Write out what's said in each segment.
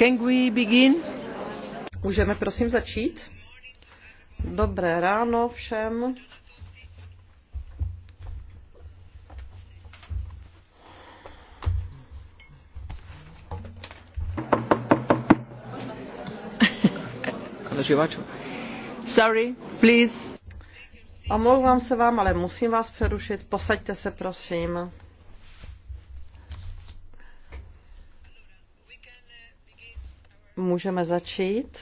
Can we begin? Můžeme prosím začít? Dobré ráno všem. Sorry, please. Omlouvám se vám, ale musím vás přerušit. Posaďte se, prosím. Můžeme začít.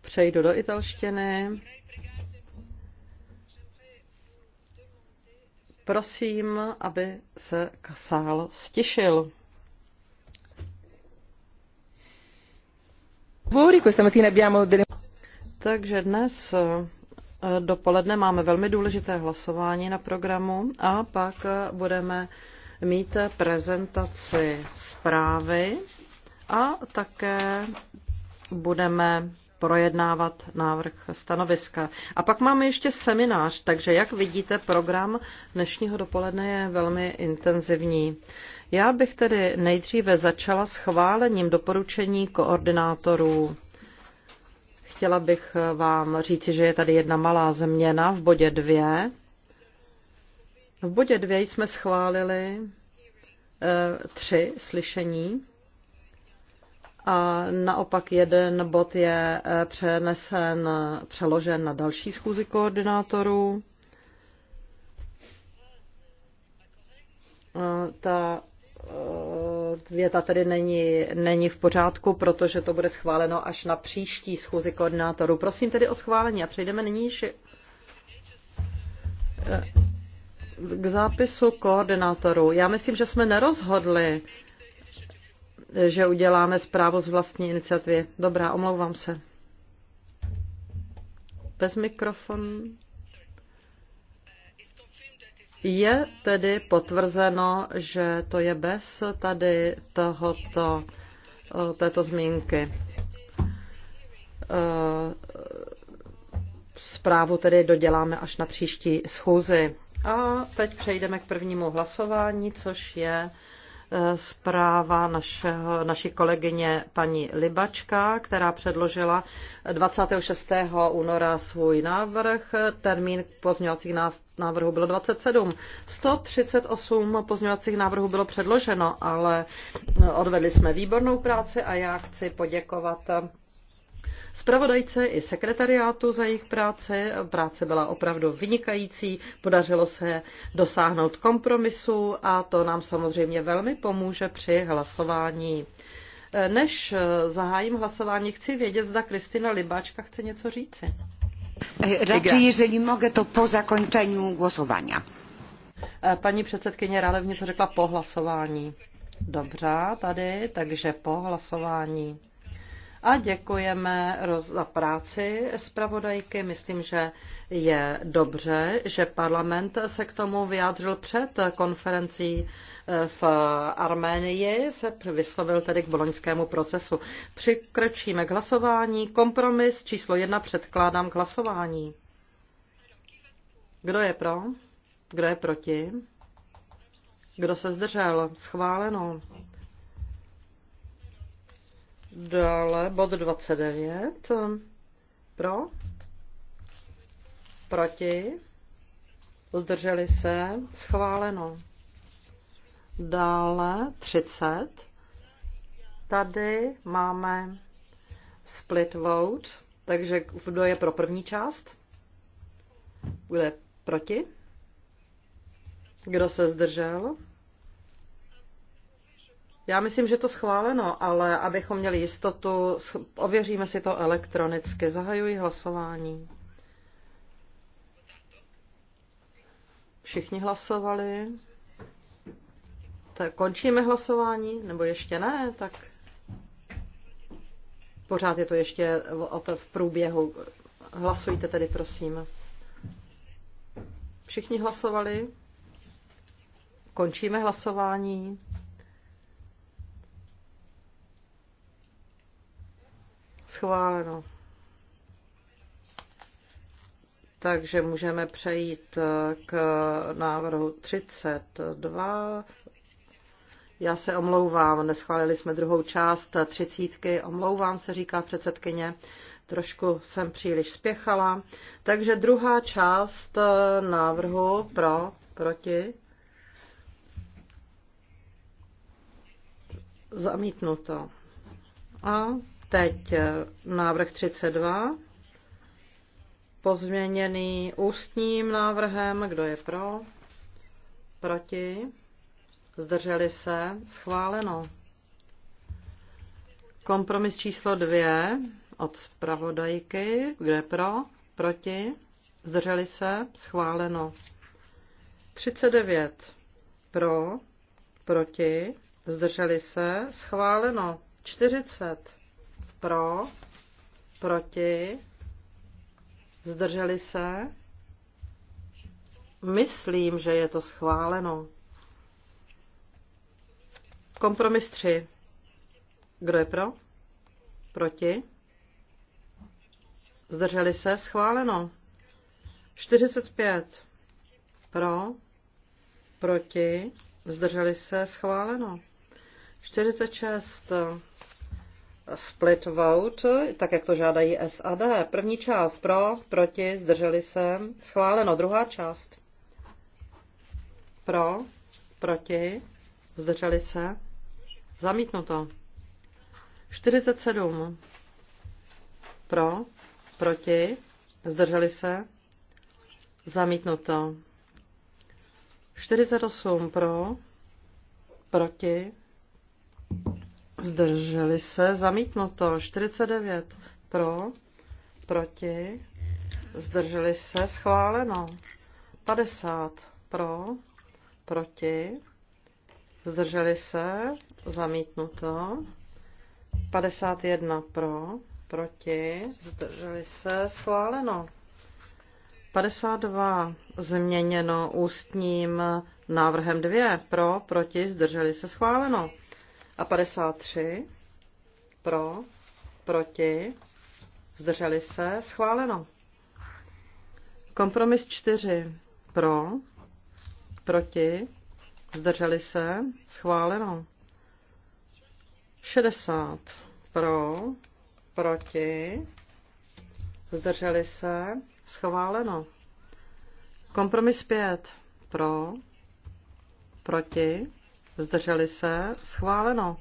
Přejdu do italštiny. Prosím, aby se sál stišil. Takže dnes eh, dopoledne máme velmi důležité hlasování na programu a pak eh, budeme mít prezentaci zprávy a také budeme projednávat návrh stanoviska. A pak máme ještě seminář, takže jak vidíte, program dnešního dopoledne je velmi intenzivní. Já bych tedy nejdříve začala schválením doporučení koordinátorů. Chtěla bych vám říci, že je tady jedna malá změna v bodě 2 v bodě dvě jsme schválili eh, tři slyšení a naopak jeden bod je eh, přenesen, přeložen na další schůzi koordinátorů. Eh, ta věta tedy není, není v pořádku, protože to bude schváleno až na příští schůzi koordinátorů. Prosím tedy o schválení a přejdeme nyní. Že... K zápisu koordinátorů. Já myslím, že jsme nerozhodli, že uděláme zprávu z vlastní iniciativy. Dobrá, omlouvám se. Bez mikrofon. Je tedy potvrzeno, že to je bez tady tohoto, této zmínky. Zprávu tedy doděláme až na příští schůzi. A teď přejdeme k prvnímu hlasování, což je e, zpráva našeho, naší kolegyně paní Libačka, která předložila 26. února svůj návrh. Termín pozměňovacích návrhů bylo 27. 138 pozměňovacích návrhů bylo předloženo, ale odvedli jsme výbornou práci a já chci poděkovat zpravodajce i sekretariátu za jejich práci. Práce byla opravdu vynikající, podařilo se dosáhnout kompromisu a to nám samozřejmě velmi pomůže při hlasování. Než zahájím hlasování, chci vědět, zda Kristina Libáčka chce něco říci. Radši, jeżeli mogę, to po zakończeniu głosowania. Paní předsedkyně Rálev to řekla po hlasování. Dobře, tady, takže po hlasování a děkujeme za práci zpravodajky. Myslím, že je dobře, že parlament se k tomu vyjádřil před konferencí eh, v Arménii, se vyslovil tedy k boloňskému procesu. Přikročíme k hlasování. Kompromis číslo jedna předkládám k hlasování. Kdo je pro? Kdo je proti? Kdo se zdržel? Schváleno. Dále bod 29. Pro? Proti? Zdrželi se? Schváleno. Dále 30. Tady máme split vote, takže kdo je pro první část? Kdo je proti? Kdo se zdržel? Já myslím, že to schváleno, ale abychom měli jistotu, ověříme si to elektronicky. Zahajuji hlasování. Všichni hlasovali. Tak končíme hlasování, nebo ještě ne, tak pořád je to ještě v průběhu. Hlasujte tedy, prosím. Všichni hlasovali. Končíme hlasování. Schváleno. Takže můžeme přejít eh, k návrhu 32. Já se omlouvám, neschválili jsme druhou část třicítky. Omlouvám se, říká předsedkyně. Trošku jsem příliš spěchala. Takže druhá část eh, návrhu pro, proti. Zamítnuto. A Teď eh, návrh 32, pozměněný ústním návrhem, kdo je pro, proti, zdrželi se, schváleno. Kompromis číslo 2 od zpravodajky, kde pro, proti, zdrželi se, schváleno. 39 pro, proti, zdrželi se, schváleno. 40 pro, proti, zdrželi se. Myslím, že je to schváleno. Kompromis 3. Kdo je pro? Proti? Zdrželi se? Schváleno. 45. Pro? Proti? Zdrželi se? Schváleno. 46 split vote, tak jak to žádají SAD. První část pro, proti, zdrželi se, schváleno. Druhá část pro, proti, zdrželi se, zamítnuto. 47 pro, proti, zdrželi se, zamítnuto. 48 pro, proti, zdrželi se, zamítnuto 49 pro, proti, zdrželi se, schváleno 50 pro, proti, zdrželi se, zamítnuto 51 pro, proti, zdrželi se, schváleno 52 změněno ústním návrhem 2 pro, proti, zdrželi se, schváleno a 53 pro, proti, zdrželi se, schváleno. Kompromis 4 pro, proti, zdrželi se, schváleno. 60 pro, proti, zdrželi se, schváleno. Kompromis 5 pro, proti, zdrželi se, schváleno.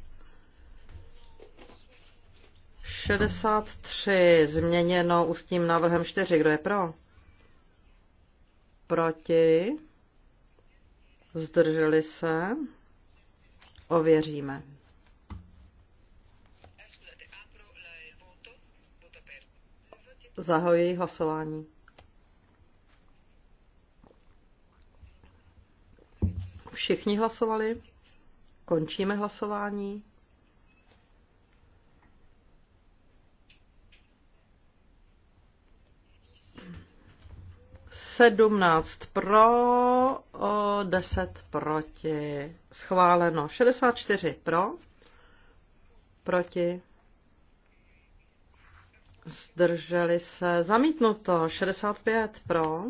63 změněno ústním návrhem 4. Kdo je pro? Proti? Zdrželi se? Ověříme. Zahojí hlasování. Všichni hlasovali? Končíme hlasování. Sedmnáct pro, deset proti. Schváleno. 64 pro, proti. Zdrželi se. Zamítnuto. 65 pro,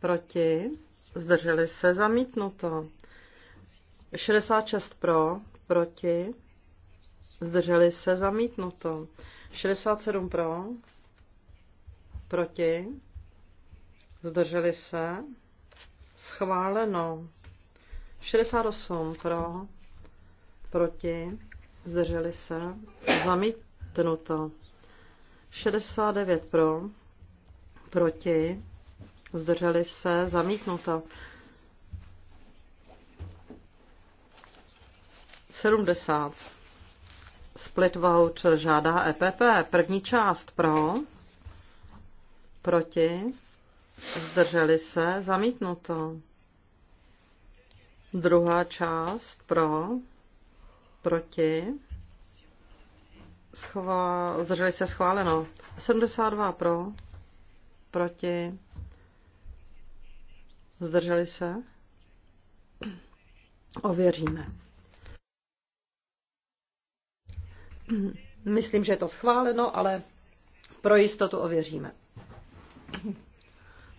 proti. Zdrželi se. Zamítnuto. 66 pro, proti, zdrželi se, zamítnuto. 67 pro, proti, zdrželi se, schváleno. 68 pro, proti, zdrželi se, zamítnuto. 69 pro, proti, zdrželi se, zamítnuto. 70. Split vote žádá EPP. První část pro, proti, zdrželi se, zamítnuto. Druhá část pro, proti, Schvá... zdrželi se schváleno. 72 pro, proti, zdrželi se. Ověříme. Myslím, že je to schváleno, ale pro jistotu ověříme.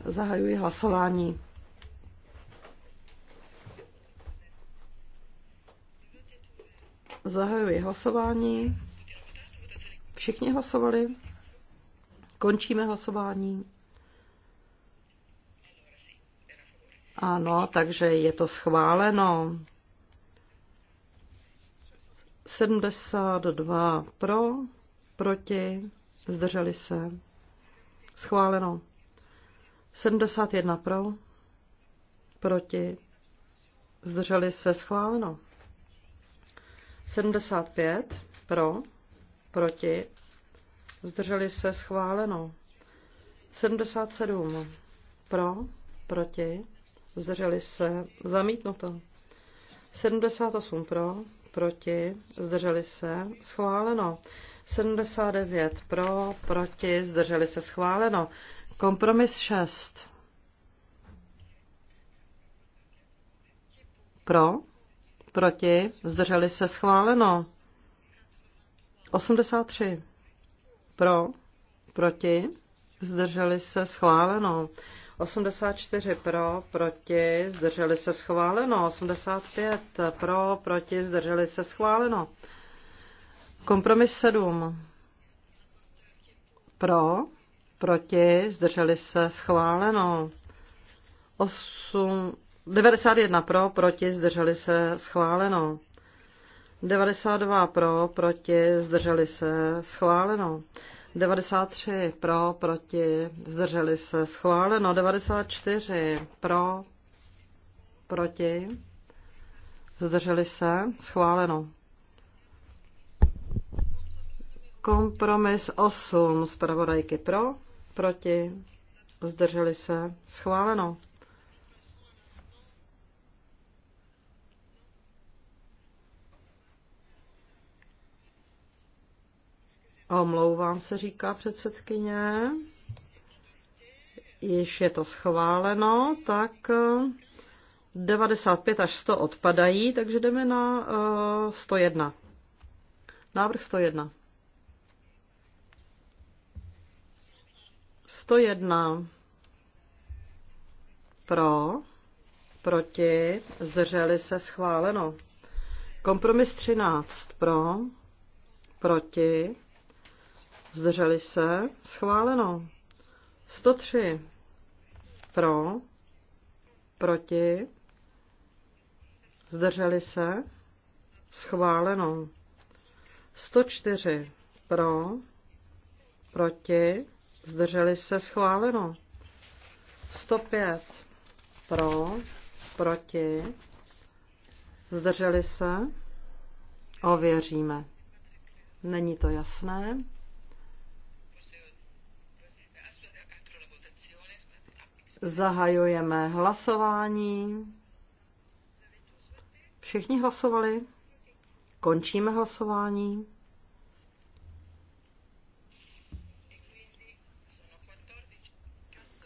Zahajuji hlasování. Zahajuji hlasování. Všichni hlasovali. Končíme hlasování. Ano, takže je to schváleno. 72 pro, proti, zdrželi se. Schváleno. 71 pro, proti, zdrželi se. Schváleno. 75 pro, proti, zdrželi se. Schváleno. 77 pro, proti, zdrželi se. Zamítnuto. 78 pro, proti, zdrželi se, schváleno. 79 pro, proti, zdrželi se, schváleno. Kompromis 6. Pro, proti, zdrželi se, schváleno. 83. Pro, proti, zdrželi se, schváleno. 84 pro, proti, zdrželi se schváleno. 85 pro, proti, zdrželi se schváleno. Kompromis 7 pro, proti, zdrželi se schváleno. 8, 91 pro, proti, zdrželi se schváleno. 92 pro, proti, zdrželi se schváleno. 93 pro, proti, zdrželi se, schváleno. 94 pro, proti, zdrželi se, schváleno. Kompromis 8 zpravodajky pro, proti, zdrželi se, schváleno. Omlouvám se, říká předsedkyně. Již je to schváleno, tak 95 eh, až 100 odpadají, takže jdeme na 101. Eh, Návrh 101. 101 pro, proti, zdrželi se schváleno. Kompromis 13 pro, proti, Zdrželi se? Schváleno. 103. Pro. Proti. Zdrželi se? Schváleno. 104. Pro. Proti. Zdrželi se? Schváleno. 105. Pro. Proti. Zdrželi se? Ověříme. Není to jasné. Zahajujeme hlasování. Všichni hlasovali? Končíme hlasování.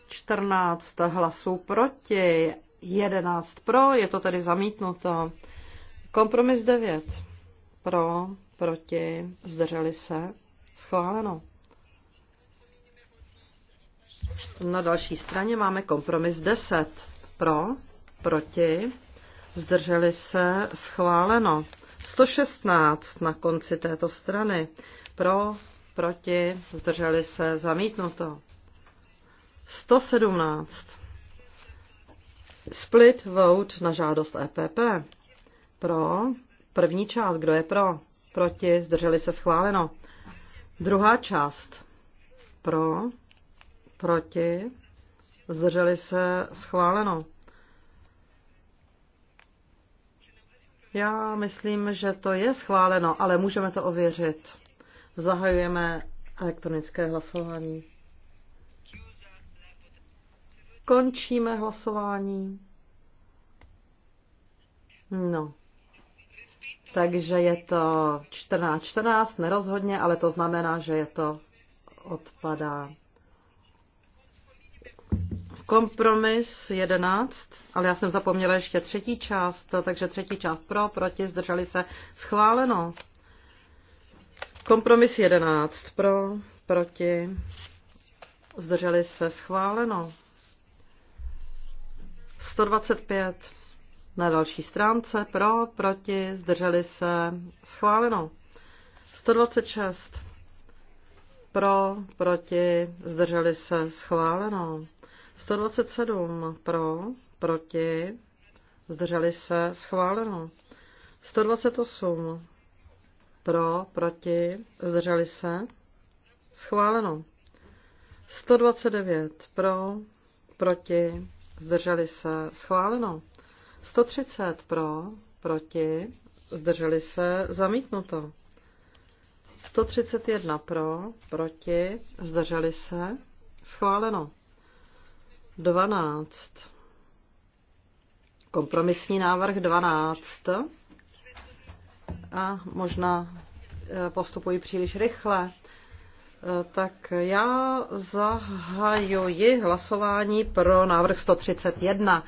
Čtrnáct hlasů proti, jedenáct pro, je to tedy zamítnuto. Kompromis devět pro, proti, zdrželi se, schváleno. Na další straně máme kompromis 10. Pro, proti, zdrželi se, schváleno. 116 na konci této strany. Pro, proti, zdrželi se, zamítnuto. 117. Split vote na žádost EPP. Pro, první část, kdo je pro? Proti, zdrželi se, schváleno. Druhá část. Pro, proti, zdrželi se schváleno. Já myslím, že to je schváleno, ale můžeme to ověřit. Zahajujeme elektronické hlasování. Končíme hlasování. No. Takže je to 14.14, 14, nerozhodně, ale to znamená, že je to odpadá. Kompromis 11, ale já jsem zapomněla ještě třetí část, takže třetí část pro, proti, zdrželi se, schváleno. Kompromis 11 pro, proti, zdrželi se, schváleno. 125 na další stránce pro, proti, zdrželi se, schváleno. 126 pro, proti, zdrželi se, schváleno. 127 pro, proti, zdrželi se, schváleno. 128 pro, proti, zdrželi se, schváleno. 129 pro, proti, zdrželi se, schváleno. 130 pro, proti, zdrželi se, zamítnuto. 131 pro, proti, zdrželi se, schváleno. 12. Kompromisní návrh 12. A možná eh, postupuji příliš rychle. Eh, tak já zahajuji hlasování pro návrh 131.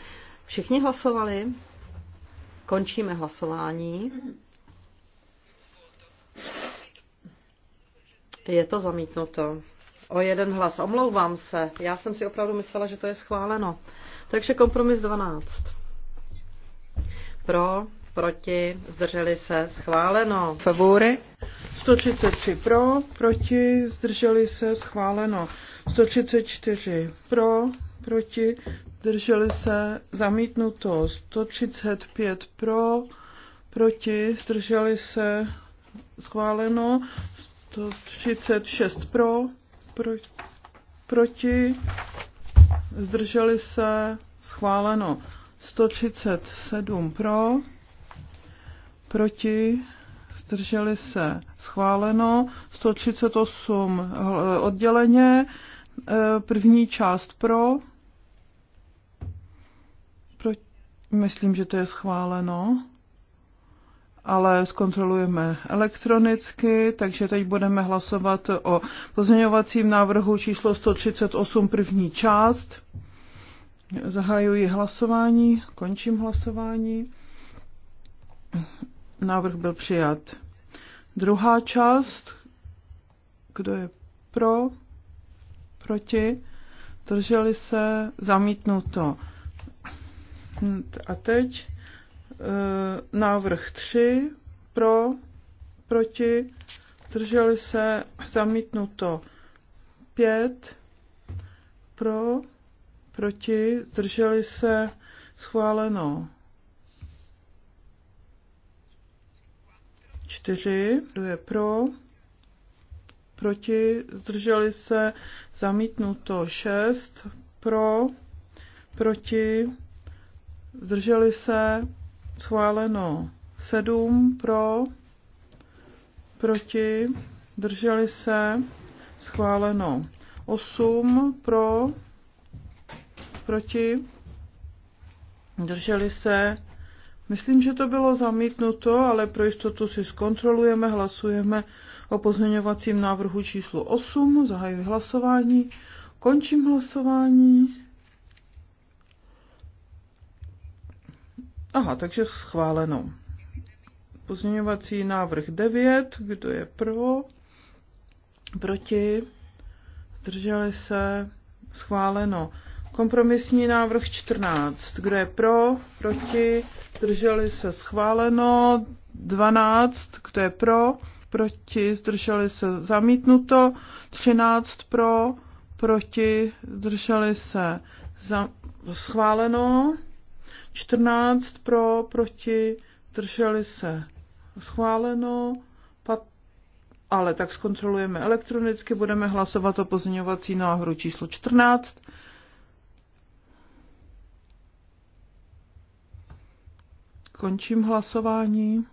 Všichni hlasovali? Končíme hlasování. Je to zamítnuto o jeden hlas. Omlouvám se. Já jsem si opravdu myslela, že to je schváleno. Takže kompromis 12. Pro, proti, zdrželi se, schváleno. Favory. 133 pro, proti, zdrželi se, schváleno. 134 pro, proti, zdrželi se, zamítnuto. 135 pro, proti, zdrželi se, schváleno. 136 pro, pro, proti, zdrželi se, schváleno 137 pro, proti, zdrželi se, schváleno 138 eh, odděleně, eh, první část pro, pro myslím, že to je schváleno ale zkontrolujeme elektronicky, takže teď budeme hlasovat o pozměňovacím návrhu číslo 138 první část. Zahajuji hlasování, končím hlasování. Návrh byl přijat. Druhá část, kdo je pro, proti, drželi se, zamítnuto. Hm, a teď Eh, návrh 3 pro, proti, drželi se, zamítnuto 5 pro, proti, drželi se, schváleno 4, kdo je pro, proti, zdrželi se, zamítnuto 6, pro, proti, zdrželi se, schváleno 7 pro, proti, drželi se, schváleno 8 pro, proti, drželi se. Myslím, že to bylo zamítnuto, ale pro jistotu si zkontrolujeme, hlasujeme o pozměňovacím návrhu číslo 8, zahajuji hlasování, končím hlasování. Aha, takže schváleno. Pozměňovací návrh 9, kdo je pro? Proti? Zdrželi se? Schváleno. Kompromisní návrh 14. Kdo je pro? Proti? Zdrželi se? Schváleno. 12. Kdo je pro? Proti? Zdrželi se? Zamítnuto. 13. Pro? Proti? Zdrželi se? Za, schváleno. 14 pro, proti, drželi se schváleno, pat, ale tak zkontrolujeme elektronicky, budeme hlasovat o pozměňovací návrhu číslo 14. Končím hlasování.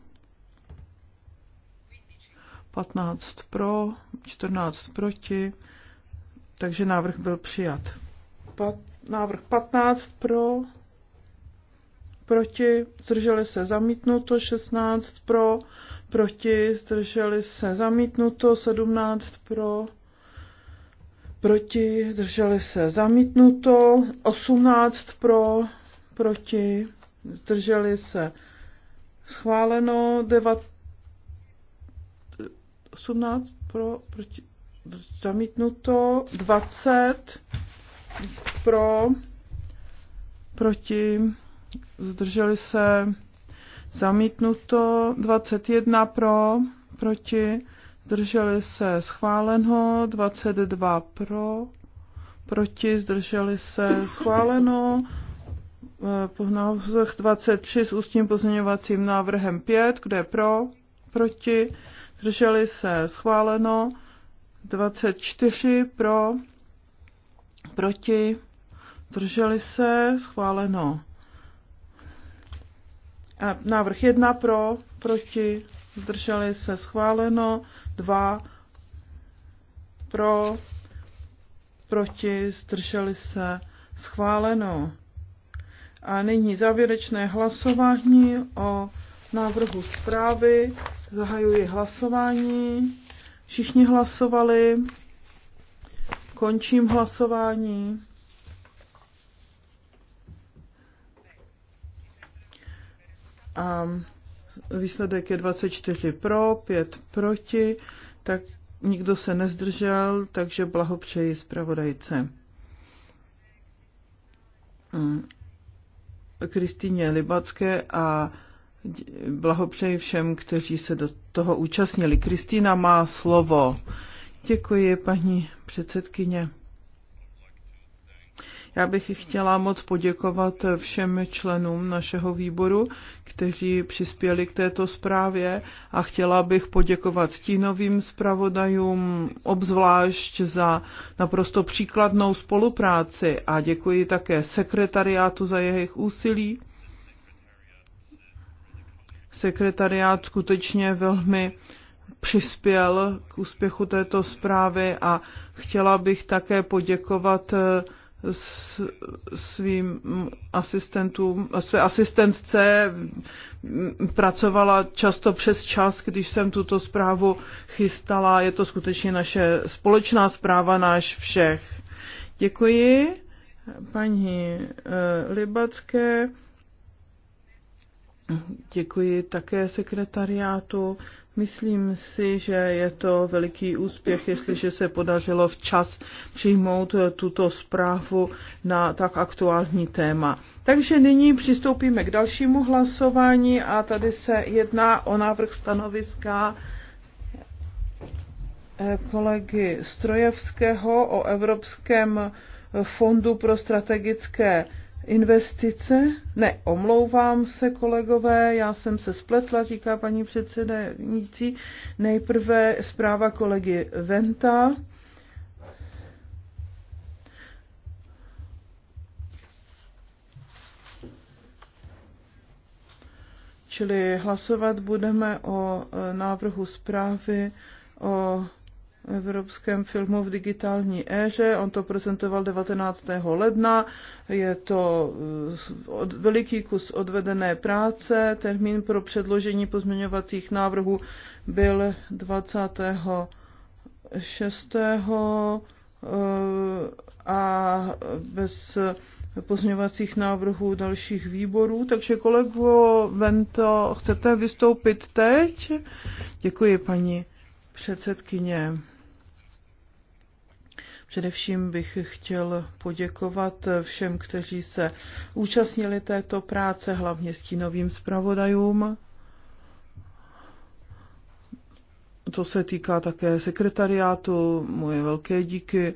15 pro, 14 proti, takže návrh byl přijat. Pat, návrh 15 pro, proti, zdrželi se zamítnuto, 16 pro, proti, zdrželi se zamítnuto, 17 pro, proti, zdrželi se zamítnuto, 18 pro, proti, zdrželi se schváleno, 9, 18 pro, proti, zamítnuto, 20 pro, proti, zdrželi se, zamítnuto, 21 pro, proti, zdrželi se, schváleno, 22 pro, proti, zdrželi se, schváleno, eh, po návrzech 23 s ústním pozměňovacím návrhem 5, kde pro, proti, zdrželi se, schváleno, 24 pro, proti, zdrželi se, schváleno. Návrh 1 pro, proti, zdrželi se schváleno, 2 pro, proti, zdrželi se schváleno. A nyní závěrečné hlasování o návrhu zprávy. Zahajuji hlasování. Všichni hlasovali. Končím hlasování. A výsledek je 24 pro, 5 proti, tak nikdo se nezdržel, takže blahopřeji zpravodajce. Kristýně Libacké a blahopřeji všem, kteří se do toho účastnili. Kristýna má slovo. Děkuji, paní předsedkyně. Já bych chtěla moc poděkovat všem členům našeho výboru, kteří přispěli k této zprávě a chtěla bych poděkovat stínovým zpravodajům obzvlášť za naprosto příkladnou spolupráci a děkuji také sekretariátu za jejich úsilí. Sekretariát skutečně velmi přispěl k úspěchu této zprávy a chtěla bych také poděkovat svým asistentům, své asistentce pracovala často přes čas, když jsem tuto zprávu chystala. Je to skutečně naše společná zpráva náš všech. Děkuji paní eh, Libacké. Děkuji také sekretariátu. Myslím si, že je to veliký úspěch, jestliže se podařilo včas přijmout tuto zprávu na tak aktuální téma. Takže nyní přistoupíme k dalšímu hlasování a tady se jedná o návrh stanoviska eh, kolegy Strojevského o Evropském fondu pro strategické investice. Ne, omlouvám se, kolegové, já jsem se spletla, říká paní předsedající. Nejprve zpráva kolegy Venta. Čili hlasovat budeme o e, návrhu zprávy o evropském filmu v digitální éře. On to prezentoval 19. ledna. Je to eh, od, veliký kus odvedené práce. Termín pro předložení pozměňovacích návrhů byl 26. Eh, a bez pozměňovacích návrhů dalších výborů. Takže kolego Vento, chcete vystoupit teď? Děkuji, paní předsedkyně. Především bych chtěl poděkovat všem, kteří se účastnili této práce, hlavně stínovým zpravodajům. To se týká také sekretariátu, moje velké díky.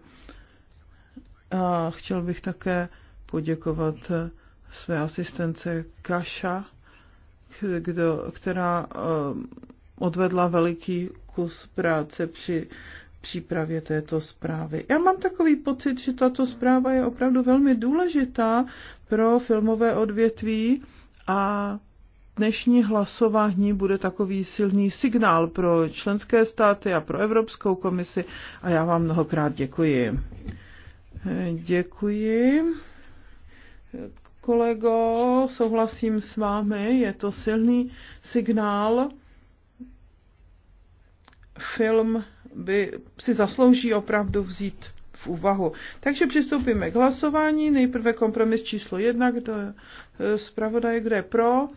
A chtěl bych také poděkovat své asistence Kaša, kdo, která eh, odvedla veliký kus práce při přípravě této zprávy. Já mám takový pocit, že tato zpráva je opravdu velmi důležitá pro filmové odvětví a dnešní hlasování bude takový silný signál pro členské státy a pro Evropskou komisi a já vám mnohokrát děkuji. Děkuji. Kolego, souhlasím s vámi, je to silný signál. Film by si zaslouží opravdu vzít v úvahu. Takže přistoupíme k hlasování. Nejprve kompromis číslo jedna, kdo e, zpravodaj, kde je pro,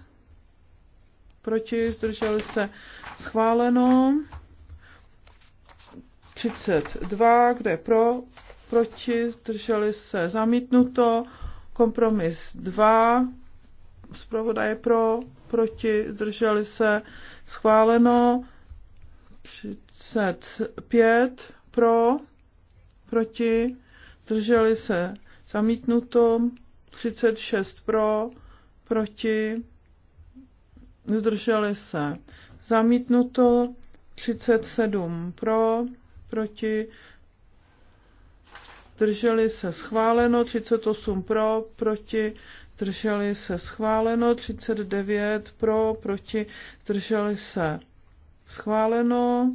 proti, zdrželi se schváleno. 32, kde je pro, proti, zdrželi se zamítnuto. Kompromis 2, je pro, proti, zdrželi se schváleno. 35 pro, proti, drželi se zamítnuto, 36 pro, proti, zdrželi se zamítnuto, 37 pro, proti, drželi se schváleno, 38 pro, proti, drželi se schváleno, 39 pro, proti, drželi se schváleno.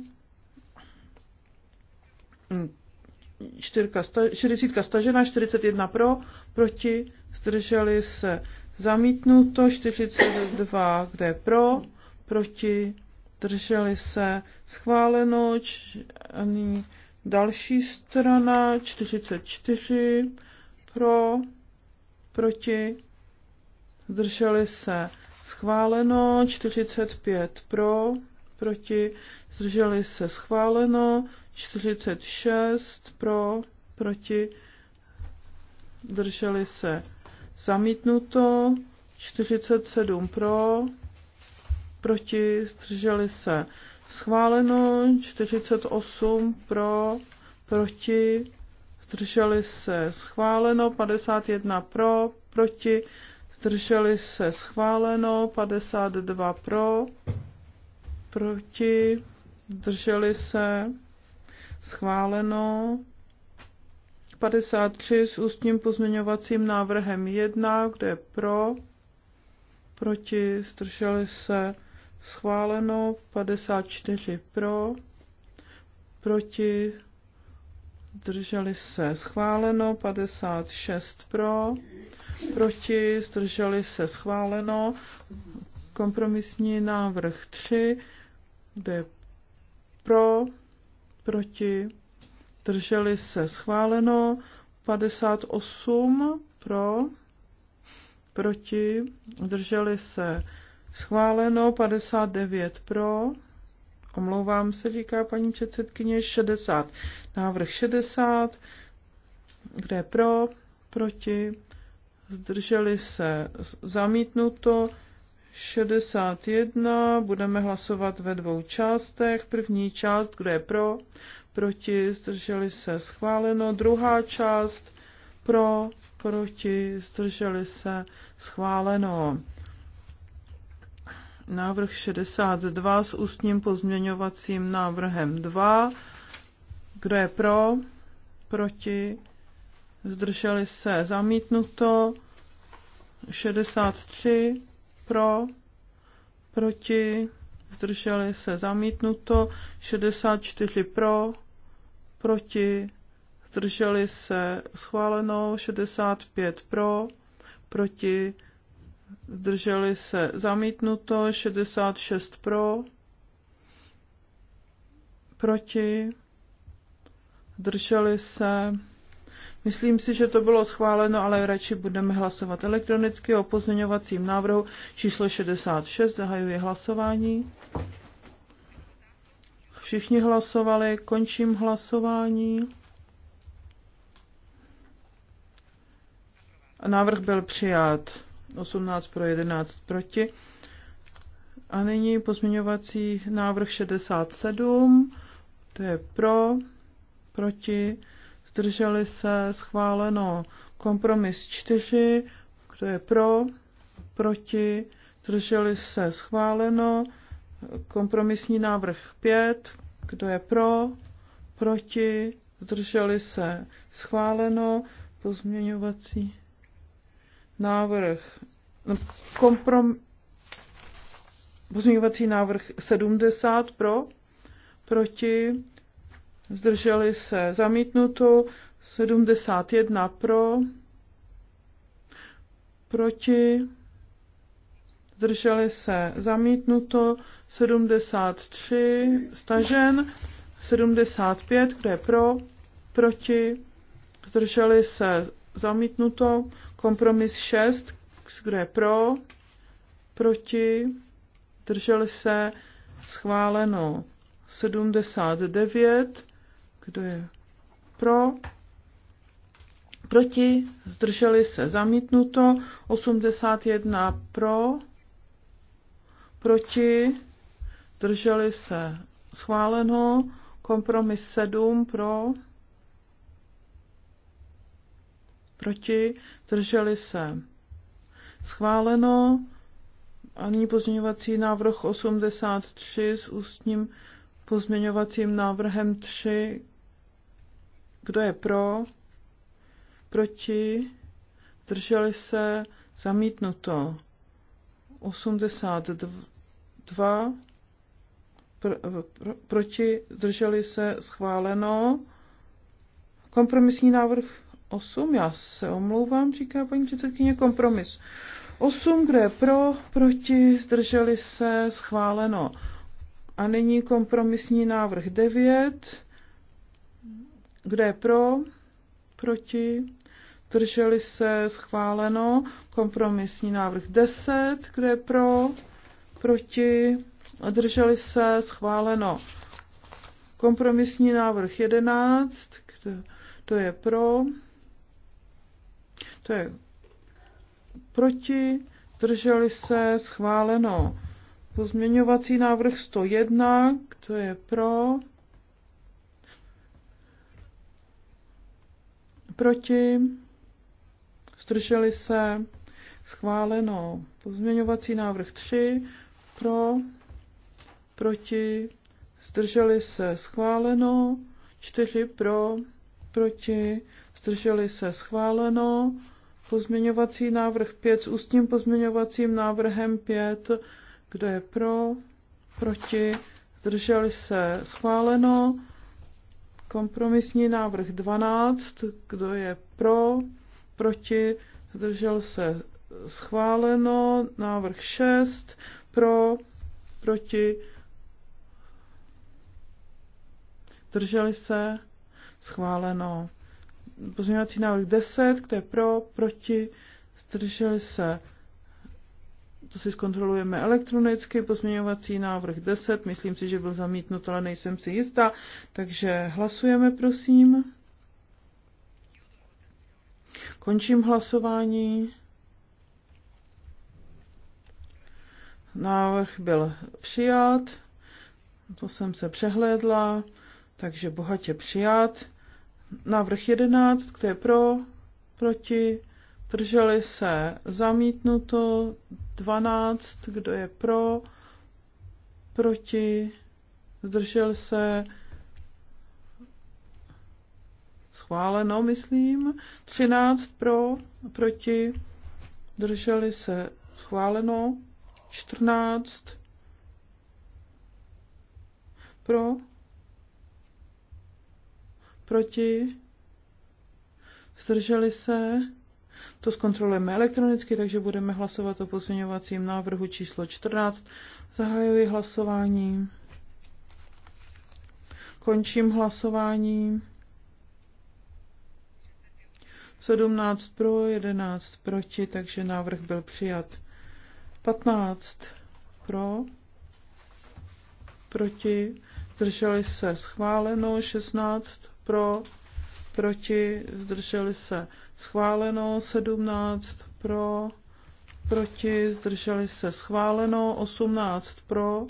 40 stažena, 41 pro, proti, zdrželi se zamítnuto, 42 kde pro, proti, zdrželi se schváleno, č, a další strana, 44 pro, proti, zdrželi se schváleno, 45 pro, proti, zdrželi se schváleno, 46 pro, proti, zdrželi se zamítnuto, 47 pro, proti, zdrželi se schváleno, 48 pro, proti, zdrželi se schváleno, 51 pro, proti, zdrželi se schváleno, 52 pro, proti, zdrželi se, schváleno. 53 s ústním pozměňovacím návrhem 1, kde je pro, proti, zdrželi se, schváleno. 54 pro, proti, zdrželi se, schváleno. 56 pro, proti, zdrželi se, schváleno. Kompromisní návrh 3, kde je pro? Proti? Drželi se schváleno. 58 pro, proti, drželi se schváleno, 59 pro, omlouvám se, říká paní předsedkyně, 60, návrh 60, kde pro, proti, zdrželi se zamítnuto, 61 budeme hlasovat ve dvou částech. První část, kdo je pro, proti, zdrželi se, schváleno. Druhá část, pro, proti, zdrželi se, schváleno. Návrh 62 s ústním pozměňovacím návrhem 2. Kdo je pro, proti, zdrželi se, zamítnuto. 63 pro, proti, zdrželi se zamítnuto, 64 pro, proti, zdrželi se schváleno, 65 pro, proti, zdrželi se zamítnuto, 66 pro, proti, zdrželi se Myslím si, že to bylo schváleno, ale radši budeme hlasovat elektronicky o pozměňovacím návrhu číslo 66. Zahajuji hlasování. Všichni hlasovali, končím hlasování. Návrh byl přijat 18 pro 11 proti. A nyní pozměňovací návrh 67, to je pro, proti, zdrželi se, schváleno. Kompromis 4, kdo je pro, proti, zdrželi se, schváleno. Kompromisní návrh 5, kdo je pro, proti, zdrželi se, schváleno. Pozměňovací návrh, no, komprom, pozměňovací návrh 70 pro, proti, zdrželi se zamítnuto, 71 pro, proti, zdrželi se zamítnuto, 73 stažen, 75, kdo je pro, proti, zdrželi se zamítnuto, kompromis 6, kdo je pro, proti, zdrželi se schváleno 79, kdo je pro? Proti? Zdrželi se zamítnuto. 81 pro? Proti? Zdrželi se schváleno. Kompromis 7 pro? Proti? Zdrželi se schváleno. A nyní pozměňovací návrh 83 s ústním pozměňovacím návrhem 3, kdo je pro? Proti? Drželi se? Zamítnuto. 82. Pro, pro, proti? Drželi se? Schváleno. Kompromisní návrh 8. Já se omlouvám, říká paní předsedkyně. Kompromis. 8, kde je pro, proti, zdrželi se, schváleno. A nyní kompromisní návrh 9 kdo je pro? Proti? Drželi se? Schváleno. Kompromisní návrh 10. Kdo je pro? Proti? Drželi se? Schváleno. Kompromisní návrh 11. Kde, to je pro? To je proti? Drželi se? Schváleno. Pozměňovací návrh 101. Kdo je pro? proti, zdrželi se, schváleno. Pozměňovací návrh 3, pro, proti, zdrželi se, schváleno. 4 pro, proti, zdrželi se, schváleno. Pozměňovací návrh 5 s ústním pozměňovacím návrhem 5, kdo je pro, proti, zdrželi se, schváleno. Kompromisní návrh 12, kdo je pro, proti, zdržel se schváleno. Návrh 6, pro, proti, zdrželi se schváleno. Pozměňovací návrh 10, kdo je pro, proti, zdrželi se to si zkontrolujeme elektronicky, pozměňovací návrh 10, myslím si, že byl zamítnut, ale nejsem si jistá, takže hlasujeme, prosím. Končím hlasování. Návrh byl přijat, to jsem se přehlédla, takže bohatě přijat. Návrh 11, kdo je pro, proti, Drželi se zamítnuto 12, kdo je pro, proti, zdržel se schváleno, myslím, 13 pro, proti, drželi se schváleno, 14 pro, proti, zdrželi se, to zkontrolujeme elektronicky, takže budeme hlasovat o pozměňovacím návrhu číslo 14. Zahajuji hlasování. Končím hlasování. 17 pro, 11 proti, takže návrh byl přijat. 15 pro, proti, zdrželi se schváleno, 16 pro, proti, zdrželi se schváleno, 17 pro, proti, zdrželi se, schváleno, 18 pro,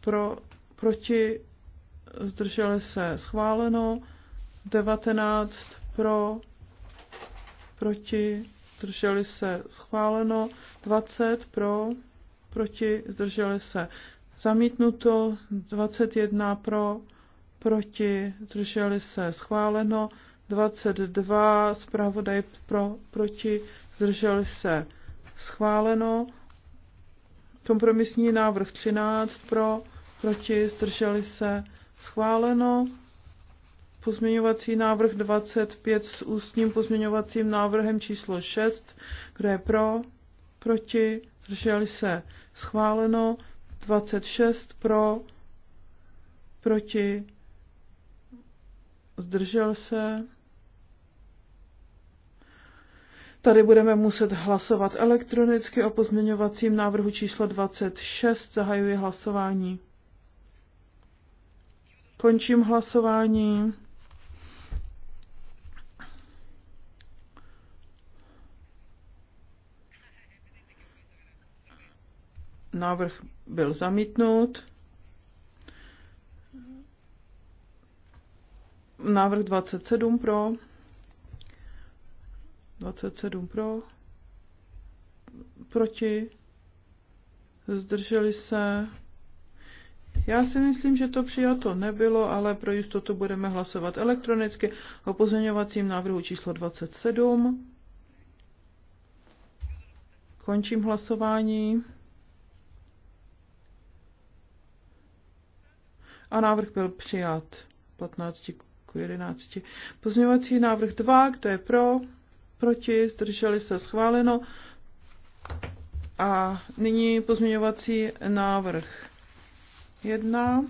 pro, proti, zdrželi se, schváleno, 19 pro, proti, zdrželi se, schváleno, 20 pro, proti, zdrželi se, zamítnuto, 21 pro, proti, zdrželi se, schváleno, 22, zpravodaj pro, proti, zdrželi se schváleno. Kompromisní návrh 13 pro, proti, zdrželi se schváleno. Pozměňovací návrh 25 s ústním pozměňovacím návrhem číslo 6, kde je pro, proti, zdrželi se schváleno. 26 pro, proti, zdržel se. Tady budeme muset hlasovat elektronicky o pozměňovacím návrhu číslo 26. Zahajuji hlasování. Končím hlasování. Návrh byl zamítnut. Návrh 27 pro. 27 pro, proti, zdrželi se. Já si myslím, že to přijato nebylo, ale pro jistotu budeme hlasovat elektronicky o pozměňovacím návrhu číslo 27. Končím hlasování. A návrh byl přijat 15 k 11. Pozměňovací návrh 2, kdo je pro? proti, zdrželi se schváleno. A nyní pozměňovací návrh 1.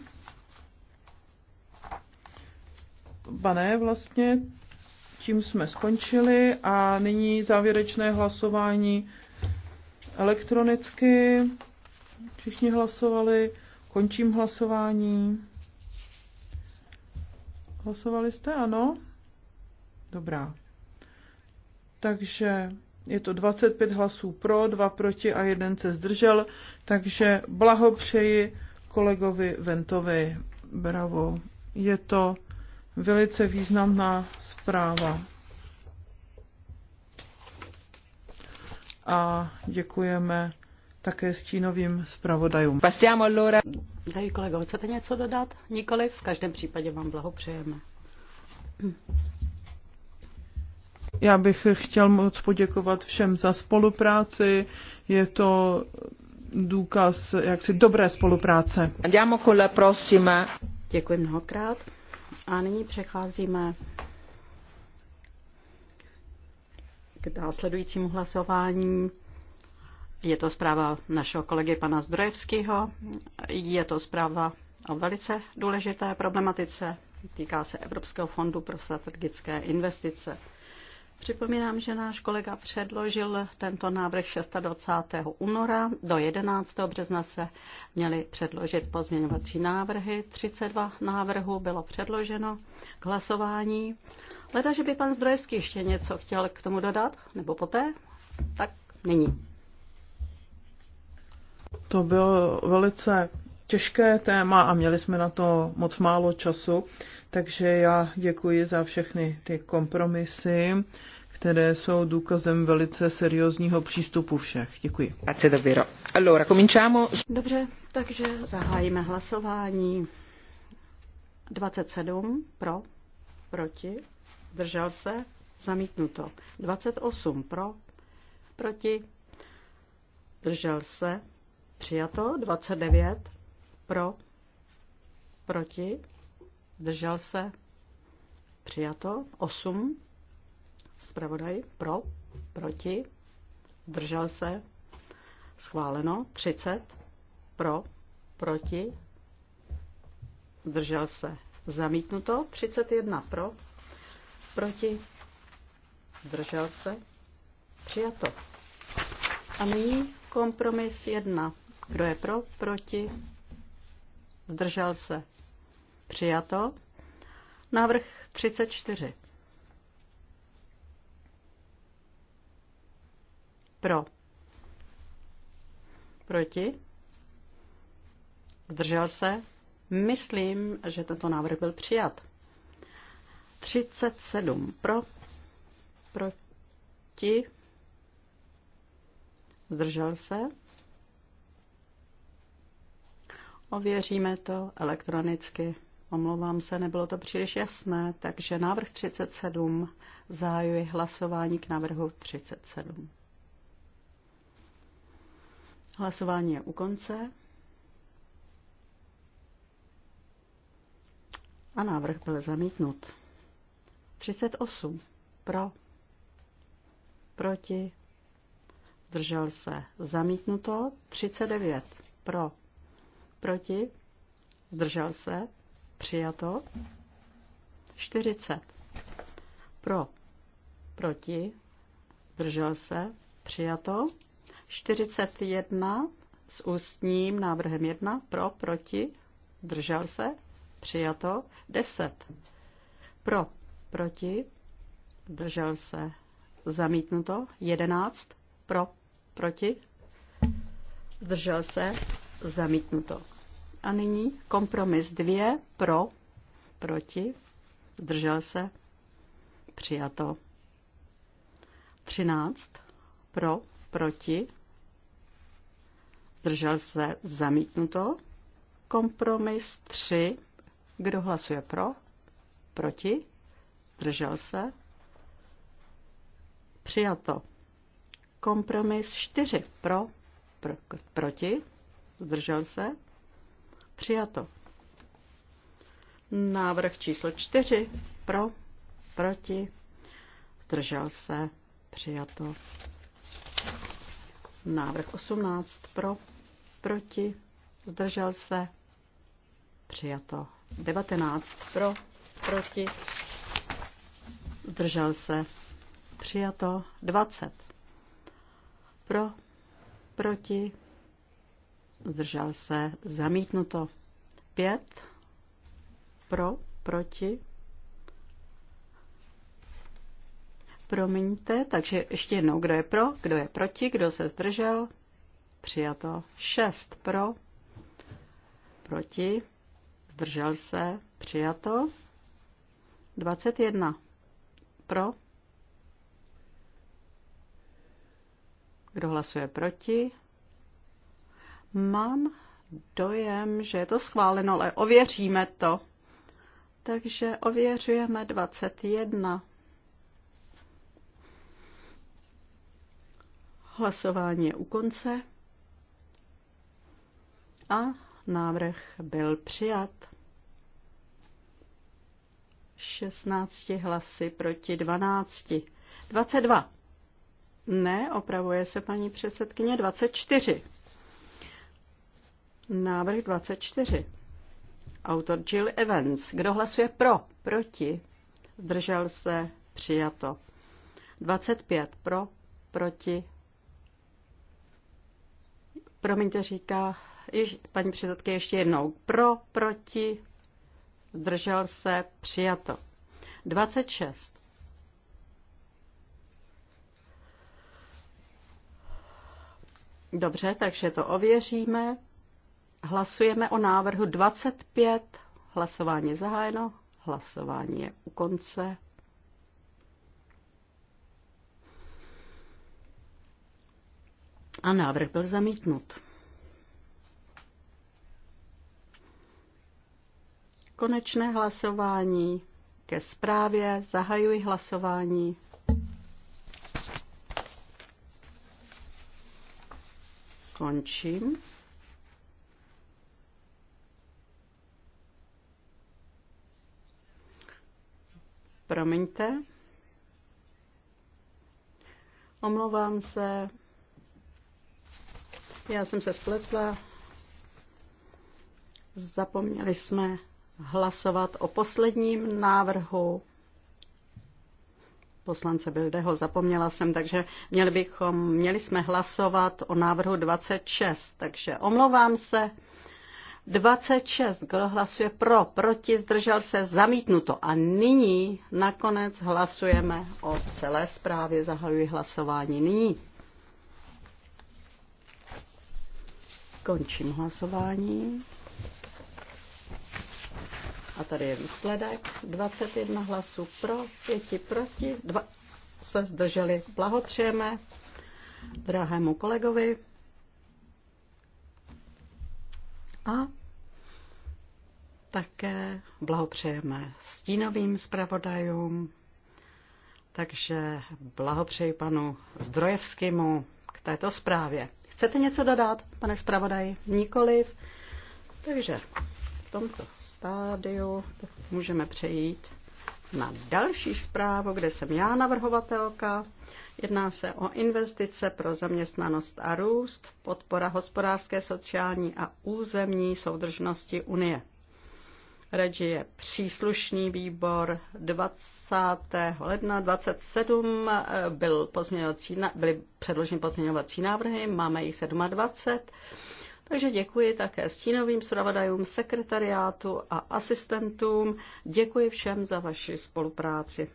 Bané vlastně, tím jsme skončili a nyní závěrečné hlasování elektronicky. Všichni hlasovali, končím hlasování. Hlasovali jste, ano? Dobrá takže je to 25 hlasů pro, 2 proti a jeden se zdržel, takže blahopřeji kolegovi Ventovi. Bravo. Je to velice významná zpráva. A děkujeme také stínovým zpravodajům. Pasiamo allora. Dají kolego, chcete něco dodat? Nikoliv, v každém případě vám blahopřejeme. Já bych chtěl moc poděkovat všem za spolupráci. Je to důkaz jaksi dobré spolupráce. Andiamo con la prossima. Děkuji mnohokrát. A nyní přecházíme k následujícímu hlasování. Je to zpráva našeho kolegy pana Zdrojevského. Je to zpráva o velice důležité problematice. Týká se Evropského fondu pro strategické investice. Připomínám, že náš kolega předložil tento návrh 26. února. Do 11. března se měly předložit pozměňovací návrhy. 32 návrhů bylo předloženo k hlasování. Leda, že by pan Zdrojevský ještě něco chtěl k tomu dodat, nebo poté, tak nyní. To bylo velice těžké téma a měli jsme na to moc málo času. Takže já děkuji za všechny ty kompromisy, které jsou důkazem velice seriózního přístupu všech. Děkuji. Dobře, takže zahájíme hlasování. 27 pro, proti, držel se, zamítnuto. 28 pro, proti, držel se, přijato. 29 pro, proti, zdržel se, přijato. 8, zpravodaj pro, proti, zdržel se, schváleno. 30, pro, proti, zdržel se, zamítnuto. 31 pro, proti, zdržel se, přijato. A nyní kompromis 1. Kdo je pro, proti, zdržel se, Přijato. Návrh 34. Pro. Proti. Zdržel se. Myslím, že tento návrh byl přijat. 37 pro, proti, zdržel se. Ověříme to elektronicky. Omlouvám se, nebylo to příliš jasné, takže návrh 37 zájuje hlasování k návrhu 37. Hlasování je u konce. A návrh byl zamítnut. 38 pro, proti, zdržel se zamítnuto, 39 pro, proti, zdržel se Přijato. 40. Pro. Proti. Zdržel se. Přijato. 41 s ústním návrhem 1. Pro. Proti. Zdržel se. Přijato. 10. Pro. Proti. Zdržel se. Zamítnuto. 11. Pro. Proti. Zdržel se. Zamítnuto. A nyní kompromis dvě pro, proti, zdržel se, přijato. třináct pro, proti, zdržel se, zamítnuto. Kompromis tři kdo hlasuje pro, proti, zdržel se, přijato. Kompromis čtyři pro, pro proti, zdržel se, Přijato. Návrh číslo čtyři Pro, proti, zdržel se, přijato. Návrh osmnáct Pro, proti, zdržel se, přijato. Devatenáct Pro, proti, zdržel se, přijato. Dvacet Pro, proti, zdržel se, zamítnuto. Pět, pro, proti. Promiňte, takže ještě jednou, kdo je pro, kdo je proti, kdo se zdržel, přijato. Šest, pro, proti, zdržel se, přijato. 21. Pro. Kdo hlasuje proti? Mám dojem, že je to schváleno, ale ověříme to. Takže ověřujeme 21. Hlasování je u konce. A návrh byl přijat. 16 hlasy proti 12. 22. Ne, opravuje se paní předsedkyně 24. Návrh 24. Autor Jill Evans. Kdo hlasuje pro? Proti? Zdržel se? Přijato. 25 pro, proti. Promiňte, říká již, paní předsedky ještě jednou. Pro, proti, zdržel se, přijato. 26. Dobře, takže to ověříme. Hlasujeme o návrhu 25. Hlasování je zahájeno. Hlasování je u konce. A návrh byl zamítnut. Konečné hlasování ke zprávě. Zahajuji hlasování. Končím. Promiňte. Omlouvám se. Já jsem se spletla. Zapomněli jsme hlasovat o posledním návrhu poslance Bildeho, zapomněla jsem, takže měli bychom, měli jsme hlasovat o návrhu 26, takže omlouvám se. 26, kdo hlasuje pro, proti, zdržel se, zamítnuto. A nyní nakonec hlasujeme o celé zprávě. Zahajuji hlasování nyní. Končím hlasování. A tady je výsledek. 21 hlasů pro, 5 proti, 2 se zdrželi. Blahotřejeme drahému kolegovi. A také blahopřejeme stínovým zpravodajům, takže blahopřeji panu Zdrojevskému k této zprávě. Chcete něco dodat, pane zpravodaj? Nikoliv. Takže v tomto stádiu můžeme přejít na další zprávu, kde jsem já navrhovatelka. Jedná se o investice pro zaměstnanost a růst, podpora hospodářské, sociální a územní soudržnosti Unie. Regi je příslušný výbor 20. ledna 27 eh, byl pozměňovací, byly předloženy pozměňovací návrhy, máme jich 27. Takže děkuji také stínovým zpravodajům, sekretariátu a asistentům. Děkuji všem za vaši spolupráci.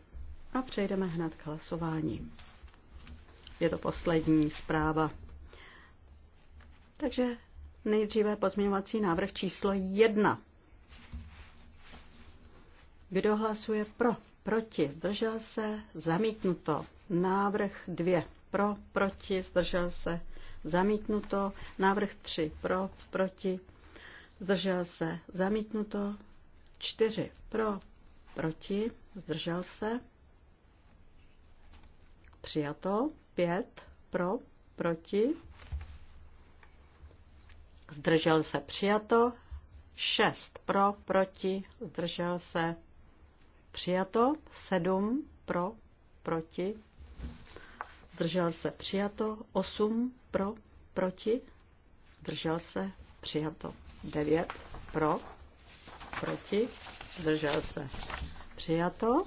A přejdeme hned k hlasování. Je to poslední zpráva. Takže nejdříve pozměňovací návrh číslo 1. Kdo hlasuje pro? Proti? Zdržel se? Zamítnuto. Návrh 2. Pro? Proti? Zdržel se? Zamítnuto. Návrh 3. Pro? Proti? Zdržel se? Zamítnuto. 4. Pro? Proti? Zdržel se? Přijato. 5. Pro? Proti? Zdržel se? Přijato. 6. Pro? Proti? Zdržel se? přijato, sedm pro, proti, zdržel se přijato, osm pro, proti, zdržel se přijato, devět pro, proti, zdržel se přijato,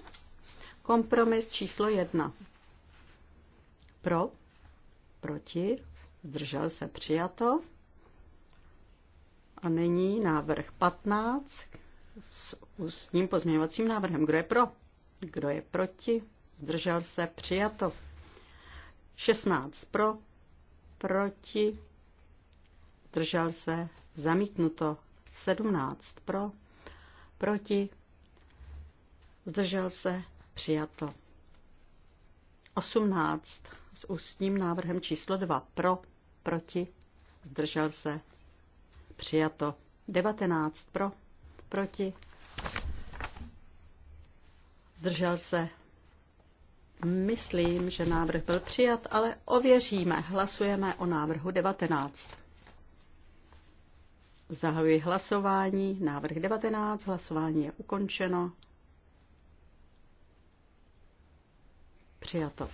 kompromis číslo jedna pro, proti, zdržel se přijato, a nyní návrh 15, s ústním pozměňovacím návrhem. Kdo je pro? Kdo je proti? Zdržel se? Přijato. 16 pro, proti, zdržel se, zamítnuto. 17 pro, proti, zdržel se, přijato. 18 s ústním návrhem číslo 2 pro, proti, zdržel se, přijato. 19 pro, Proti? Zdržel se? Myslím, že návrh byl přijat, ale ověříme. Hlasujeme o návrhu 19. Zahajuji hlasování. Návrh 19. Hlasování je ukončeno. Přijato.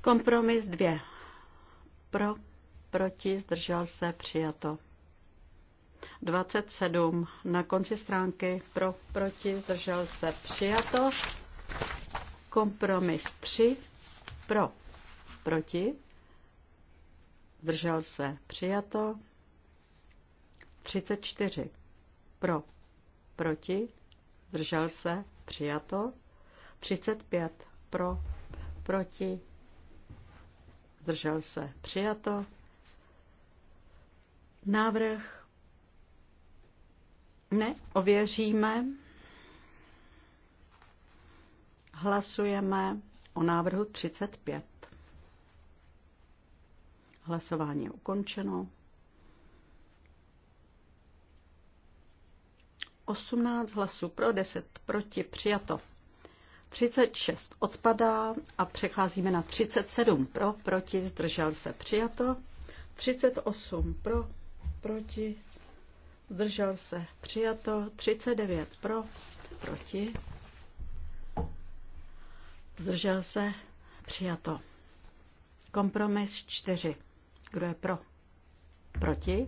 Kompromis 2. Pro, proti, zdržel se, přijato. 27 na konci stránky pro, proti, zdržel se, přijato. Kompromis 3 pro, proti, zdržel se, přijato. 34 pro, proti, zdržel se, přijato. 35 pro, proti, zdržel se, přijato. Návrh ne, ověříme. Hlasujeme o návrhu 35. Hlasování je ukončeno. 18 hlasů pro, 10 proti, přijato. 36 odpadá a přecházíme na 37 pro, proti, zdržel se, přijato. 38 pro, proti, zdržel se, přijato, 39 pro, proti, zdržel se, přijato. Kompromis 4. Kdo je pro? Proti?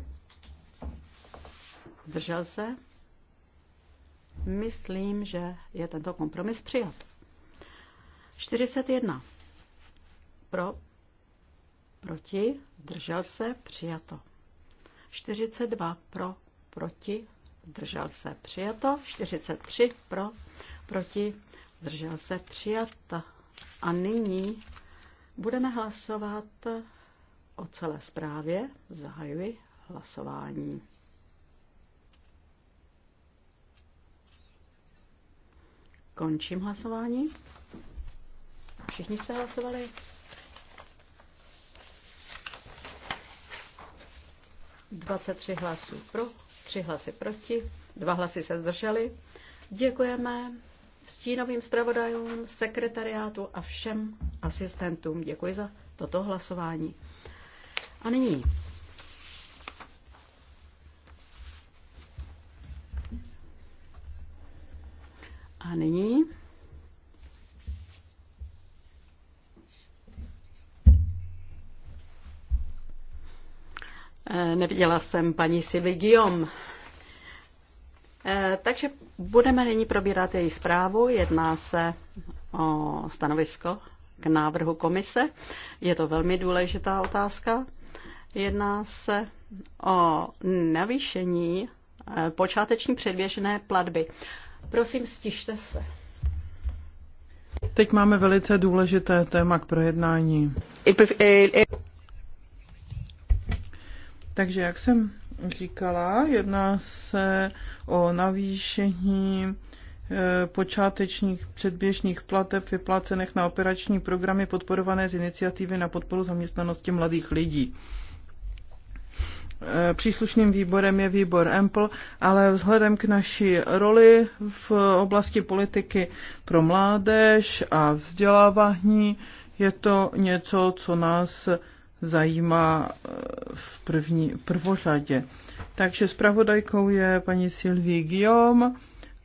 Zdržel se? Myslím, že je tento kompromis přijat. 41. Pro? Proti? Zdržel se? Přijato. 42. Pro? proti, zdržel se přijato, 43 pro, proti, zdržel se přijato. A nyní budeme hlasovat o celé zprávě. Zahajuji hlasování. Končím hlasování. Všichni jste hlasovali? Dvacet tři hlasů pro, tři hlasy proti, dva hlasy se zdrželi. Děkujeme stínovým zpravodajům, sekretariátu a všem asistentům. Děkuji za toto hlasování. A nyní A nyní neviděla jsem paní Sivigiom. Eh, takže budeme nyní probírat její zprávu. Jedná se o stanovisko k návrhu komise. Je to velmi důležitá otázka. Jedná se o navýšení eh, počáteční předběžné platby. Prosím, stište se. Teď máme velice důležité téma k projednání. Takže, jak jsem říkala, jedná se o navýšení e, počátečních předběžných plateb vyplácených na operační programy podporované z iniciativy na podporu zaměstnanosti mladých lidí. E, příslušným výborem je výbor EMPL, ale vzhledem k naší roli v oblasti politiky pro mládež a vzdělávání je to něco, co nás zajímá eh, v první, prvořadě. Takže zpravodajkou je paní Sylvie Guillaume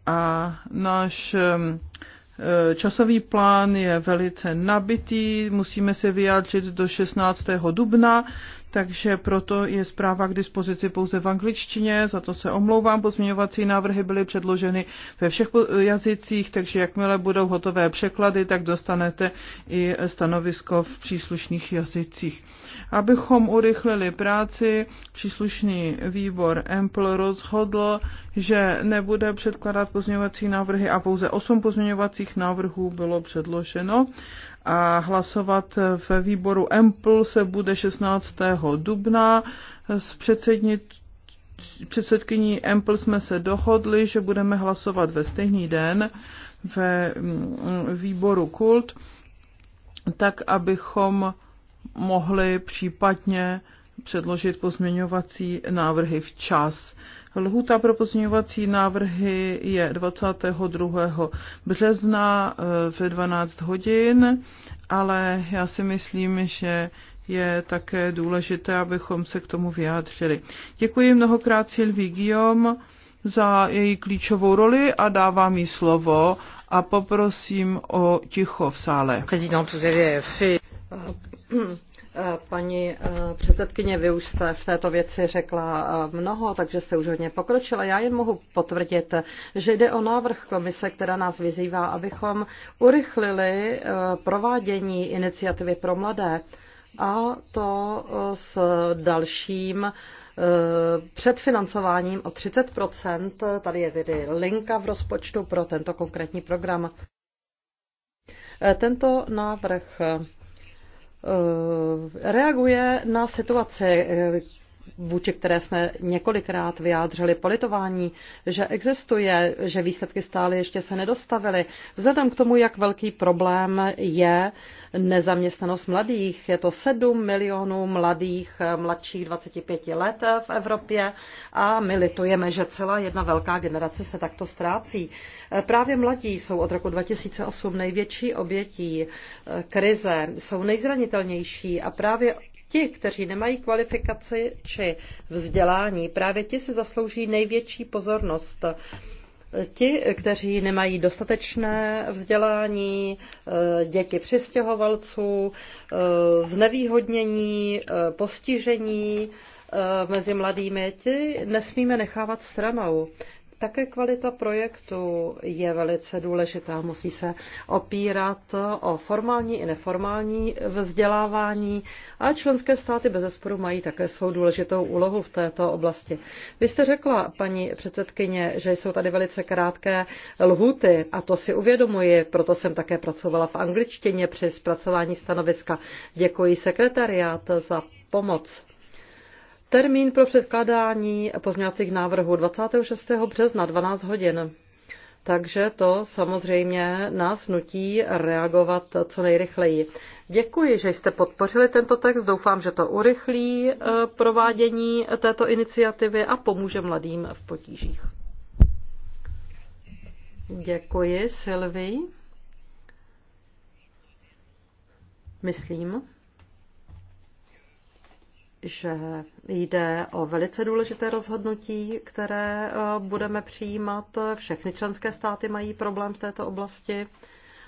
a náš eh, časový plán je velice nabitý, musíme se vyjádřit do 16. dubna takže proto je zpráva k dispozici pouze v angličtině, za to se omlouvám, pozměňovací návrhy byly předloženy ve všech jazycích, takže jakmile budou hotové překlady, tak dostanete i stanovisko v příslušných jazycích. Abychom urychlili práci, příslušný výbor EMPL rozhodl, že nebude předkladat pozměňovací návrhy a pouze osm pozměňovacích návrhů bylo předloženo a hlasovat ve výboru EMPL se bude 16. dubna. S předsedkyní EMPL jsme se dohodli, že budeme hlasovat ve stejný den ve mm, výboru KULT, tak abychom mohli případně předložit pozměňovací návrhy včas. Lhuta pro pozměňovací návrhy je 22. března eh, ve 12 hodin, ale já si myslím, že je také důležité, abychom se k tomu vyjádřili. Děkuji mnohokrát Silví Guillaume za její klíčovou roli a dávám jí slovo a poprosím o ticho v sále. Prezident, vous avez fait hm. Eh, paní eh, předsedkyně, vy už jste v této věci řekla eh, mnoho, takže jste už hodně pokročila. Já jen mohu potvrdit, že jde o návrh komise, která nás vyzývá, abychom urychlili provádění iniciativy pro mladé a to s dalším předfinancováním o 30 Tady je tedy linka v rozpočtu pro tento konkrétní program. Tento návrh Eh, reaguje na situaci, eh, vůči které jsme několikrát vyjádřili politování, že existuje, že výsledky stále ještě se nedostavily. Vzhledem k tomu, jak velký problém je nezaměstnanost mladých, je to 7 milionů mladých mladších 25 let v Evropě a my litujeme, že celá jedna velká generace se takto ztrácí. Právě mladí jsou od roku 2008 největší obětí krize, jsou nejzranitelnější a právě Ti, kteří nemají kvalifikaci či vzdělání, právě ti si zaslouží největší pozornost. Ti, kteří nemají dostatečné vzdělání, eh, děti přistěhovalců, eh, znevýhodnění, eh, postižení mezi mladými, ti nesmíme nechávat stranou. Také kvalita projektu je velice důležitá. Musí se opírat o formální i neformální vzdělávání a členské státy bez zesporu mají také svou důležitou úlohu v této oblasti. Vy jste řekla, paní předsedkyně, že jsou tady velice krátké lhuty a to si uvědomuji, proto jsem také pracovala v angličtině při zpracování stanoviska. Děkuji sekretariát za pomoc. Termín pro předkládání pozměňovacích návrhů 26. března 12 hodin. Takže to samozřejmě nás nutí reagovat co nejrychleji. Děkuji, že jste podpořili tento text. Doufám, že to urychlí eh, provádění této iniciativy a pomůže mladým v potížích. Děkuji, Sylvie. Myslím že jde o velice důležité rozhodnutí, které eh, budeme přijímat. Všechny členské státy mají problém v této oblasti.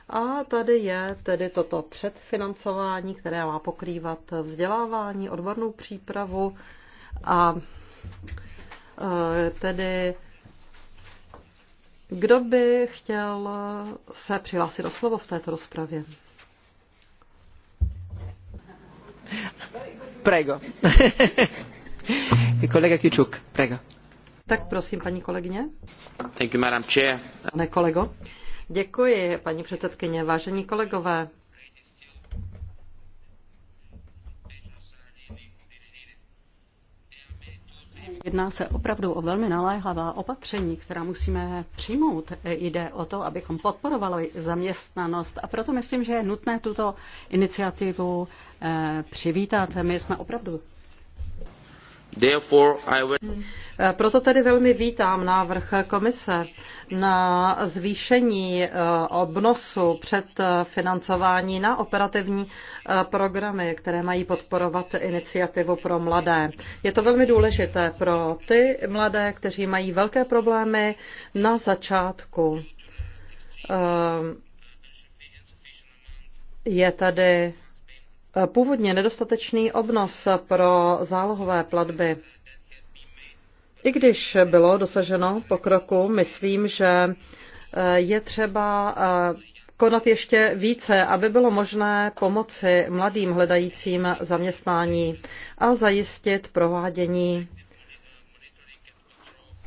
A tady je tedy toto předfinancování, které má pokrývat vzdělávání, odbornou přípravu a eh, tedy kdo by chtěl eh, se přihlásit o slovo v této rozpravě? Prego. Kolega Kičuk, Tak prosím, paní kolegyně. Thank you, madam chair. Pane kolego. Děkuji, paní předsedkyně, vážení kolegové. Jedná se opravdu o velmi naléhavá opatření, která musíme přijmout. Jde o to, abychom podporovali zaměstnanost a proto myslím, že je nutné tuto iniciativu eh, přivítat. My jsme opravdu Eh, proto tedy velmi vítám návrh komise na zvýšení eh, obnosu před eh, financování na operativní programy, které mají podporovat iniciativu pro mladé. Je to velmi důležité pro ty mladé, kteří mají velké problémy na začátku. Je tady původně nedostatečný obnos pro zálohové platby. I když bylo dosaženo pokroku, myslím, že eh, je třeba eh, konat ještě více, aby bylo možné pomoci mladým hledajícím zaměstnání a zajistit provádění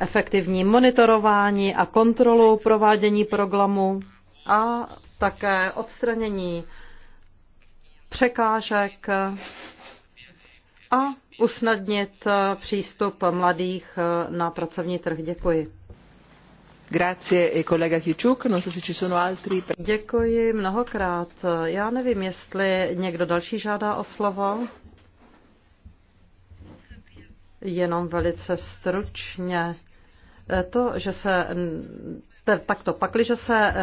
efektivní monitorování a kontrolu provádění programu a také odstranění překážek a usnadnit přístup mladých na pracovní trh. Děkuji. E Děkuji mnohokrát. Já nevím, jestli někdo další žádá o slovo. Jenom velice stručně. To, že se Takto, pakliže se eh,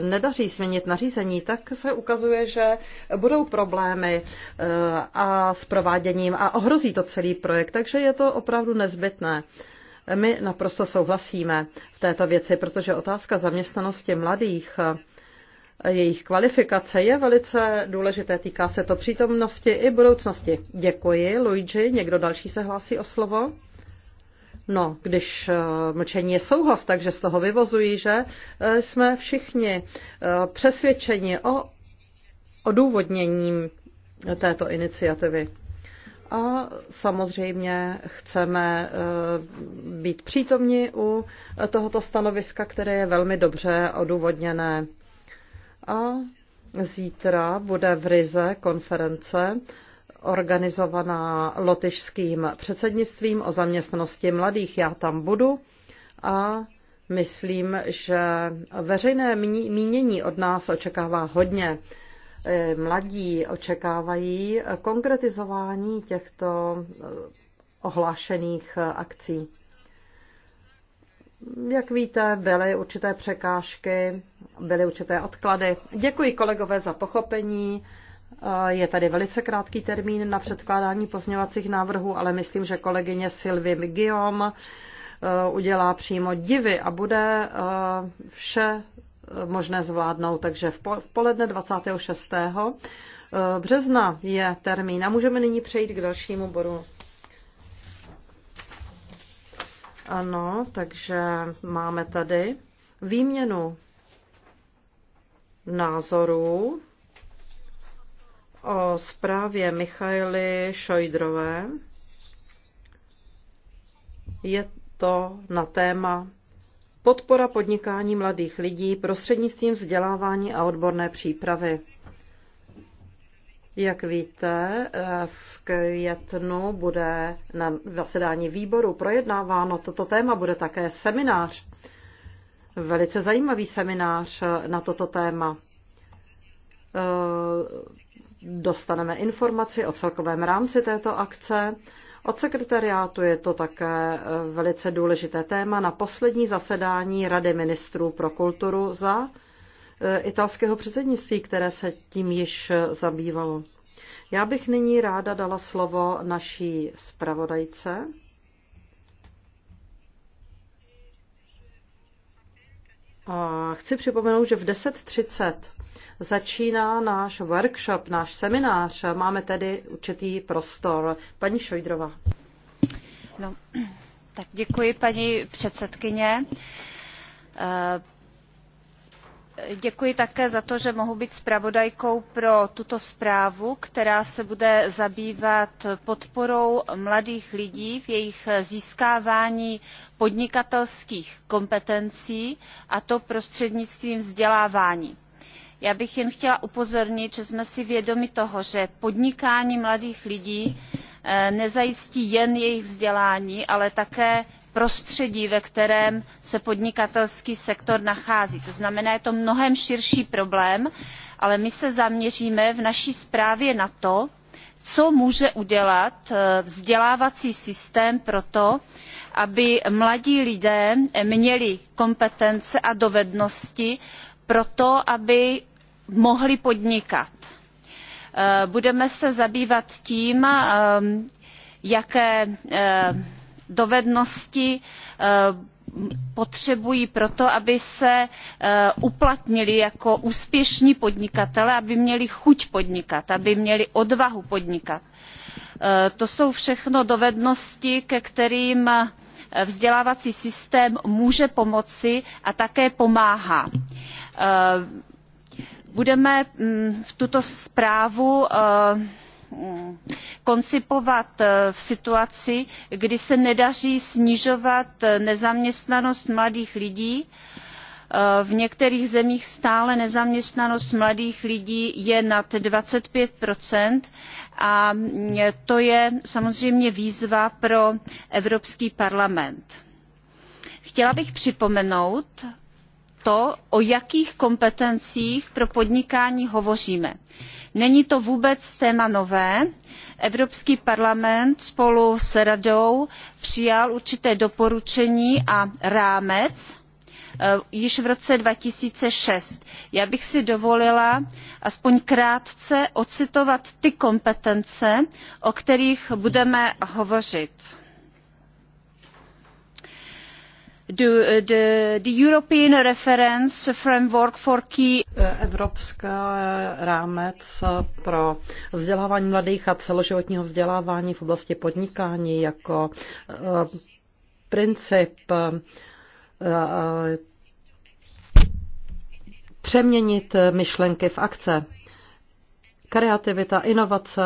nedaří změnit nařízení, tak se ukazuje, že budou problémy eh, a s prováděním a ohrozí to celý projekt, takže je to opravdu nezbytné. My naprosto souhlasíme v této věci, protože otázka zaměstnanosti mladých eh, jejich kvalifikace je velice důležité. Týká se to přítomnosti i budoucnosti. Děkuji, Luigi. Někdo další se hlásí o slovo? No, když eh, mlčení je souhlas, takže z toho vyvozují, že eh, jsme všichni eh, přesvědčeni o odůvodněním této iniciativy. A samozřejmě chceme být přítomni u tohoto stanoviska, které je velmi dobře odůvodněné. A zítra bude v Rize konference organizovaná lotyšským předsednictvím o zaměstnanosti mladých. Já tam budu a myslím, že veřejné mínění od nás očekává hodně. E, mladí očekávají konkretizování těchto e, ohlášených akcí. Jak víte, byly určité překážky, byly určité odklady. Děkuji kolegové za pochopení. Je tady velice krátký termín na předkládání pozměňovacích návrhů, ale myslím, že kolegyně Sylvie Migiom eh, udělá přímo divy a bude eh, vše eh, možné zvládnout. Takže v poledne 26. března je termín a můžeme nyní přejít k dalšímu bodu. Ano, takže máme tady výměnu názorů o zprávě Michaily Šojdrové. Je to na téma Podpora podnikání mladých lidí prostřednictvím vzdělávání a odborné přípravy. Jak víte, v květnu bude na zasedání výboru projednáváno toto téma, bude také seminář, velice zajímavý seminář na toto téma dostaneme informaci o celkovém rámci této akce. Od sekretariátu je to také eh, velice důležité téma na poslední zasedání Rady ministrů pro kulturu za eh, italského předsednictví, které se tím již eh, zabývalo. Já bych nyní ráda dala slovo naší zpravodajce. A chci připomenout, že v 10.30 začíná náš workshop, náš seminář. Máme tedy určitý prostor. Paní Šojdrova. No, tak děkuji, paní předsedkyně. Eh, děkuji také za to, že mohu být zpravodajkou pro tuto zprávu, která se bude zabývat podporou mladých lidí v jejich získávání podnikatelských kompetencí a to prostřednictvím vzdělávání já bych jen chtěla upozornit že jsme si vědomi toho že podnikání mladých lidí eh, nezajistí jen jejich vzdělání ale také prostředí ve kterém se podnikatelský sektor nachází. to znamená je to mnohem širší problém ale my se zaměříme v naší zprávě na to co může udělat eh, vzdělávací systém pro to aby mladí lidé měli kompetence a dovednosti pro to aby mohli podnikat. Eh, budeme se zabývat tím ehm, jaké eh, dovednosti eh, potřebují pro to aby se uplatnili jako úspěšní podnikatelé aby měli chuť podnikat aby měli odvahu podnikat. to jsou všechno dovednosti ke kterým vzdělávací systém může pomoci a také pomáhá budeme mm, tuto zprávu eh, koncipovat eh, v situaci kdy se nedaří snižovat eh, nezaměstnanost mladých lidí v některých zemích stále nezaměstnanost mladých lidí je nad twenty five a mm, to je samozřejmě výzva pro evropský parlament. chtěla bych připomenout to o jakých kompetencích pro podnikání hovoříme. není to vůbec téma nové evropský parlament spolu s radou přijal určité doporučení a rámec eh, již v roce. two thousand and six já bych si dovolila aspoň krátce ocitovat ty kompetence o kterých budeme hovořit Evropský e, Evropská e, rámec e, pro vzdělávání mladých a celoživotního vzdělávání v oblasti podnikání jako princip přeměnit myšlenky v akce kreativita, inovace,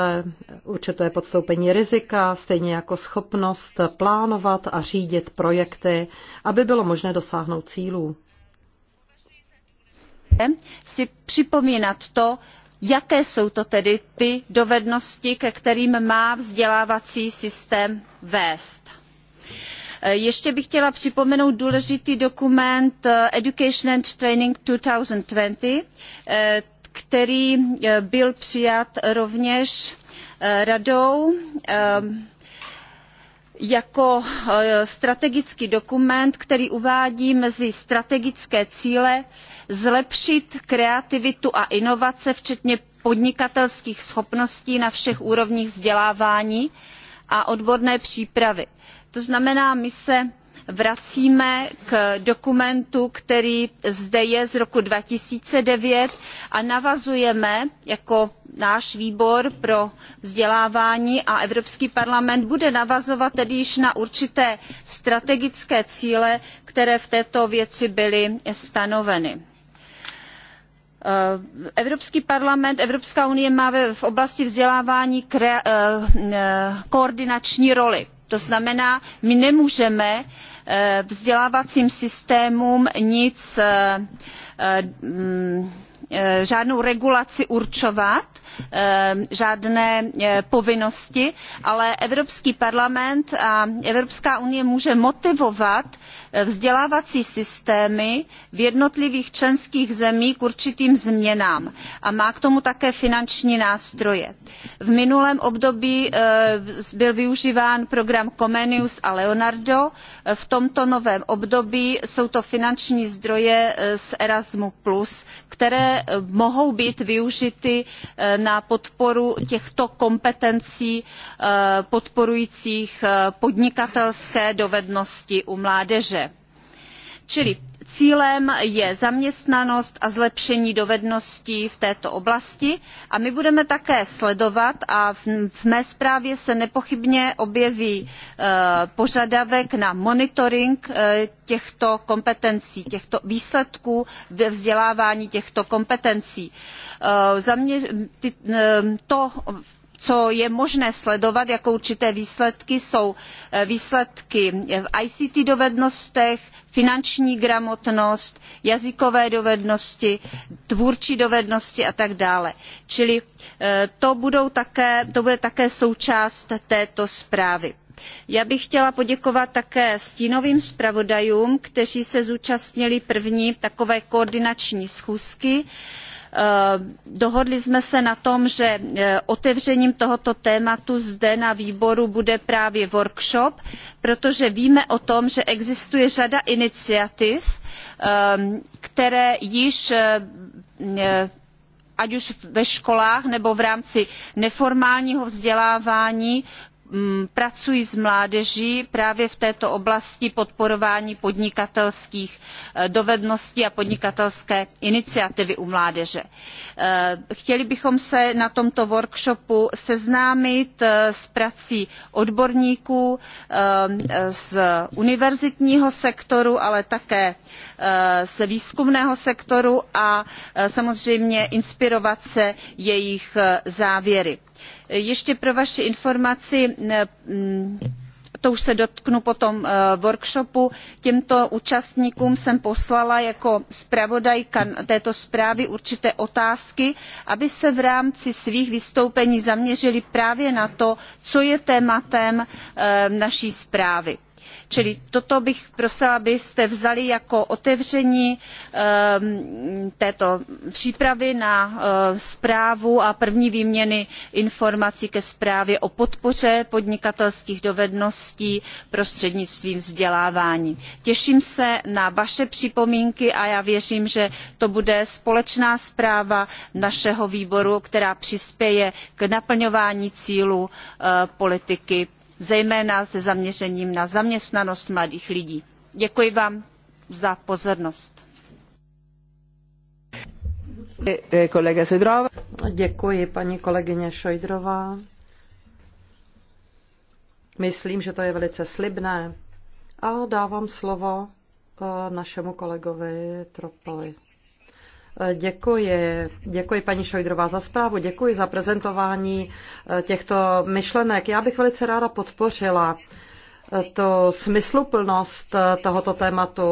určité podstoupení rizika, stejně jako schopnost plánovat a řídit projekty, aby bylo možné dosáhnout cílů. Si připomínat to, jaké jsou to tedy ty dovednosti, ke kterým má vzdělávací systém vést ještě bych chtěla připomenout důležitý dokument eh, education and training 2020 který eh, byl přijat rovněž eh, radou eh, jako strategický dokument který uvádí mezi strategické cíle zlepšit kreativitu a inovace včetně podnikatelských schopností na všech úrovních vzdělávání a odborné přípravy. to znamená my se vracíme k dokumentu který zde je z roku two thousand and nine a navazujeme jako náš výbor pro vzdělávání a evropský parlament bude navazovat tedy již na určité strategické cíle které v této věci byly stanoveny eh, evropský parlament evropská unie má v oblasti vzdělávání eh, eh, koordinační roli to znamená my nemůžeme Eh, vzdělávacím systémům nic eh, eh, mm, žádnou regulaci určovat Ehm, žádné eh, povinnosti ale evropský parlament a evropská unie může motivovat eh, vzdělávací systémy v jednotlivých členských zemích k určitým změnám a má k tomu také finanční nástroje. v minulém období eh, byl využíván program comenius a leonardo v tomto novém období jsou to finanční zdroje z programu erasmus které mohou být využity na podporu těchto kompetencí eh, podporujících eh, podnikatelské dovednosti u mládeže. čili cílem je zaměstnanost a zlepšení dovedností v této oblasti a my budeme také sledovat a v mé zprávě se nepochybně objeví eh, požadavek na monitoring eh, těchto kompetencí těchto výsledků ve vzdělávání těchto kompetencí. Eh, to co je možné sledovat jako určité výsledky jsou eh, výsledky v ict dovednostech finanční gramotnost jazykové dovednosti tvůrčí dovednosti a tak dále čili eh, to, bude také součást této zprávy. já bych chtěla poděkovat také stínovým zpravodajům kteří se zúčastnili první takové koordinační schůzky Eh, dohodli jsme se na tom že eh, otevřením tohoto tématu zde na výboru bude právě workshop protože víme o tom že existuje řada iniciativ eh, které již ať už ve školách nebo v rámci neformálního vzdělávání Mm, pracují s mládeží právě v této oblasti podporování podnikatelských eh, dovedností a podnikatelské iniciativy u mládeže. Eh, chtěli bychom se na tomto workshopu seznámit eh, s prací odborníků z univerzitního sektoru ale také z výzkumného sektoru a samozřejmě inspirovat se jejich závěry ještě pro vaši informaci to už se dotknu potom e, workshopu těmto účastníkům jsem poslala jako zpravodajka této zprávy určité otázky aby se v rámci svých vystoupení zaměřili právě na to co je tématem e, naší zprávy čili toto bych prosila abyste vzali jako otevření ehm, této přípravy na eh, zprávu a první výměny informací ke zprávě o podpoře podnikatelských dovedností prostřednictvím vzdělávání. těším se na vaše připomínky a já věřím že to bude společná zpráva našeho výboru která přispěje k naplňování cílů eh, politiky zejména se zaměřením na zaměstnanost mladých lidí. děkuji vám za pozornost. Děkuji paní kolegyně Šojdrová. Myslím, že to je velice slibné. A dávám slovo eh, našemu kolegovi Tropovi. Děkuji. Děkuji paní Šojdrová za zprávu, děkuji za prezentování eh, těchto myšlenek. Já bych velice ráda podpořila eh, to smysluplnost eh, tohoto tématu,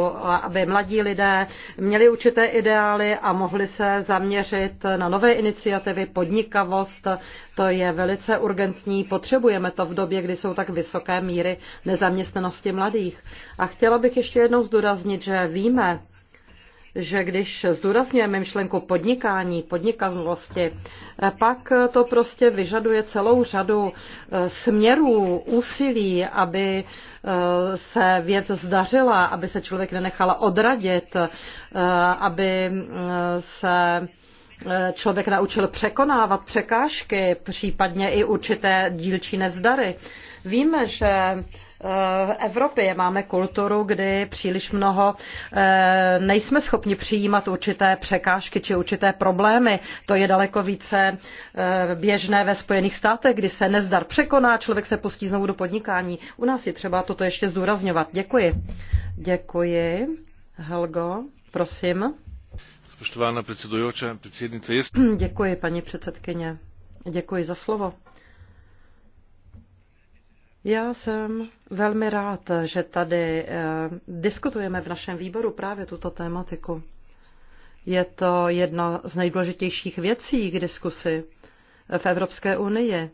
aby mladí lidé měli určité ideály a mohli se zaměřit na nové iniciativy, podnikavost. To je velice urgentní, potřebujeme to v době, kdy jsou tak vysoké míry nezaměstnanosti mladých. A chtěla bych ještě jednou zdůraznit, že víme, že když zdůrazňujeme myšlenku podnikání, podnikavosti, pak to prostě vyžaduje celou řadu eh, směrů, úsilí, aby eh, se věc zdařila, aby se člověk nenechala odradit, eh, aby se člověk naučil překonávat překážky, případně i určité dílčí nezdary. Víme, že v Evropě máme kulturu, kdy příliš mnoho eh, nejsme schopni přijímat určité překážky či určité problémy. To je daleko více eh, běžné ve Spojených státech, kdy se nezdar překoná, člověk se pustí znovu do podnikání. U nás je třeba toto ještě zdůrazňovat. Děkuji. Děkuji. Helgo, prosím. Děkuji, paní předsedkyně. Děkuji za slovo. Já jsem velmi rád, že tady eh, diskutujeme v našem výboru právě tuto tématiku. Je to jedna z nejdůležitějších věcí k diskusi v Evropské unii.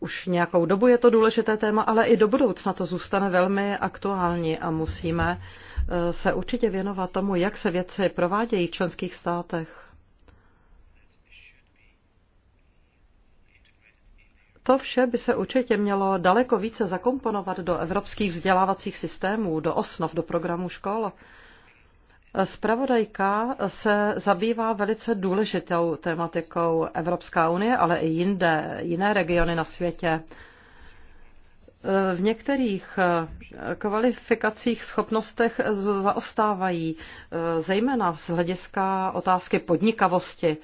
Už nějakou dobu je to důležité téma, ale i do budoucna to zůstane velmi aktuální a musíme eh, se určitě věnovat tomu, jak se věci provádějí v členských státech To vše by se určitě mělo daleko více zakomponovat do evropských vzdělávacích systémů, do osnov, do programů škol. Spravodajka se zabývá velice důležitou tematikou Evropská unie, ale i jinde, jiné regiony na světě. V některých kvalifikacích, schopnostech zaostávají, zejména z hlediska otázky podnikavosti.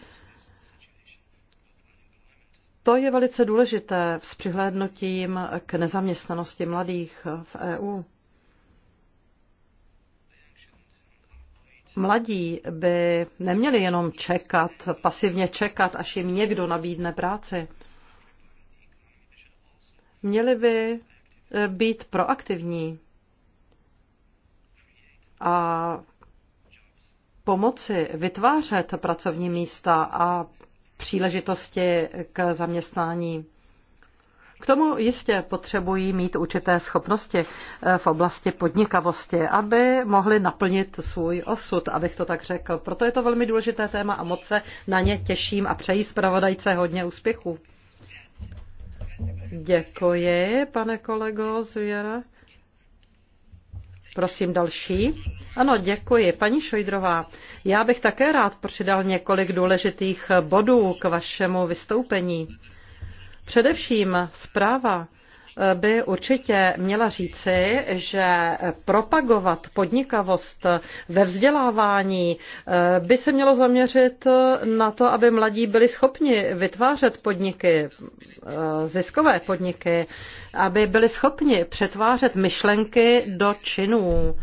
To je velice důležité s přihlédnutím k nezaměstnanosti mladých v EU. Mladí by neměli jenom čekat, pasivně čekat, až jim někdo nabídne práci. Měli by eh, být proaktivní a pomoci vytvářet pracovní místa a příležitosti k zaměstnání. K tomu jistě potřebují mít určité schopnosti eh, v oblasti podnikavosti, aby mohli naplnit svůj osud, abych to tak řekl. Proto je to velmi důležité téma a moc se na ně těším a přeji zpravodajce hodně úspěchů. Děkuji, pane kolego Zvěra. Prosím další. Ano, děkuji. Paní Šojdrová, já bych také rád přidal několik důležitých bodů k vašemu vystoupení. Především zpráva eh, by určitě měla říci, že propagovat podnikavost ve vzdělávání eh, by se mělo zaměřit eh, na to, aby mladí byli schopni vytvářet podniky, ziskové podniky, aby byli schopni přetvářet myšlenky do činů.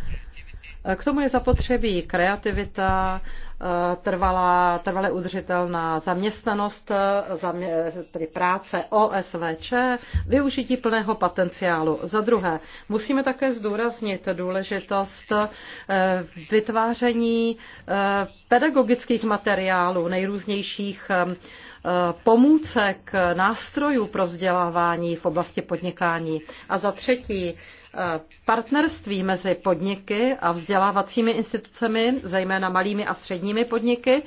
K tomu je zapotřebí kreativita, eh, trvalá, trvalé udržitelná zaměstnanost, eh, zamě, tedy práce OSVČ, využití plného potenciálu. Za druhé, musíme také zdůraznit důležitost eh, vytváření pedagogických materiálů, nejrůznějších pomůcek, nástrojů pro vzdělávání v oblasti podnikání. A za třetí, Partnerství mezi podniky a vzdělávacími institucemi, zejména malými a středními podniky,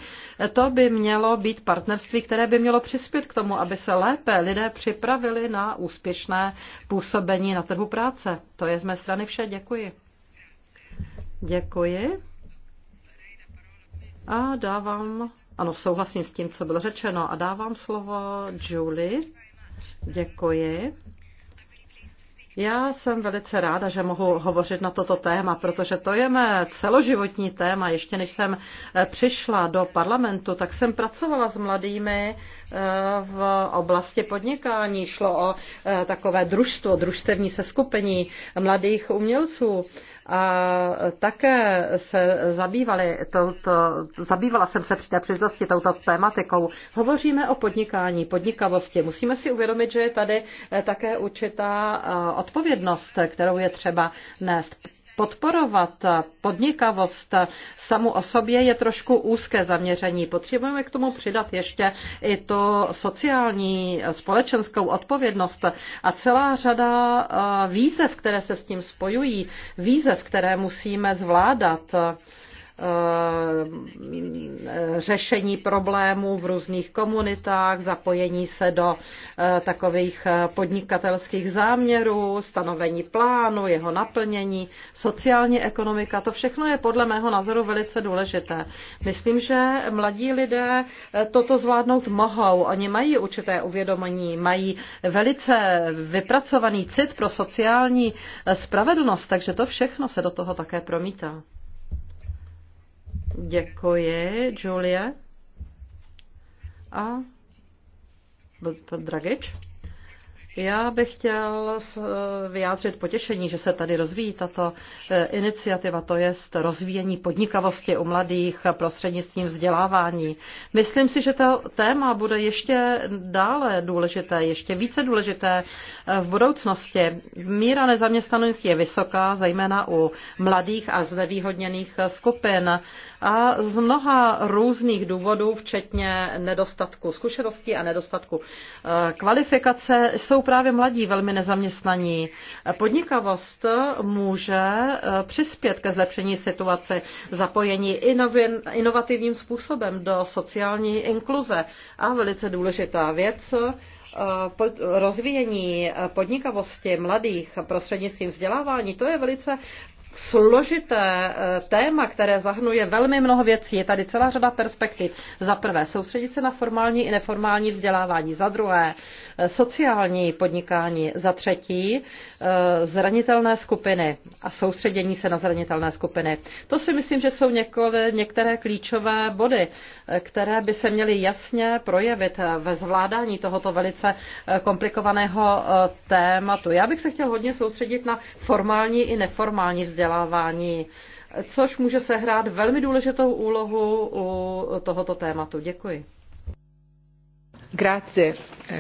to by mělo být partnerství, které by mělo přispět k tomu, aby se lépe lidé připravili na úspěšné působení na trhu práce. To je z mé strany vše. Děkuji. Děkuji. A dávám, ano, souhlasím s tím, co bylo řečeno, a dávám slovo Julie. Děkuji. Já jsem velice ráda, že mohu hovořit na toto téma, protože to je mé celoživotní téma. Ještě než jsem eh, přišla do parlamentu, tak jsem pracovala s mladými v oblasti podnikání. Šlo o eh, takové družstvo, družstevní seskupení mladých umělců. A také se zabývali, touto, zabývala jsem se při té příležitosti touto tématikou. Hovoříme o podnikání, podnikavosti. Musíme si uvědomit, že je tady eh, také určitá eh, odpovědnost, kterou je třeba nést podporovat podnikavost samu o sobě je trošku úzké zaměření. Potřebujeme k tomu přidat ještě i to sociální společenskou odpovědnost a celá řada eh, výzev, které se s tím spojují, výzev, které musíme zvládat. Eh, řešení problémů v různých komunitách, zapojení se do eh, takových eh, podnikatelských záměrů, stanovení plánu, jeho naplnění, sociální ekonomika, to všechno je podle mého názoru velice důležité. Myslím, že mladí lidé toto zvládnout mohou. Oni mají určité uvědomení, mají velice vypracovaný cit pro sociální spravedlnost, takže to všechno se do toho také promítá. Děkuji, Julie. A pan Dragič? Já bych chtěl eh, vyjádřit potěšení, že se tady rozvíjí tato eh, iniciativa, to je rozvíjení podnikavosti u mladých prostřednictvím vzdělávání. Myslím si, že to téma bude ještě dále důležité, ještě více důležité eh, v budoucnosti. Míra nezaměstnanosti je vysoká, zejména u mladých a znevýhodněných skupin a z mnoha různých důvodů, včetně nedostatku zkušeností a nedostatku eh, kvalifikace, jsou právě mladí velmi nezaměstnaní. Podnikavost může eh, přispět ke zlepšení situace zapojení inovativním způsobem do sociální inkluze a velice důležitá věc, eh, rozvíjení podnikavosti mladých prostřednictvím vzdělávání, to je velice složité eh, téma, které zahrnuje velmi mnoho věcí. Je tady celá řada perspektiv. Za prvé, soustředit se na formální i neformální vzdělávání. Za druhé, eh, sociální podnikání. Za třetí, eh, zranitelné skupiny a soustředění se na zranitelné skupiny. To si myslím, že jsou několik, některé klíčové body, které by se měly jasně projevit ve zvládání tohoto velice komplikovaného tématu. Já bych se chtěl hodně soustředit na formální i neformální vzdělávání vzdělávání, což může sehrát velmi důležitou úlohu u tohoto tématu. Děkuji. Grazie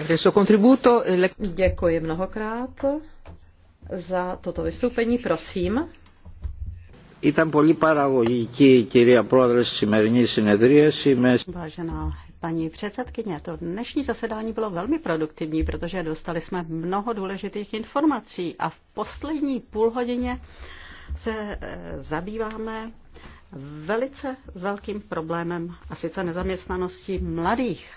del suo contributo. Děkuji mnohokrát za toto vystoupení. Prosím. Ήταν πολύ παραγωγική η κυρία Πρόεδρε τη σημερινή συνεδρίαση. Vážená paní předsedkyně, to dnešní zasedání bylo velmi produktivní, protože dostali jsme mnoho důležitých informací a v poslední hodině se eh, zabýváme velice velkým problémem, a sice nezaměstnaností mladých.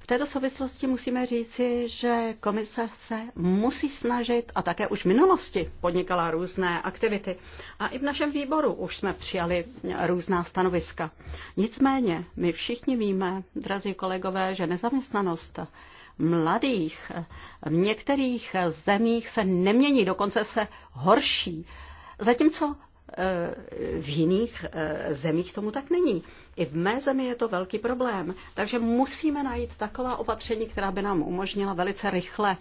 V této souvislosti musíme říci, že komise se musí snažit a také už v minulosti podnikala různé aktivity. A i v našem výboru už jsme přijali různá stanoviska. Nicméně, my všichni víme, drazí kolegové, že nezaměstnanost mladých v některých zemích se nemění, dokonce se horší. Zatímco eh, v jiných eh, zemích tomu tak není. I v mé zemi je to velký problém. Takže musíme najít taková opatření, která by nám umožnila velice rychle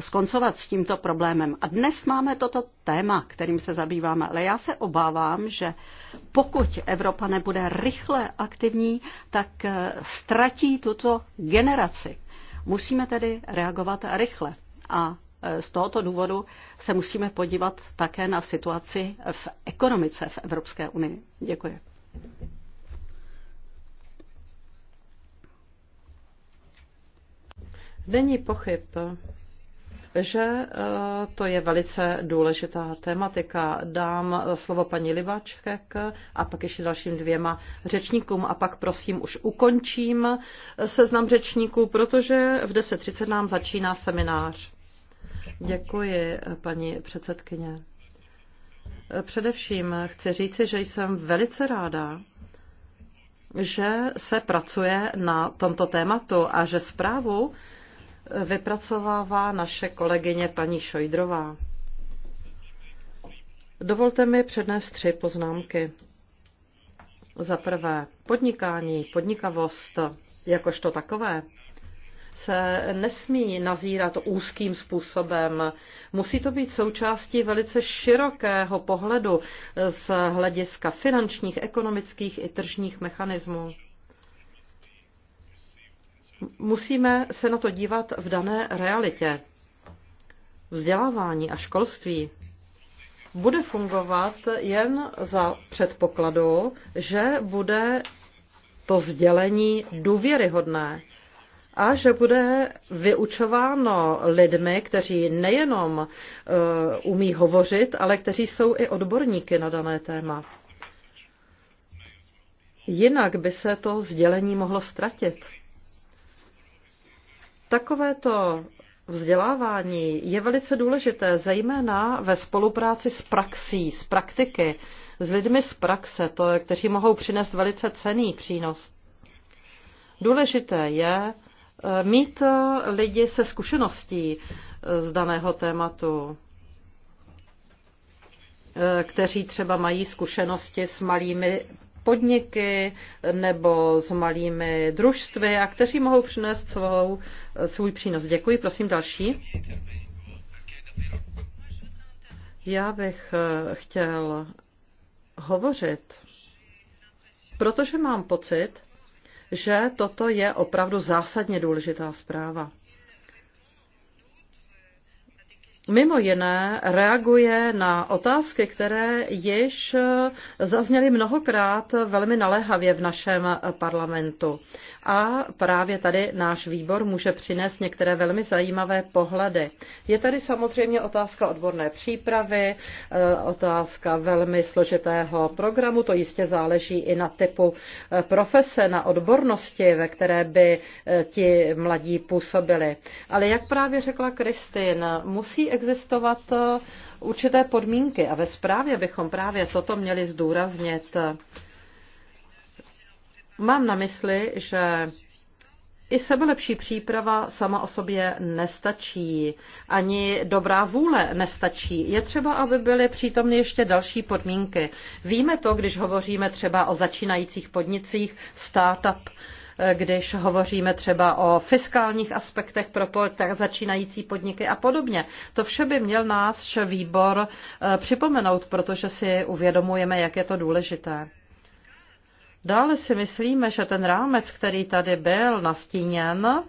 skoncovat s tímto problémem. A dnes máme toto téma, kterým se zabýváme. Ale já se obávám, že pokud Evropa nebude rychle aktivní, tak eh, ztratí tuto generaci. Musíme tedy reagovat rychle. A z tohoto důvodu se musíme podívat také na situaci v ekonomice v Evropské unii. Děkuji. Není pochyb, že eh, to je velice důležitá tematika. Dám slovo paní Libáček a pak ještě dalším dvěma řečníkům a pak prosím už ukončím seznam řečníků, protože v 10.30 nám začíná seminář. Děkuji, paní předsedkyně. Především chci říci, že jsem velice ráda, že se pracuje na tomto tématu a že zprávu vypracovává naše kolegyně paní Šojdrová. Dovolte mi přednést tři poznámky. Za prvé, podnikání, podnikavost jakožto takové se nesmí nazírat úzkým způsobem. Musí to být součástí velice širokého pohledu z hlediska finančních, ekonomických i tržních mechanismů. Musíme se na to dívat v dané realitě. Vzdělávání a školství bude fungovat jen za předpokladu, že bude to sdělení důvěryhodné a že bude vyučováno lidmi, kteří nejenom uh, umí hovořit, ale kteří jsou i odborníky na dané téma. Jinak by se to sdělení mohlo ztratit. Takovéto vzdělávání je velice důležité, zejména ve spolupráci s praxí, s praktiky, s lidmi z praxe, to, kteří mohou přinést velice cený přínos. Důležité je Eh, mít eh, lidi se zkušeností eh, z daného tématu, kteří třeba mají zkušenosti s malými podniky nebo s malými družstvy a kteří mohou přinést svou, svůj přínos. Děkuji, prosím další. Já bych chtěl hovořit, protože mám pocit, že toto je opravdu zásadně důležitá zpráva. Mimo jiné reaguje na otázky, které již zazněly mnohokrát velmi naléhavě v našem parlamentu. A právě tady náš výbor může přinést některé velmi zajímavé pohledy. Je tady samozřejmě otázka odborné přípravy, e, otázka velmi složitého programu, to jistě záleží i na typu e, profese, na odbornosti, ve které by e, ti mladí působili. Ale jak právě řekla Kristin, musí existovat určité podmínky a ve zprávě bychom právě toto měli zdůraznit. Mám na mysli, že i sebelepší příprava sama o sobě nestačí, ani dobrá vůle nestačí. Je třeba, aby byly přítomny ještě další podmínky. Víme to, když hovoříme třeba o začínajících podnicích, startup, když hovoříme třeba o fiskálních aspektech pro začínající podniky a podobně. To vše by měl náš výbor eh, připomenout, protože si uvědomujeme, jak je to důležité. Dále si myslíme, že ten rámec, který tady byl nastíněn, eh,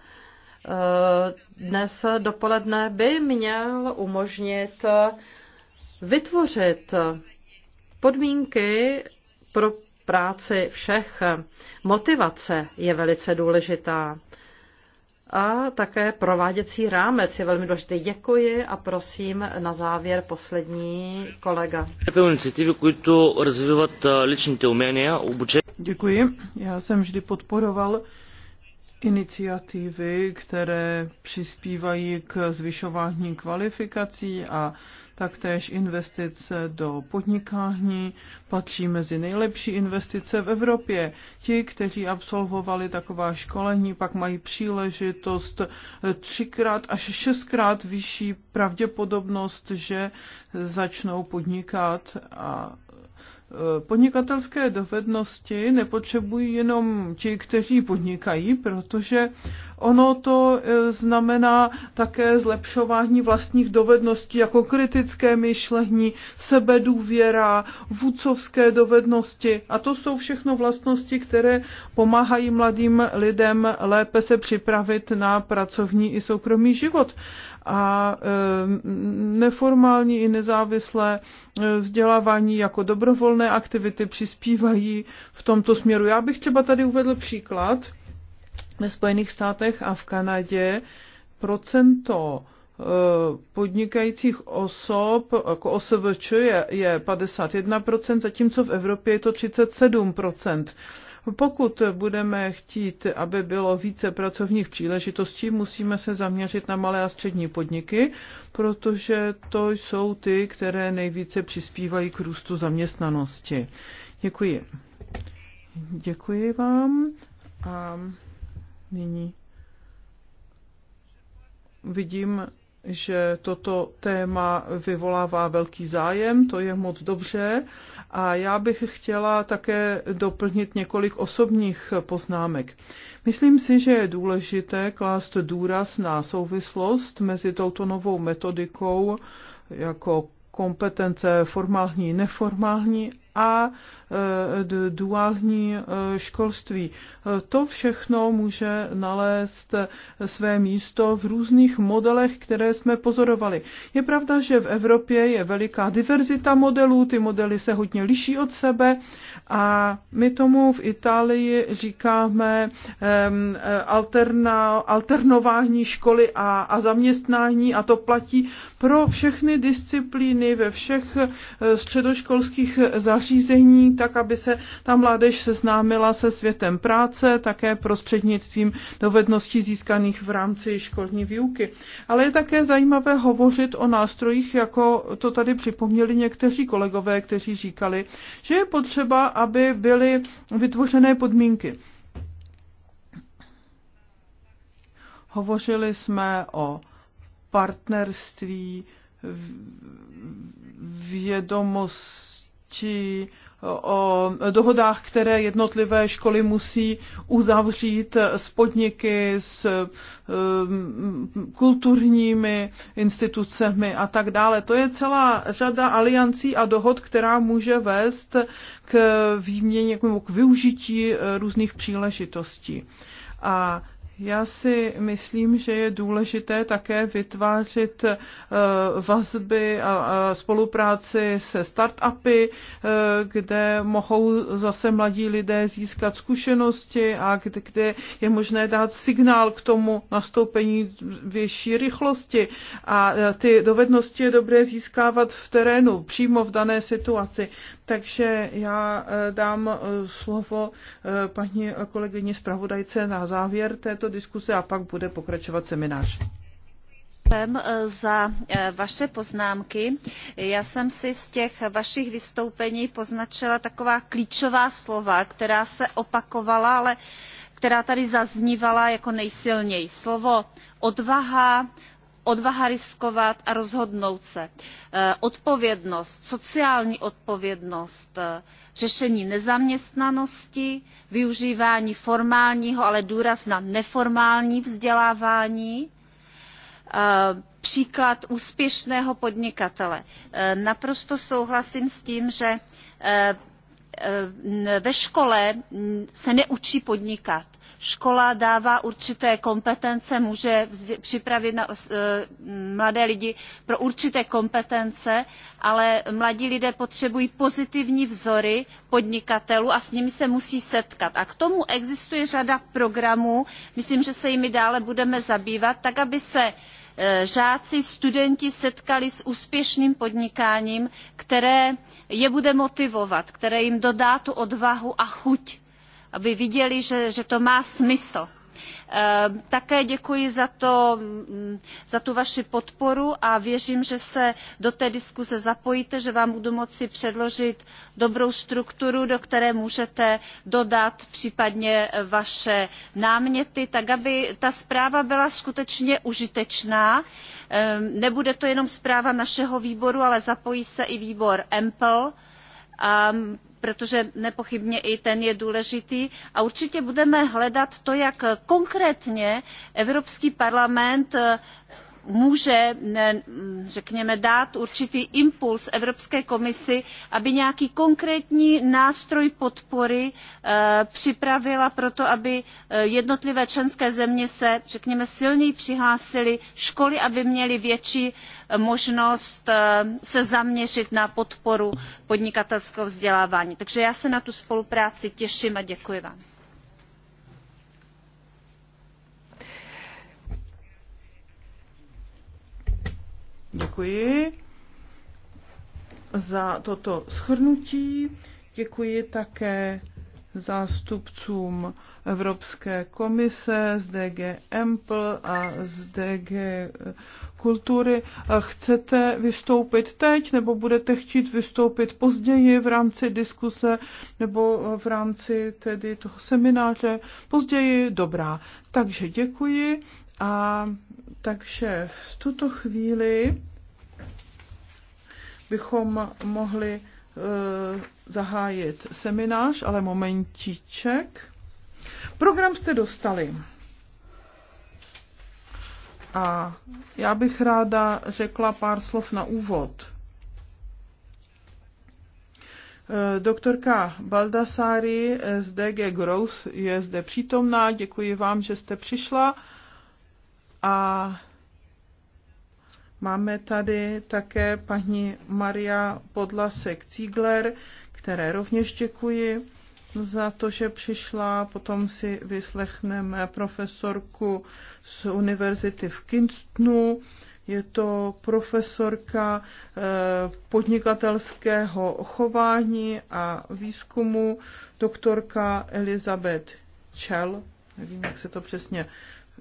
dnes dopoledne by měl umožnit vytvořit podmínky pro práci všech. Motivace je velice důležitá. A také prováděcí rámec je velmi důležitý. Děkuji a prosím na závěr poslední kolega. Děkuji. Eh, Já jsem vždy podporoval iniciativy, které přispívají k zvyšování kvalifikací a taktéž investice do podnikání patří mezi nejlepší investice v Evropě. Ti, kteří absolvovali taková školení, pak mají příležitost třikrát až šestkrát vyšší pravděpodobnost, že začnou podnikat a podnikatelské dovednosti nepotřebují jenom ti, kteří podnikají, protože ono to e, znamená také zlepšování vlastních dovedností, jako kritické myšlení, sebedůvěra, vůcovské dovednosti. A to jsou všechno vlastnosti, které pomáhají mladým lidem lépe se připravit na pracovní i soukromý život a neformální i nezávislé eh, vzdělávání jako dobrovolné aktivity přispívají v tomto směru. Já bych třeba tady uvedl příklad ve Spojených státech a v Kanadě procento eh, podnikajících osob jako OSVČ je, je 51%, zatímco v Evropě je to 37%. Pokud budeme chtít, aby bylo více pracovních příležitostí, musíme se zaměřit na malé a střední podniky, protože to jsou ty, které nejvíce přispívají k růstu zaměstnanosti. Děkuji. Děkuji vám. A nyní vidím že toto téma vyvolává velký zájem, to je moc dobře. A já bych chtěla také doplnit několik osobních poznámek. Myslím si, že je důležité klást důraz na souvislost mezi touto novou metodikou jako kompetence formální, neformální a Eh, duální eh, školství. Eh, to všechno může nalézt své místo v různých modelech, které jsme pozorovali. Je pravda, že v Evropě je veliká diverzita modelů, ty modely se hodně liší od sebe a my tomu v Itálii říkáme alterna, alternování školy a, a zaměstnání a to platí pro všechny disciplíny ve všech středoškolských zařízeních, tak aby se ta mládež seznámila se světem práce, také prostřednictvím dovedností získaných v rámci školní výuky. Ale je také zajímavé hovořit o nástrojích, jako to tady připomněli někteří kolegové, kteří říkali, že je potřeba, aby byly vytvořené podmínky. Hovořili jsme o partnerství, vědomosti, o dohodách, které jednotlivé školy musí uzavřít s podniky, s um, kulturními institucemi a tak dále. To je celá řada aliancí a dohod, která může vést k výměně, k využití různých příležitostí. A já si myslím, že je důležité také vytvářet eh, vazby a spolupráci se startupy, eh, kde mohou zase mladí lidé získat zkušenosti a kde je možné dát signál k tomu nastoupení větší rychlosti. A eh, ty dovednosti je dobré získávat v terénu, přímo v dané situaci. Takže já dám slovo paní kolegyni zpravodajce na závěr této této diskuse a pak bude pokračovat seminář eh, za eh, vaše poznámky. Já jsem si z těch vašich vystoupení poznačila taková klíčová slova, která se opakovala, ale která tady zaznívala jako nejsilněji. Slovo odvaha, odvaha riskovat a rozhodnout se e, odpovědnost sociální odpovědnost e, řešení nezaměstnanosti využívání formálního ale důraz na neformální vzdělávání e, příklad úspěšného podnikatele. naprosto souhlasím s tím že ve škole se neučí podnikat škola dává určité kompetence může připravit na, eh, mladé lidi pro určité kompetence ale mladí lidé potřebují pozitivní vzory podnikatelů a s nimi se musí setkat. a k tomu existuje řada programů myslím že se jimi dále budeme zabývat tak aby se eh, žáci studenti setkali s úspěšným podnikáním které je bude motivovat které jim dodá tu odvahu a chuť aby viděli že, že to má smysl. Eh, také děkuji za, to, mm, za tu vaši podporu a věřím že se do té diskuse zapojíte že vám budu moci předložit dobrou strukturu do které můžete dodat případně vaše náměty tak aby ta zpráva byla skutečně užitečná ehm, nebude to jenom zpráva našeho výboru ale zapojí se i výbor empl a mm, protože nepochybně i ten je důležitý a určitě budeme hledat to jak konkrétně evropský parlament eh, může řekněme dát určitý impuls evropské komisi aby nějaký konkrétní nástroj podpory eh, připravila pro to aby eh, jednotlivé členské země se řekněme silněji přihlásily školy aby měly větší eh, možnost se zaměřit na podporu podnikatelského vzdělávání. takže já se na tu spolupráci těším a děkuji vám. Děkuji za toto shrnutí. Děkuji také zástupcům Evropské komise z DG Empl a z DG Kultury. Chcete vystoupit teď nebo budete chtít vystoupit později v rámci diskuse nebo v rámci tedy toho semináře? Později? Dobrá. Takže děkuji a takže v tuto chvíli bychom mohli e, zahájit seminář, ale momentíček. Program jste dostali. A já bych ráda řekla pár slov na úvod. E, doktorka Baldassari z DG Gross je zde přítomná. Děkuji vám, že jste přišla a máme tady také paní Maria Podlasek-Cígler, které rovněž děkuji za to, že přišla. Potom si vyslechneme profesorku z univerzity v Kinstonu. Je to profesorka eh, podnikatelského chování a výzkumu, doktorka Elizabeth Chell, nevím, jak se to přesně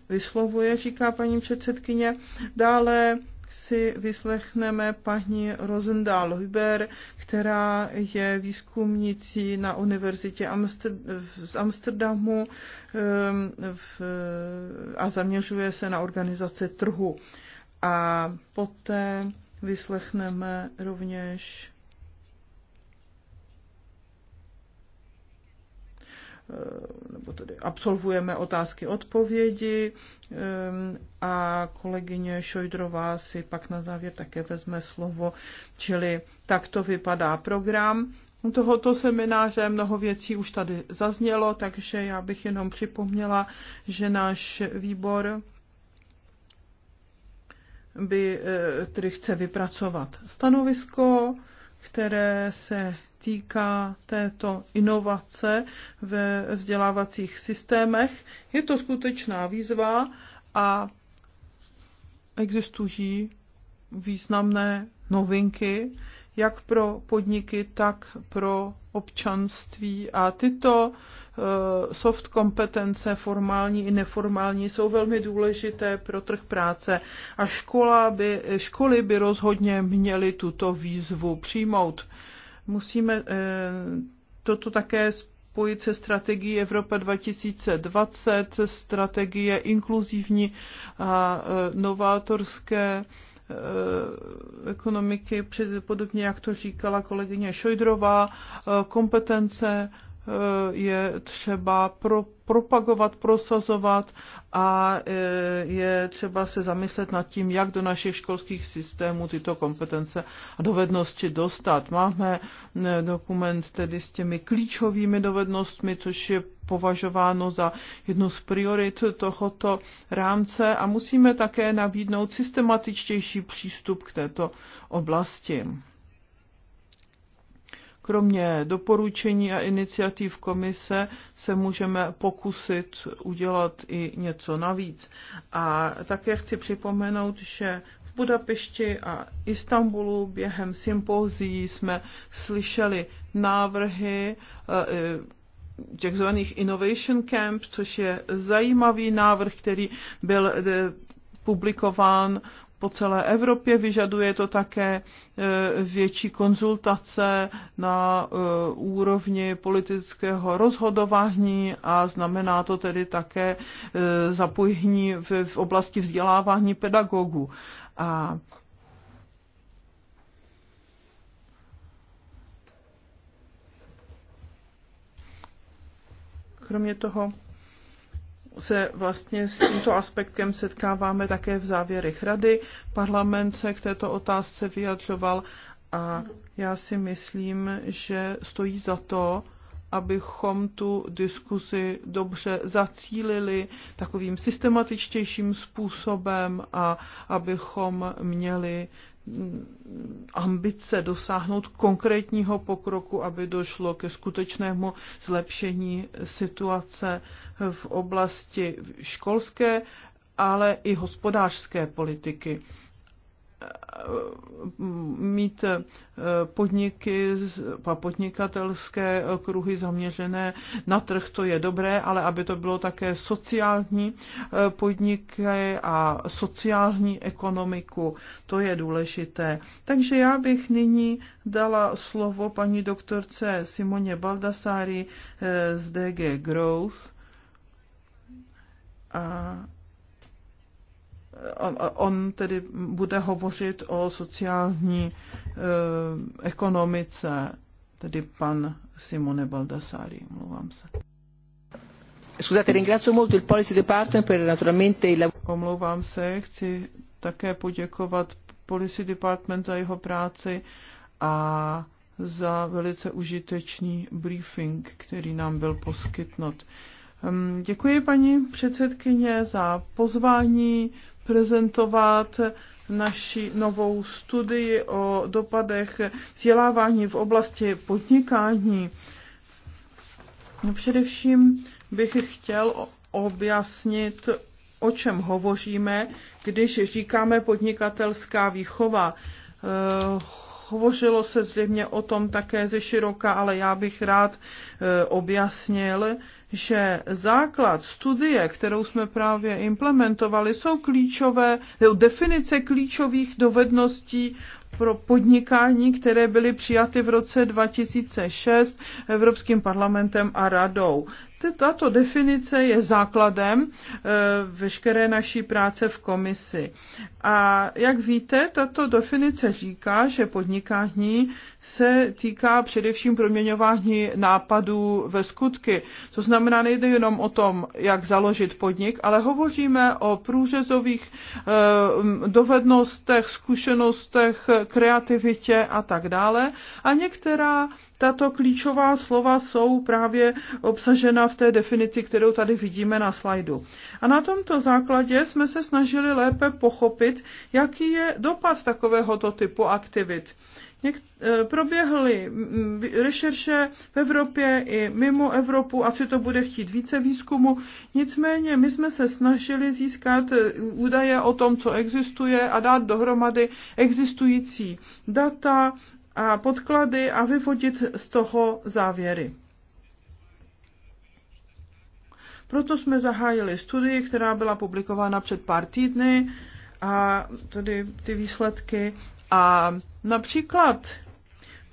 vyslovuje, říká paní předsedkyně. Dále si vyslechneme paní Rosendal Huber, která je výzkumnicí na univerzitě Amster- z Amsterdamu ehm, v, a zaměřuje se na organizaci trhu. A poté vyslechneme rovněž Eh, nebo tedy absolvujeme otázky odpovědi eh, a kolegyně Šojdrová si pak na závěr také vezme slovo, čili tak to vypadá program tohoto semináře. Mnoho věcí už tady zaznělo, takže já bych jenom připomněla, že náš výbor by, eh, tedy chce vypracovat stanovisko, které se týká této inovace ve vzdělávacích systémech. Je to skutečná výzva a existují významné novinky, jak pro podniky, tak pro občanství. A tyto eh, soft kompetence, formální i neformální, jsou velmi důležité pro trh práce. A škola by, školy by rozhodně měly tuto výzvu přijmout musíme eh, toto také spojit se strategií Evropa 2020, se strategie inkluzivní a eh, novátorské eh, ekonomiky, podobně jak to říkala kolegyně Šojdrová, kompetence Eh, je třeba pro, propagovat, prosazovat a eh, je třeba se zamyslet nad tím, jak do našich školských systémů tyto kompetence a dovednosti dostat. Máme eh, dokument tedy s těmi klíčovými dovednostmi, což je považováno za jednu z priorit tohoto rámce a musíme také nabídnout systematičtější přístup k této oblasti. Kromě doporučení a iniciativ komise se můžeme pokusit udělat i něco navíc. A také chci připomenout, že v Budapešti a Istanbulu během sympózií jsme slyšeli návrhy eh, zvaných Innovation Camp, což je zajímavý návrh, který byl eh, publikován po celé Evropě, vyžaduje to také e, větší konzultace na e, úrovni politického rozhodování a znamená to tedy také e, zapojení v oblasti vzdělávání pedagogů. A kromě toho se vlastně s tímto aspektem setkáváme také v závěrech rady. Parlament se k této otázce vyjadřoval a já si myslím, že stojí za to, abychom tu diskusi dobře zacílili takovým systematičtějším způsobem a abychom měli Mm, ambice dosáhnout konkrétního pokroku, aby došlo ke skutečnému zlepšení situace v oblasti školské, ale i hospodářské politiky mít eh, podniky a podnikatelské kruhy zaměřené na trh, to je dobré, ale aby to bylo také sociální eh, podniky a sociální ekonomiku, to je důležité. Takže já bych nyní dala slovo paní doktorce Simoně Baldasári eh, z DG Growth. A on tedy bude hovořit o sociální eh, ekonomice, tedy pan Simone Baldassari, mluvám se. Scusate, ringrazio molto il policy department per naturalmente il lavoro. Omlouvám se, chci také poděkovat policy department za jeho práci a za velice užitečný briefing, který nám byl poskytnut. Hm, děkuji paní předsedkyně za pozvání prezentovat naši novou studii o dopadech vzdělávání v oblasti podnikání. No, především bych chtěl objasnit, o čem hovoříme, když říkáme podnikatelská výchova. Eh, hovořilo se zřejmě o tom také ze široka, ale já bych rád eh, objasnil, že základ studie, kterou jsme právě implementovali, jsou klíčové, definice klíčových dovedností pro podnikání, které byly přijaty v roce 2006 Evropským parlamentem a radou. Tato definice je základem eh, veškeré naší práce v komisi. A jak víte, tato definice říká, že podnikání se týká především proměňování nápadů ve skutky. To znamená, nejde jenom o tom, jak založit podnik, ale hovoříme o průřezových eh, dovednostech, zkušenostech, kreativitě a tak dále. A některá tato klíčová slova jsou právě obsažena v té definici, kterou tady vidíme na slajdu. A na tomto základě jsme se snažili lépe pochopit, jaký je dopad takovéhoto typu aktivit. Něk- e, proběhly rešerše v Evropě i mimo Evropu, asi to bude chtít více výzkumu. Nicméně my jsme se snažili získat e, údaje o tom, co existuje a dát dohromady existující data a podklady a vyvodit z toho závěry. Proto jsme zahájili studii, která byla publikována před pár týdny a tedy ty výsledky. A například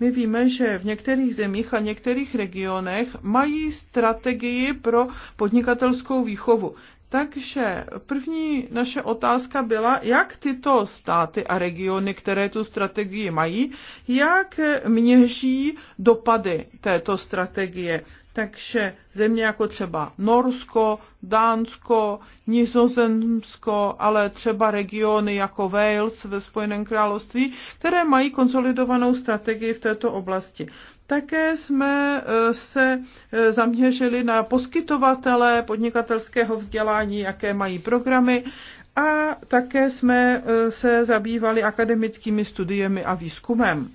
my víme, že v některých zemích a některých regionech mají strategii pro podnikatelskou výchovu. Takže první naše otázka byla, jak tyto státy a regiony, které tu strategii mají, jak měří dopady této strategie. Takže země jako třeba Norsko, Dánsko, Nizozemsko, ale třeba regiony jako Wales ve Spojeném království, které mají konsolidovanou strategii v této oblasti. Také jsme eh, se eh, zaměřili na poskytovatele podnikatelského vzdělání, jaké mají programy a také jsme eh, se zabývali akademickými studiemi a výzkumem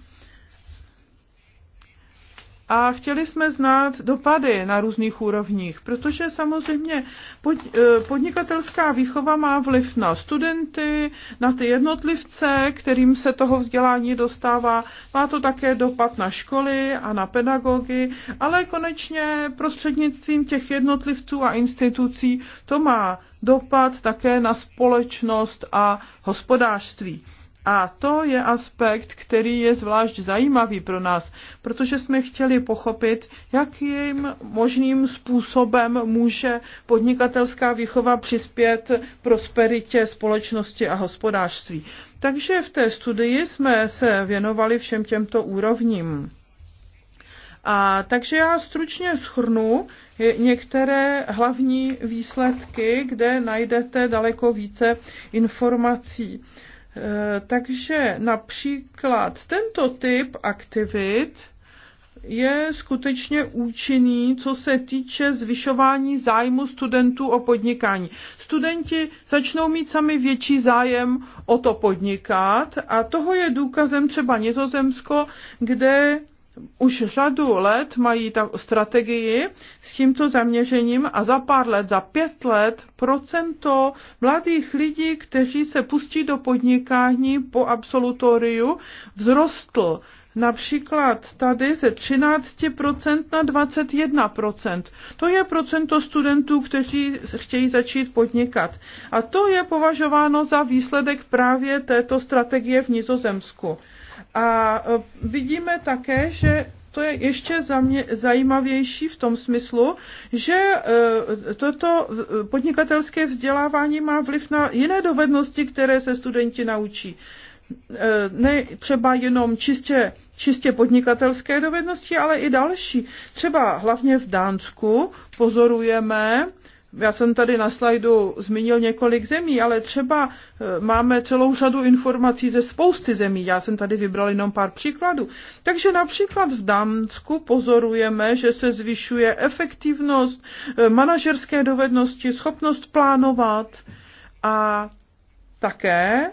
a chtěli jsme znát dopady na různých úrovních, protože samozřejmě pod, eh, podnikatelská výchova má vliv na studenty, na ty jednotlivce, kterým se toho vzdělání dostává. Má to také dopad na školy a na pedagogy, ale konečně prostřednictvím těch jednotlivců a institucí to má dopad také na společnost a hospodářství. A to je aspekt, který je zvlášť zajímavý pro nás, protože jsme chtěli pochopit, jakým možným způsobem může podnikatelská výchova přispět prosperitě společnosti a hospodářství. Takže v té studii jsme se věnovali všem těmto úrovním. A takže já stručně schrnu některé hlavní výsledky, kde najdete daleko více informací. Eh, takže například tento typ aktivit je skutečně účinný, co se týče zvyšování zájmu studentů o podnikání. Studenti začnou mít sami větší zájem o to podnikat a toho je důkazem třeba Nizozemsko, kde už řadu let mají ta strategii s tímto zaměřením a za pár let, za pět let procento mladých lidí, kteří se pustí do podnikání po absolutoriu, vzrostl například tady ze 13% na 21%. To je procento studentů, kteří chtějí začít podnikat. A to je považováno za výsledek právě této strategie v Nizozemsku. A e, vidíme také, že to je ještě za mě zajímavější v tom smyslu, že e, toto podnikatelské vzdělávání má vliv na jiné dovednosti, které se studenti naučí. E, ne třeba jenom čistě, čistě podnikatelské dovednosti, ale i další. Třeba hlavně v Dánsku pozorujeme, já jsem tady na slajdu zmínil několik zemí, ale třeba e, máme celou řadu informací ze spousty zemí. Já jsem tady vybral jenom pár příkladů. Takže například v Dánsku pozorujeme, že se zvyšuje efektivnost, e, manažerské dovednosti, schopnost plánovat a také,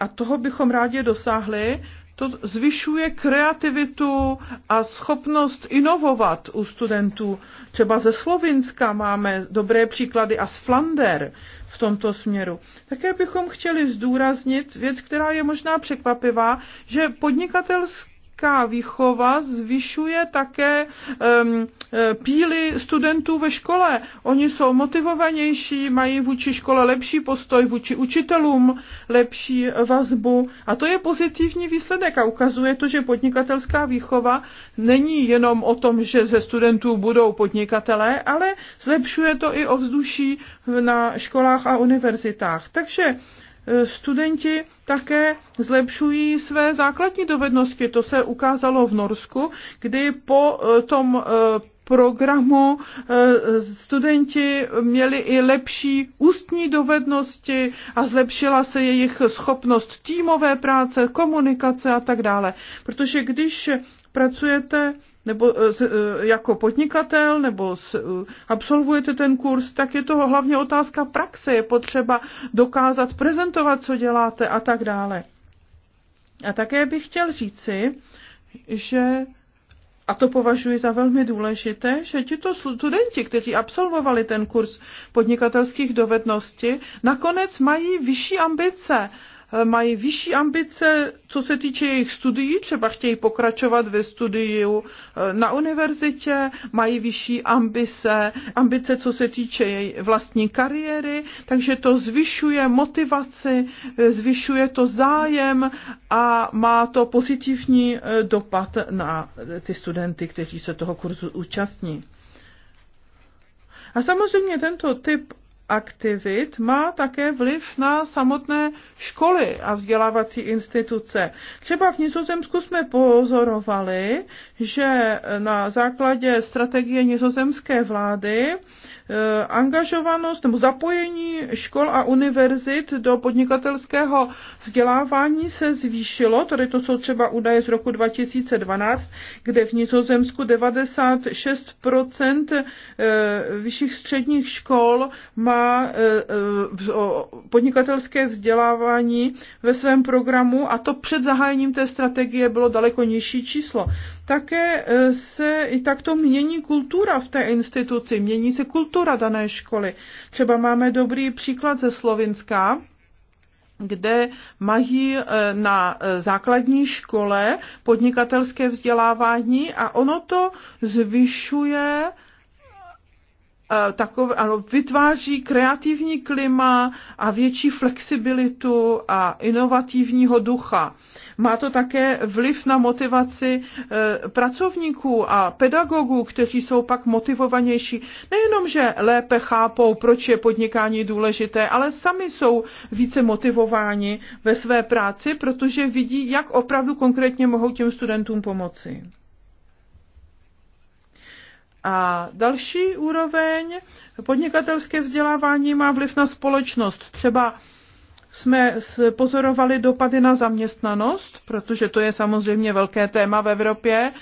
a toho bychom rádi dosáhli, to zvyšuje kreativitu a schopnost inovovat u studentů. Třeba ze Slovinska máme dobré příklady a z Flander v tomto směru. Také bychom chtěli zdůraznit věc, která je možná překvapivá, že podnikatelské etická výchova zvyšuje také um, píly studentů ve škole. Oni jsou motivovanější, mají vůči škole lepší postoj, vůči učitelům lepší vazbu. A to je pozitivní výsledek a ukazuje to, že podnikatelská výchova není jenom o tom, že ze studentů budou podnikatelé, ale zlepšuje to i ovzduší na školách a univerzitách. Takže studenti také zlepšují své základní dovednosti. To se ukázalo v Norsku, kdy po eh, tom eh, programu eh, studenti měli i lepší ústní dovednosti a zlepšila se jejich schopnost týmové práce, komunikace a tak dále. Protože když pracujete nebo eh, eh, jako podnikatel, nebo eh, absolvujete ten kurz, tak je toho hlavně otázka praxe. Je potřeba dokázat prezentovat, co děláte a tak dále. A také bych chtěl říci, že a to považuji za velmi důležité, že tito studenti, kteří absolvovali ten kurz podnikatelských dovedností, nakonec mají vyšší ambice mají vyšší ambice, co se týče jejich studií, třeba chtějí pokračovat ve studiu eh, na univerzitě, mají vyšší ambice, ambice, co se týče její vlastní kariéry, takže to zvyšuje motivaci, eh, zvyšuje to zájem a má to pozitivní eh, dopad na ty studenty, kteří se toho kurzu účastní. A samozřejmě tento typ aktivit má také vliv na samotné školy a vzdělávací instituce. Třeba v Nizozemsku jsme pozorovali, že na základě strategie nizozemské vlády Eh, angažovanost nebo zapojení škol a univerzit do podnikatelského vzdělávání se zvýšilo, tady to jsou třeba údaje z roku 2012, kde v Nizozemsku 96% eh, vyšších středních škol má eh, podnikatelské vzdělávání ve svém programu a to před zahájením té strategie bylo daleko nižší číslo také eh, se i takto mění kultura v té instituci, mění se kultura dané školy. Třeba máme dobrý příklad ze Slovinska, kde mají eh, na eh, základní škole podnikatelské vzdělávání a ono to zvyšuje takové, ano, vytváří kreativní klima a větší flexibilitu a inovativního ducha. Má to také vliv na motivaci e, pracovníků a pedagogů, kteří jsou pak motivovanější. Nejenom, že lépe chápou, proč je podnikání důležité, ale sami jsou více motivováni ve své práci, protože vidí, jak opravdu konkrétně mohou těm studentům pomoci. A další úroveň podnikatelské vzdělávání má vliv na společnost. Třeba jsme pozorovali dopady na zaměstnanost, protože to je samozřejmě velké téma v Evropě,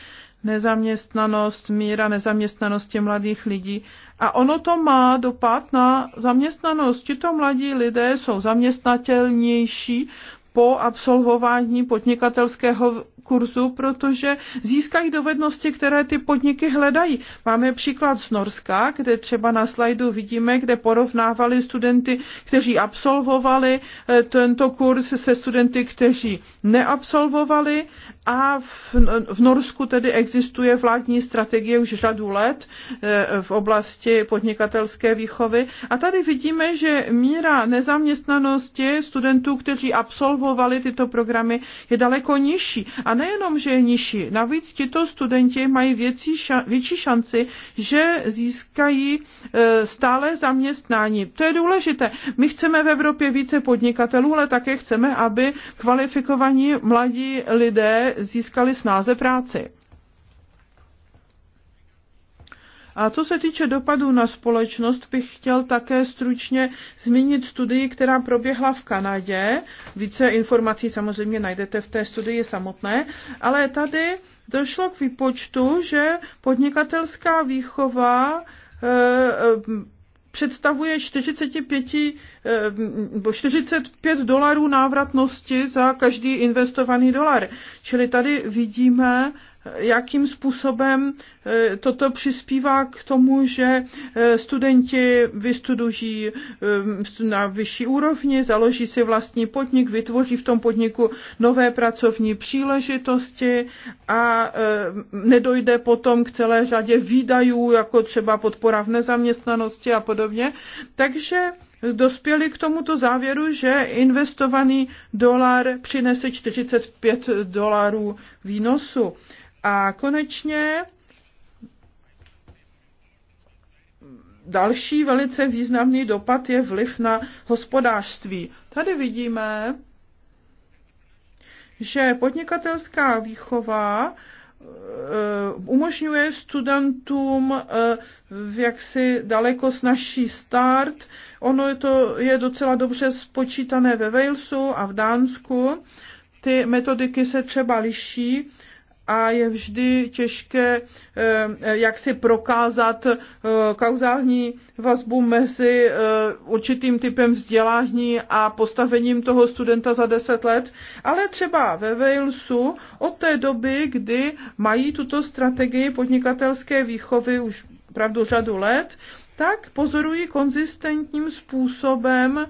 nezaměstnanost, míra nezaměstnanosti mladých lidí. A ono to má dopad na zaměstnanost. Tito mladí lidé jsou zaměstnatelnější po absolvování podnikatelského kurzu, protože získají dovednosti, které ty podniky hledají. Máme příklad z Norska, kde třeba na slajdu vidíme, kde porovnávali studenty, kteří absolvovali eh, tento kurz se studenty, kteří neabsolvovali a v, v Norsku tedy existuje vládní strategie už řadu let eh, v oblasti podnikatelské výchovy a tady vidíme, že míra nezaměstnanosti studentů, kteří absolvovali tyto programy, je daleko nižší a nejenom, že je nižší, navíc tito studenti mají větší, větší šanci, že získají e, stále zaměstnání. To je důležité. My chceme v Evropě více podnikatelů, ale také chceme, aby kvalifikovaní mladí lidé získali snáze práci. A co se týče dopadů na společnost, bych chtěl také stručně zmínit studii, která proběhla v Kanadě. Více informací samozřejmě najdete v té studii samotné, ale tady došlo k výpočtu, že podnikatelská výchova eh, eh, představuje 45, 45 eh, dolarů návratnosti za každý investovaný dolar. Čili tady vidíme, jakým způsobem eh, toto přispívá k tomu, že eh, studenti vystudují eh, na vyšší úrovni, založí si vlastní podnik, vytvoří v tom podniku nové pracovní příležitosti a nedojde potom k celé řadě výdajů, jako třeba podpora v nezaměstnanosti a podobně. Takže dospěli k tomuto závěru, že investovaný dolar přinese 45 dolarů výnosu. A konečně další velice významný dopad je vliv na hospodářství. Tady vidíme, že podnikatelská výchova eh, umožňuje studentům eh, jaksi daleko snažší start. Ono je to je docela dobře spočítané ve Walesu a v Dánsku. Ty metodiky se třeba liší a je vždy těžké eh, jak si prokázat eh, kauzální vazbu mezi eh, určitým typem vzdělání a postavením toho studenta za 10 let, ale třeba ve Walesu od té doby, kdy mají tuto strategii podnikatelské výchovy už pravdu řadu let, tak pozorují konzistentním způsobem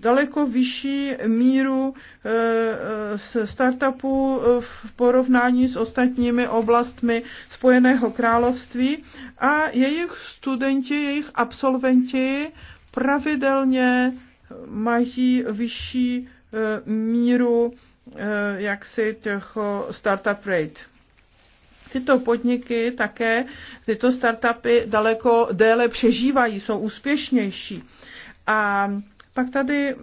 daleko vyšší míru eh, eh, startupů eh, v porovnání s ostatními oblastmi Spojeného království a jejich studenti, jejich absolventi pravidelně mají vyšší míru jaksi těch startup rate tyto podniky také, tyto startupy daleko déle přežívají, jsou úspěšnější. A pak tady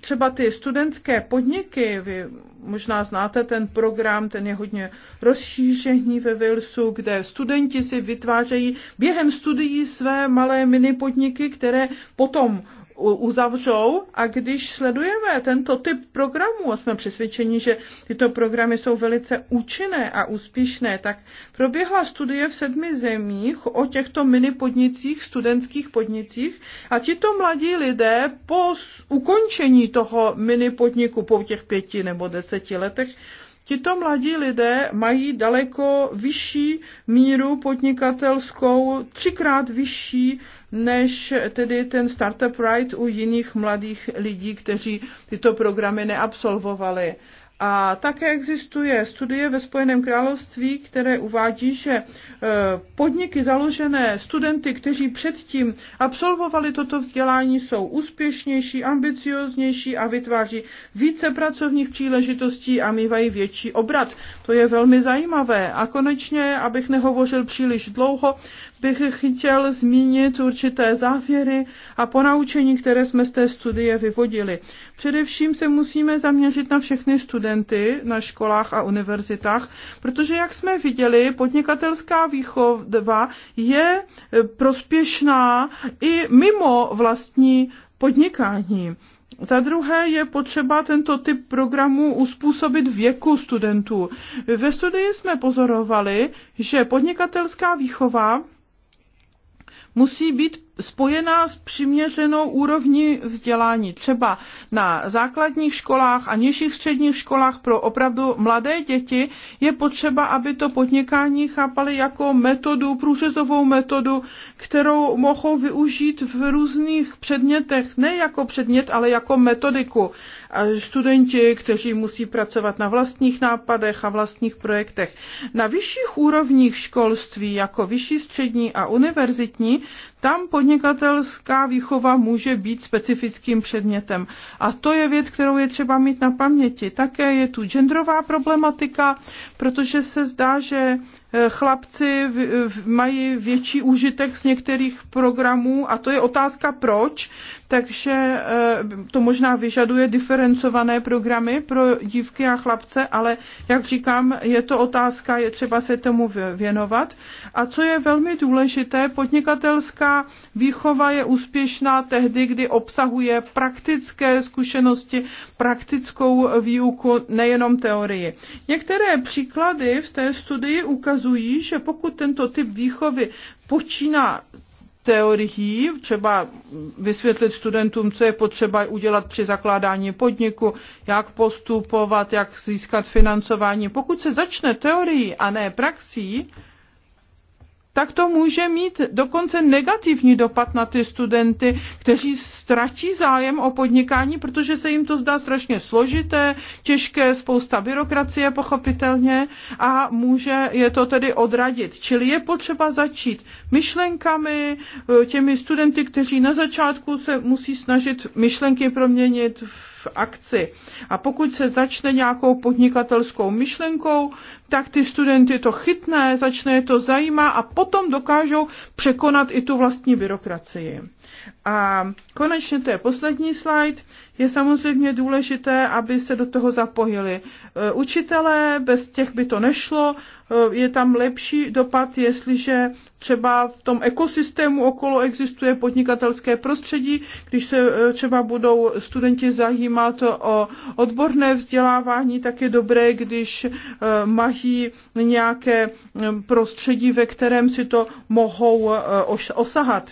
třeba ty studentské podniky, vy možná znáte ten program, ten je hodně rozšířený ve Walesu, kde studenti si vytvářejí během studií své malé mini podniky, které potom uzavřou a když sledujeme tento typ programů a jsme přesvědčeni, že tyto programy jsou velice účinné a úspěšné, tak proběhla studie v sedmi zemích o těchto mini podnicích, studentských podnicích a tito mladí lidé po ukončení toho mini podniku po těch pěti nebo deseti letech Tito mladí lidé mají daleko vyšší míru podnikatelskou, třikrát vyšší než tedy ten Startup Right u jiných mladých lidí, kteří tyto programy neabsolvovali. A také existuje studie ve Spojeném království, které uvádí, že e, podniky založené studenty, kteří předtím absolvovali toto vzdělání, jsou úspěšnější, ambicioznější a vytváří více pracovních příležitostí a mývají větší obrat. To je velmi zajímavé. A konečně, abych nehovořil příliš dlouho, bych chtěl zmínit určité závěry a ponaučení, které jsme z té studie vyvodili. Především se musíme zaměřit na všechny studenty na školách a univerzitách, protože, jak jsme viděli, podnikatelská výchova je prospěšná i mimo vlastní podnikání. Za druhé je potřeba tento typ programu uspůsobit věku studentů. Ve studii jsme pozorovali, že podnikatelská výchova musí být spojená s přiměřenou úrovní vzdělání. Třeba na základních školách a nižších středních školách pro opravdu mladé děti je potřeba, aby to podnikání chápali jako metodu, průřezovou metodu, kterou mohou využít v různých předmětech, ne jako předmět, ale jako metodiku a studenti, kteří musí pracovat na vlastních nápadech a vlastních projektech. Na vyšších úrovních školství, jako vyšší střední a univerzitní, tam podnikatelská výchova může být specifickým předmětem. A to je věc, kterou je třeba mít na paměti. Také je tu genderová problematika, protože se zdá, že eh, chlapci mají větší užitek z některých programů a to je otázka proč, takže eh, to možná vyžaduje diferencované programy pro dívky a chlapce, ale jak říkám, je to otázka, je třeba se tomu věnovat. A co je velmi důležité, podnikatelská výchova je úspěšná tehdy, kdy obsahuje praktické zkušenosti, praktickou výuku, nejenom teorii. Některé příklady v té studii ukazují, že pokud tento typ výchovy počíná teorií, třeba vysvětlit studentům, co je potřeba udělat při zakládání podniku, jak postupovat, jak získat financování. Pokud se začne teorií a ne praxí, tak to může mít dokonce negativní dopad na ty studenty, kteří ztratí zájem o podnikání, protože se jim to zdá strašně složité, těžké, spousta byrokracie pochopitelně a může je to tedy odradit. Čili je potřeba začít myšlenkami, eh, těmi studenty, kteří na začátku se musí snažit myšlenky proměnit v v akci. A pokud se začne nějakou podnikatelskou myšlenkou, tak ty studenty to chytne, začne je to zajímá a potom dokážou překonat i tu vlastní byrokracii. A konečně to je poslední slide. Je samozřejmě důležité, aby se do toho zapojili eh, učitelé, bez těch by to nešlo. Eh, je tam lepší dopad, jestliže třeba v tom ekosystému okolo existuje podnikatelské prostředí, když se e, třeba budou studenti zajímat o odborné vzdělávání, tak je dobré, když e, mají nějaké prostředí, ve kterém si to mohou e, osahat.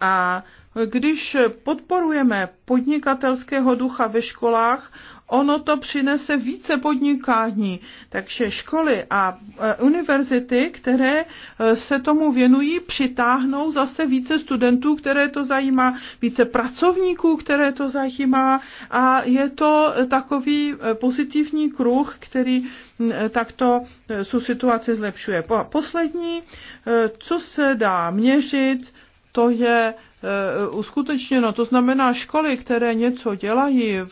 A když podporujeme podnikatelského ducha ve školách, ono to přinese více podnikání. Takže školy a e, univerzity, které e, se tomu věnují, přitáhnou zase více studentů, které to zajímá, více pracovníků, které to zajímá a je to takový e, pozitivní kruh, který takto tu situaci zlepšuje. Poslední, co se dá měřit, to je Eh, uskutečněno. To znamená, školy, které něco dělají, eh,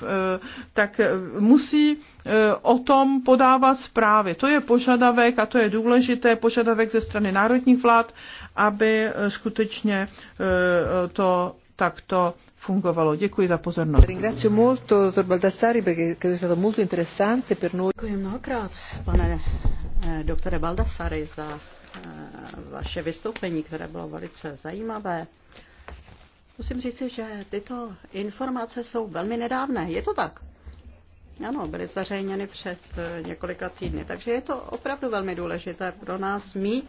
tak musí eh, o tom podávat zprávy. To je požadavek a to je důležité požadavek ze strany národních vlád, aby skutečně to takto fungovalo. Děkuji za pozornost. Ringrazio molto, dottor Baldassari, perché credo stato molto interessante per noi. Děkuji mnohokrát, pane doktore Baldassari, za vaše vystoupení, které bylo velice zajímavé Musím říct, že tyto informace jsou velmi nedávné. Je to tak? Ano, byly zveřejněny před eh, několika týdny, takže je to opravdu velmi důležité pro nás mít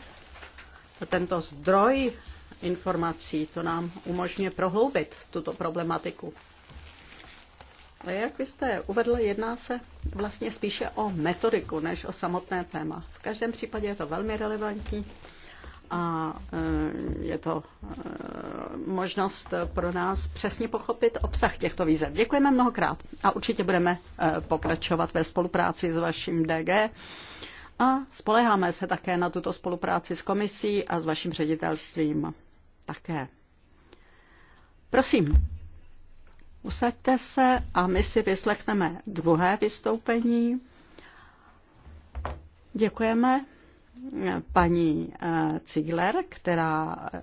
tento zdroj informací. To nám umožňuje prohloubit tuto problematiku. Ale jak vy jste uvedl, jedná se vlastně spíše o metodiku než o samotné téma. V každém případě je to velmi relevantní a e, je to e, možnost pro nás přesně pochopit obsah těchto výzev. Děkujeme mnohokrát a určitě budeme e, pokračovat ve spolupráci s vaším DG a spoleháme se také na tuto spolupráci s komisí a s vaším ředitelstvím také. Prosím, usaďte se a my si vyslechneme druhé vystoupení. Děkujeme paní Cigler, eh, která eh,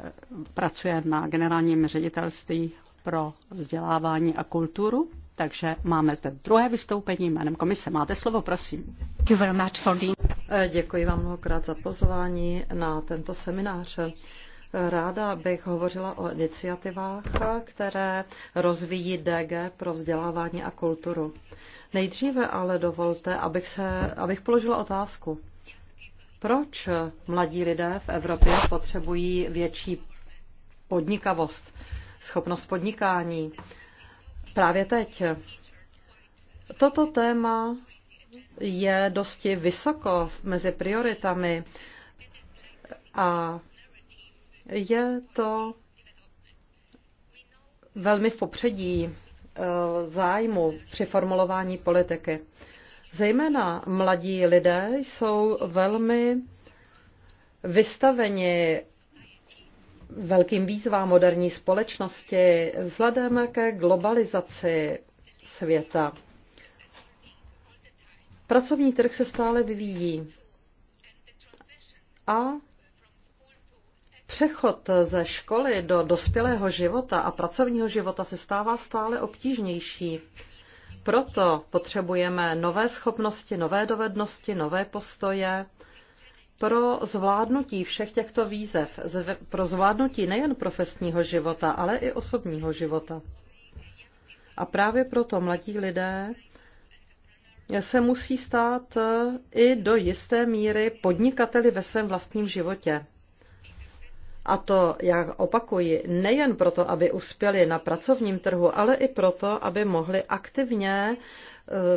pracuje na generálním ředitelství pro vzdělávání a kulturu. Takže máme zde druhé vystoupení jménem komise. Máte slovo, prosím. Eh, děkuji vám mnohokrát za pozvání na tento seminář. Ráda bych hovořila o iniciativách, které rozvíjí DG pro vzdělávání a kulturu. Nejdříve ale dovolte, abych, se, abych položila otázku. Proč mladí lidé v Evropě potřebují větší podnikavost, schopnost podnikání? Právě teď. Toto téma je dosti vysoko mezi prioritami a je to velmi v popředí eh, zájmu při formulování politiky. Zejména mladí lidé jsou velmi vystaveni velkým výzvám moderní společnosti vzhledem ke globalizaci světa. Pracovní trh se stále vyvíjí a přechod ze školy do dospělého života a pracovního života se stává stále obtížnější. Proto potřebujeme nové schopnosti, nové dovednosti, nové postoje pro zvládnutí všech těchto výzev, pro zvládnutí nejen profesního života, ale i osobního života. A právě proto mladí lidé se musí stát i do jisté míry podnikateli ve svém vlastním životě. A to, jak opakuji, nejen proto, aby uspěli na pracovním trhu, ale i proto, aby mohli aktivně e,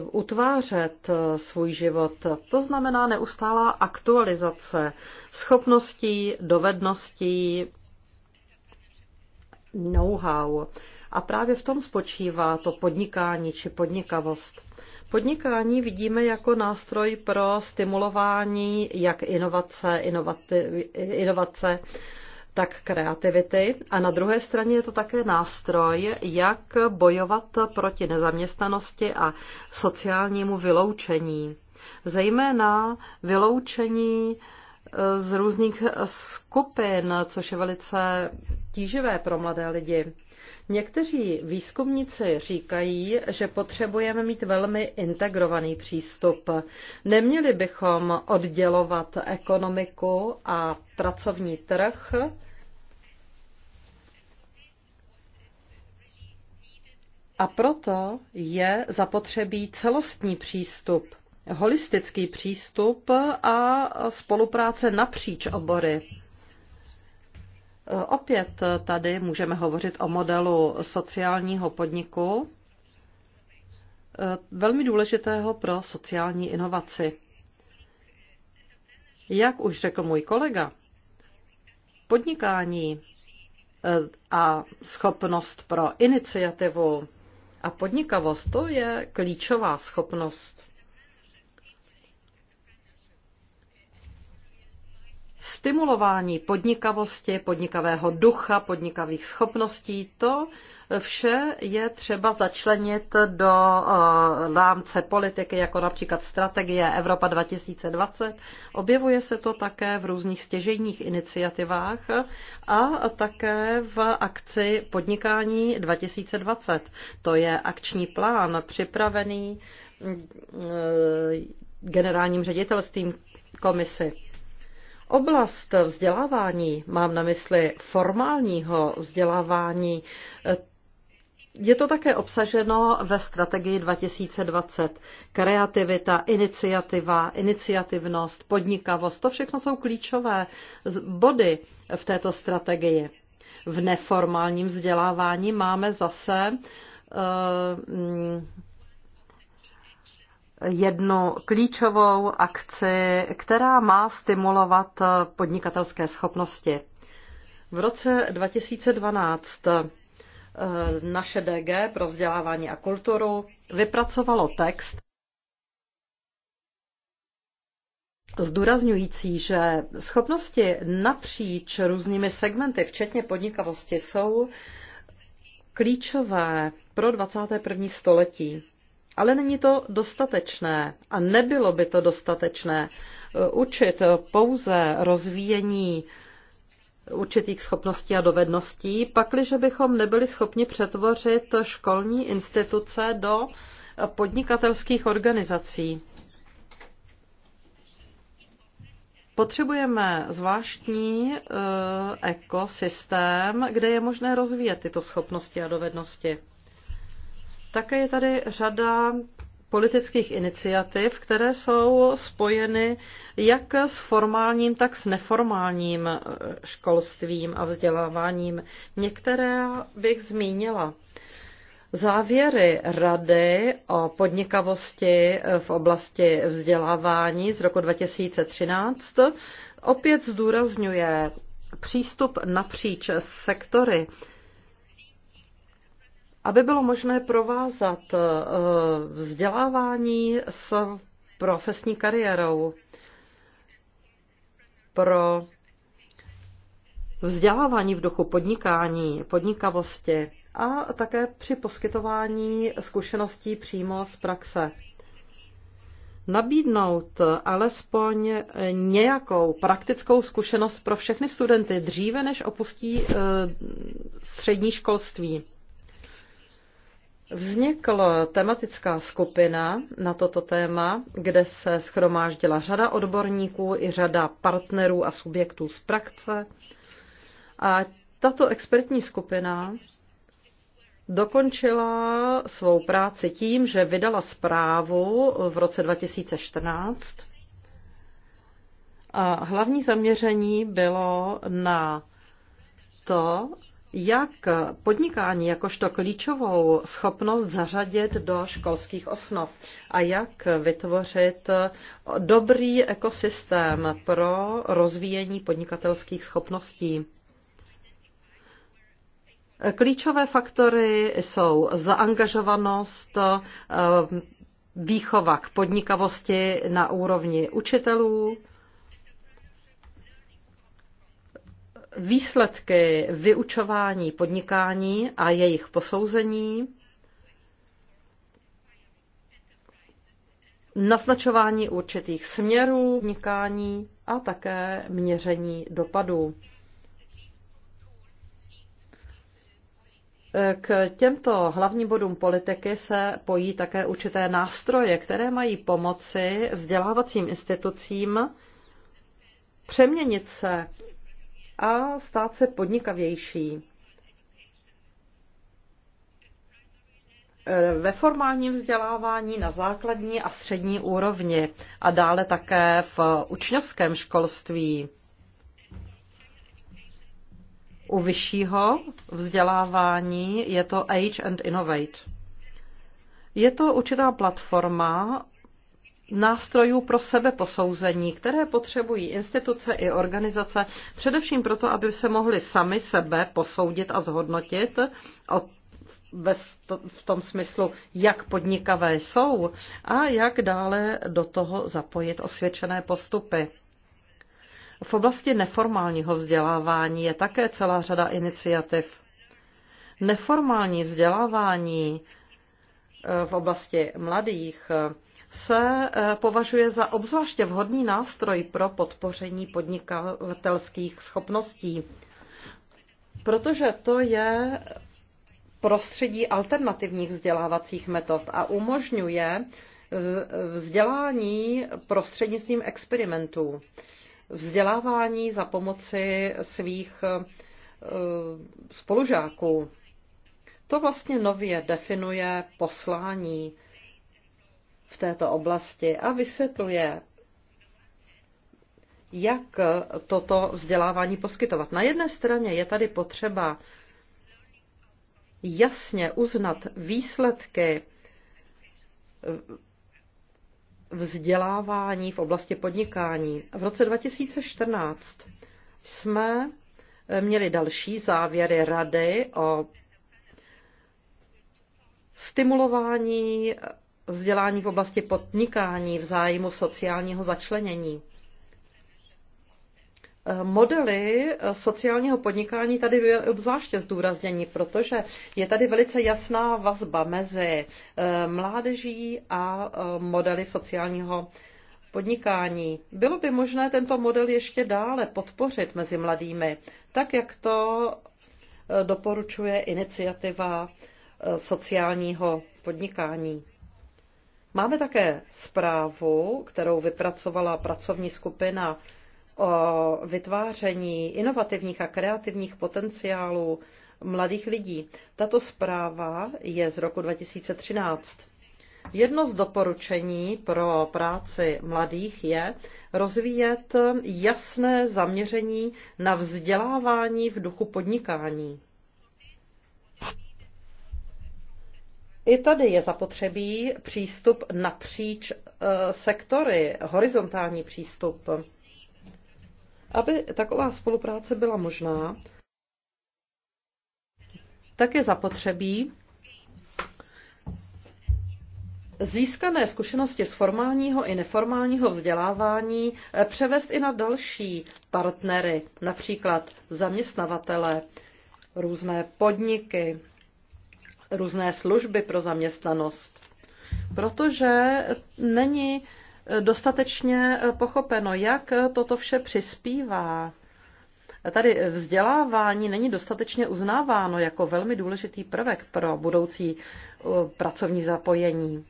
utvářet e, svůj život. To znamená neustálá aktualizace schopností, dovedností, know-how. A právě v tom spočívá to podnikání či podnikavost. Podnikání vidíme jako nástroj pro stimulování jak inovace, inovace tak kreativity. A na druhé straně je to také nástroj, jak bojovat proti nezaměstnanosti a sociálnímu vyloučení. Zejména vyloučení e, z různých skupin, což je velice tíživé pro mladé lidi. Někteří výzkumníci říkají, že potřebujeme mít velmi integrovaný přístup. Neměli bychom oddělovat ekonomiku a pracovní trh. A proto je zapotřebí celostní přístup, holistický přístup a spolupráce napříč obory. Opět tady můžeme hovořit o modelu sociálního podniku, velmi důležitého pro sociální inovaci. Jak už řekl můj kolega, podnikání eh, a schopnost pro iniciativu a podnikavost, to je klíčová schopnost. stimulování podnikavosti, podnikavého ducha, podnikavých schopností, to vše je třeba začlenit do eh, rámce politiky, jako například strategie Evropa 2020. Objevuje se to také v různých stěžejních iniciativách a také v akci Podnikání 2020. To je akční plán připravený eh, generálním ředitelstvím komisy. Oblast vzdělávání, mám na mysli formálního vzdělávání, je to také obsaženo ve strategii 2020. Kreativita, iniciativa, iniciativnost, podnikavost, to všechno jsou klíčové body v této strategii. V neformálním vzdělávání máme zase eh, jednu klíčovou akci, která má stimulovat podnikatelské schopnosti. V roce 2012 eh, naše DG pro vzdělávání a kulturu vypracovalo text zdůrazňující, že schopnosti napříč různými segmenty, včetně podnikavosti, jsou klíčové pro 21. století. Ale není to dostatečné a nebylo by to dostatečné eh, učit pouze rozvíjení určitých schopností a dovedností, pakliže bychom nebyli schopni přetvořit školní instituce do podnikatelských organizací. Potřebujeme zvláštní eh, ekosystém, kde je možné rozvíjet tyto schopnosti a dovednosti. Také je tady řada politických iniciativ, které jsou spojeny jak s formálním, tak s neformálním eh, školstvím a vzděláváním. Některé bych zmínila. Závěry Rady o podnikavosti eh, v oblasti vzdělávání z roku 2013 opět zdůrazňuje přístup napříč sektory aby bylo možné provázat eh, vzdělávání s profesní kariérou. Pro vzdělávání v duchu podnikání, podnikavosti a také při poskytování zkušeností přímo z praxe. Nabídnout alespoň nějakou praktickou zkušenost pro všechny studenty dříve, než opustí eh, střední školství. Vznikla tematická skupina na toto téma, kde se schromáždila řada odborníků i řada partnerů a subjektů z praxe. A tato expertní skupina dokončila svou práci tím, že vydala zprávu v roce 2014. A hlavní zaměření bylo na to, jak podnikání jakožto klíčovou schopnost zařadit do školských osnov a jak vytvořit dobrý ekosystém pro rozvíjení podnikatelských schopností. Klíčové faktory jsou zaangažovanost, eh, výchova k podnikavosti na úrovni učitelů, výsledky vyučování podnikání a jejich posouzení, naznačování určitých směrů podnikání a také měření dopadů. K těmto hlavním bodům politiky se pojí také určité nástroje, které mají pomoci vzdělávacím institucím přeměnit se a stát se podnikavější. ve formálním vzdělávání na základní a střední úrovni a dále také v učňovském školství. U vyššího vzdělávání je to Age and Innovate. Je to určitá platforma nástrojů pro sebeposouzení, které potřebují instituce i organizace, především proto, aby se mohli sami sebe posoudit a zhodnotit o v tom smyslu, jak podnikavé jsou a jak dále do toho zapojit osvědčené postupy. V oblasti neformálního vzdělávání je také celá řada iniciativ. Neformální vzdělávání eh, v oblasti mladých eh, se eh, považuje za obzvláště vhodný nástroj pro podpoření podnikatelských schopností, protože to je prostředí alternativních vzdělávacích metod a umožňuje eh, vzdělání prostřednictvím experimentů, vzdělávání za pomoci svých eh, spolužáků. To vlastně nově definuje poslání v této oblasti a vysvětluje, jak toto vzdělávání poskytovat. Na jedné straně je tady potřeba jasně uznat výsledky vzdělávání v oblasti podnikání. V roce 2014 jsme měli další závěry rady o stimulování vzdělání v oblasti podnikání v zájmu sociálního začlenění. Modely sociálního podnikání tady je obzvláště zdůraznění, protože je tady velice jasná vazba mezi eh, mládeží a eh, modely sociálního podnikání. Bylo by možné tento model ještě dále podpořit mezi mladými, tak jak to eh, doporučuje iniciativa sociálního podnikání. Máme také zprávu, kterou vypracovala pracovní skupina o vytváření inovativních a kreativních potenciálů mladých lidí. Tato zpráva je z roku 2013. Jedno z doporučení pro práci mladých je rozvíjet jasné zaměření na vzdělávání v duchu podnikání. I tady je zapotřebí přístup napříč eh, sektory, horizontální přístup. Aby taková spolupráce byla možná, tak je zapotřebí získané zkušenosti z formálního i neformálního vzdělávání eh, převést i na další partnery, například zaměstnavatele, různé podniky, různé služby pro zaměstnanost, protože není dostatečně pochopeno, jak toto vše přispívá. Tady vzdělávání není dostatečně uznáváno jako velmi důležitý prvek pro budoucí uh, pracovní zapojení.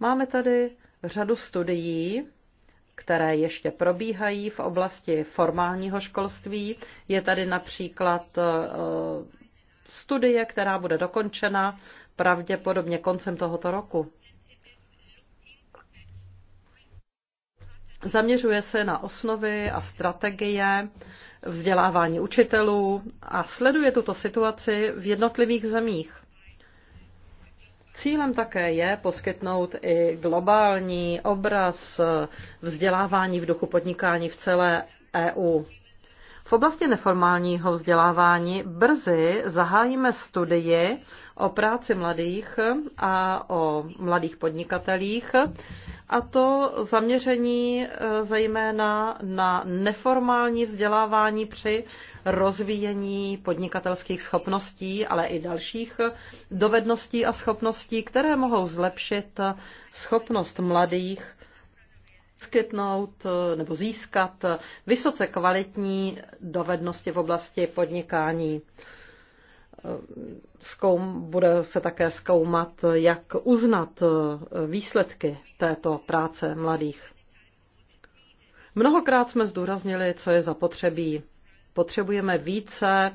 Máme tady řadu studií, které ještě probíhají v oblasti formálního školství. Je tady například uh, studie, která bude dokončena pravděpodobně koncem tohoto roku. Zaměřuje se na osnovy a strategie vzdělávání učitelů a sleduje tuto situaci v jednotlivých zemích. Cílem také je poskytnout i globální obraz vzdělávání v duchu podnikání v celé EU. V oblasti neformálního vzdělávání brzy zahájíme studii o práci mladých a o mladých podnikatelích, a to zaměření e, zejména na neformální vzdělávání při rozvíjení podnikatelských schopností, ale i dalších dovedností a schopností, které mohou zlepšit schopnost mladých skytnout eh, nebo získat vysoce kvalitní dovednosti v oblasti podnikání. Eh, zkoum, bude se také zkoumat, jak uznat eh, výsledky této práce mladých. Mnohokrát jsme zdůraznili, co je zapotřebí. Potřebujeme více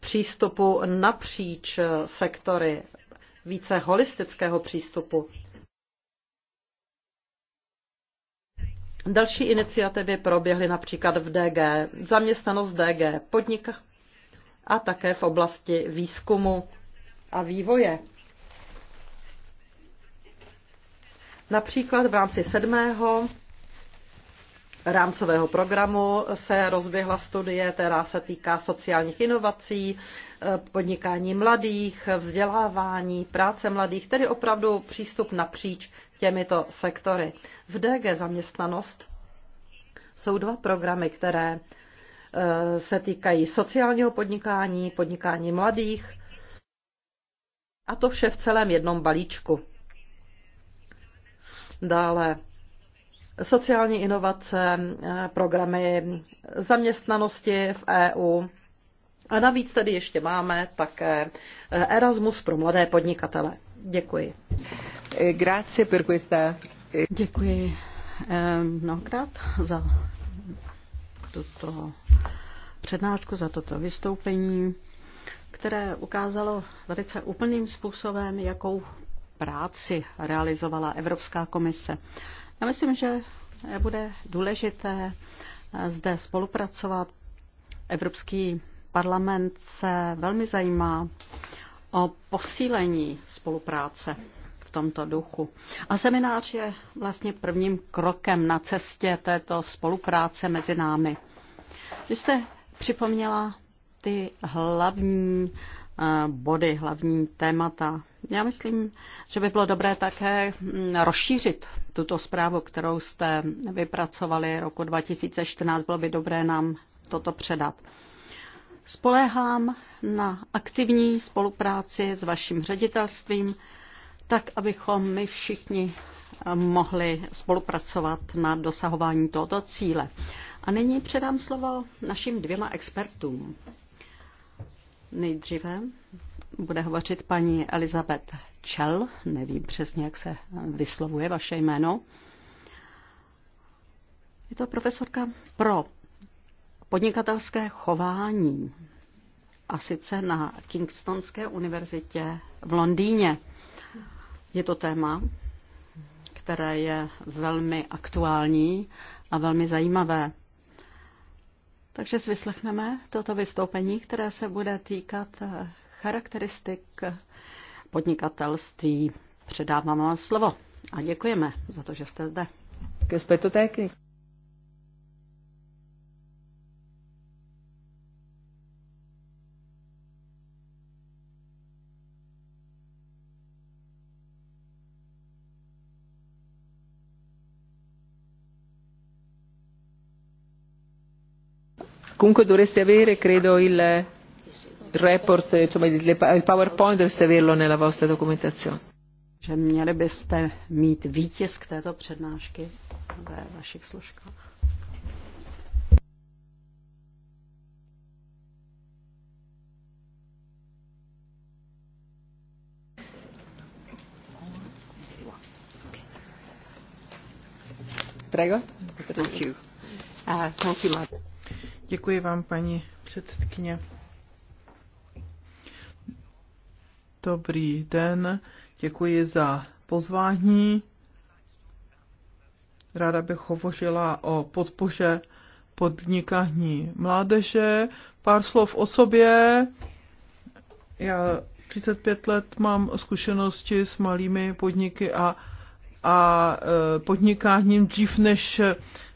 přístupu napříč sektory, více holistického přístupu Další iniciativy proběhly například v DG, zaměstnanost DG, podnik a také v oblasti výzkumu a vývoje. Například v rámci sedmého rámcového programu se rozběhla studie, která se týká sociálních inovací, podnikání mladých, vzdělávání, práce mladých, tedy opravdu přístup napříč těmito sektory. V DG zaměstnanost jsou dva programy, které e, se týkají sociálního podnikání, podnikání mladých a to vše v celém jednom balíčku. Dále sociální inovace, e, programy zaměstnanosti v EU. A navíc tady ještě máme také e, Erasmus pro mladé podnikatele. Děkuji. Eh, eh, Děkuji eh, mnohokrát za tuto přednášku, za toto vystoupení, které ukázalo velice úplným způsobem, jakou práci realizovala Evropská komise. Já myslím, že bude důležité zde spolupracovat. Evropský parlament se velmi zajímá o posílení spolupráce tomto duchu. A seminář je vlastně prvním krokem na cestě této spolupráce mezi námi. Vy jste připomněla ty hlavní eh, body, hlavní témata. Já myslím, že by bylo dobré také hm, rozšířit tuto zprávu, kterou jste vypracovali roku 2014. Bylo by dobré nám toto předat. Spoléhám na aktivní spolupráci s vaším ředitelstvím, tak abychom my všichni eh, mohli spolupracovat na dosahování tohoto cíle. A nyní předám slovo našim dvěma expertům. Nejdříve bude hovořit paní Elizabeth Čel, nevím přesně, jak se vyslovuje vaše jméno. Je to profesorka pro podnikatelské chování a sice na Kingstonské univerzitě v Londýně. Je to téma, které je velmi aktuální a velmi zajímavé. Takže si vyslechneme toto vystoupení, které se bude týkat charakteristik podnikatelství. Předávám vám slovo a děkujeme za to, že jste zde. zpět tu comunque dovreste avere credo il report insomma il powerpoint dovreste averlo nella vostra documentazione že měli byste mít výtisk této přednášky ve vašich složkách. Prego. Thank you. Uh, thank you, Martin. Děkuji vám, paní předsedkyně. Dobrý den, děkuji za pozvání. Ráda bych hovořila o podpoře podnikání mládeže. Pár slov o sobě. Já 35 let mám zkušenosti s malými podniky a, a e, podnikáním dřív než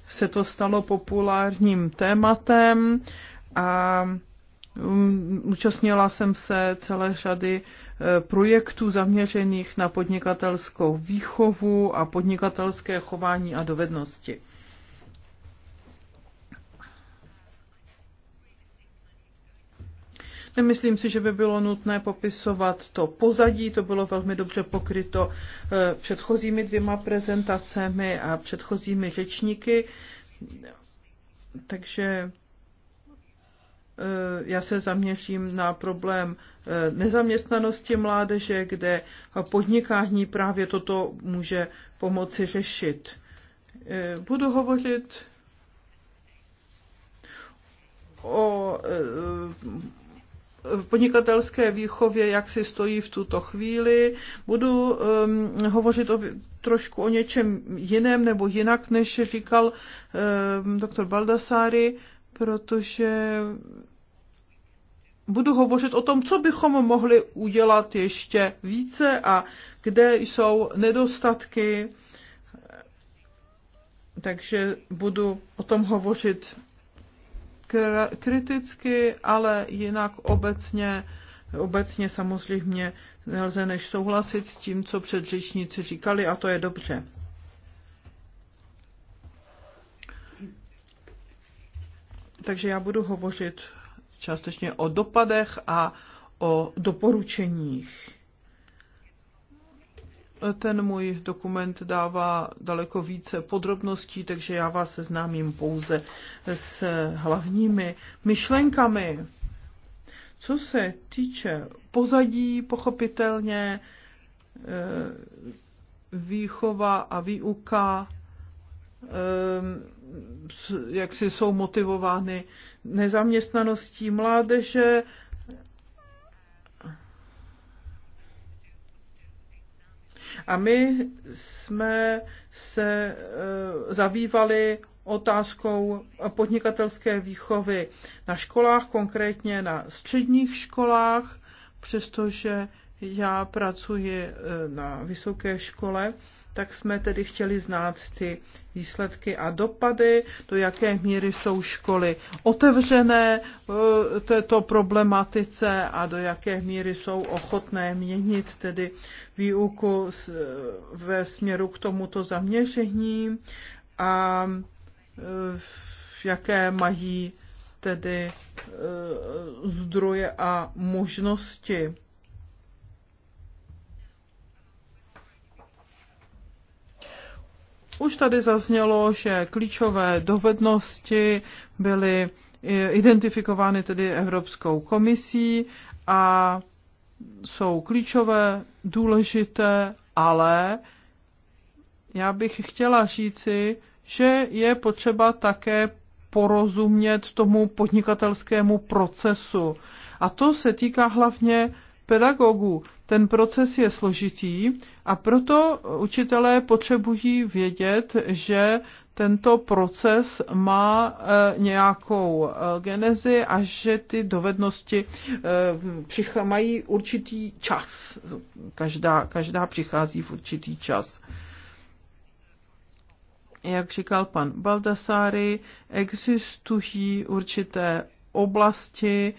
se to stalo populárním tématem a um, Účastnila jsem se celé řady e, projektů zaměřených na podnikatelskou výchovu a podnikatelské chování a dovednosti. Nemyslím si, že by bylo nutné popisovat to pozadí, to bylo velmi dobře pokryto eh, předchozími dvěma prezentacemi a předchozími řečníky. Takže eh, já se zaměřím na problém eh, nezaměstnanosti mládeže, kde podnikání právě toto může pomoci řešit. Budu hovořit o v podnikatelské výchově, jak si stojí v tuto chvíli. Budu um, hovořit o, trošku o něčem jiném nebo jinak, než říkal um, doktor Baldassari, protože budu hovořit o tom, co bychom mohli udělat ještě více a kde jsou nedostatky. Takže budu o tom hovořit kriticky, ale jinak obecně, obecně samozřejmě nelze než souhlasit s tím, co předřečníci říkali a to je dobře. Takže já budu hovořit částečně o dopadech a o doporučeních ten můj dokument dává daleko více podrobností, takže já vás seznámím pouze s hlavními myšlenkami. Co se týče pozadí, pochopitelně e, výchova a výuka e, jak si jsou motivovány nezaměstnaností mládeže A my jsme se eh, zabývali otázkou podnikatelské výchovy na školách, konkrétně na středních školách, přestože já pracuji eh, na vysoké škole tak jsme tedy chtěli znát ty výsledky a dopady, do jaké míry jsou školy otevřené eh, této problematice a do jaké míry jsou ochotné měnit tedy výuku eh, ve směru k tomuto zaměření a eh, jaké mají tedy zdroje a možnosti. Už tady zaznělo, že klíčové dovednosti byly identifikovány tedy Evropskou komisí a jsou klíčové, důležité, ale já bych chtěla říci, že je potřeba také porozumět tomu podnikatelskému procesu. A to se týká hlavně pedagogů. Ten proces je složitý a proto učitelé potřebují vědět, že tento proces má e, nějakou e, genezi a že ty dovednosti e, mají určitý čas. Každá, každá přichází v určitý čas jak říkal pan Baldassari, existují určité oblasti,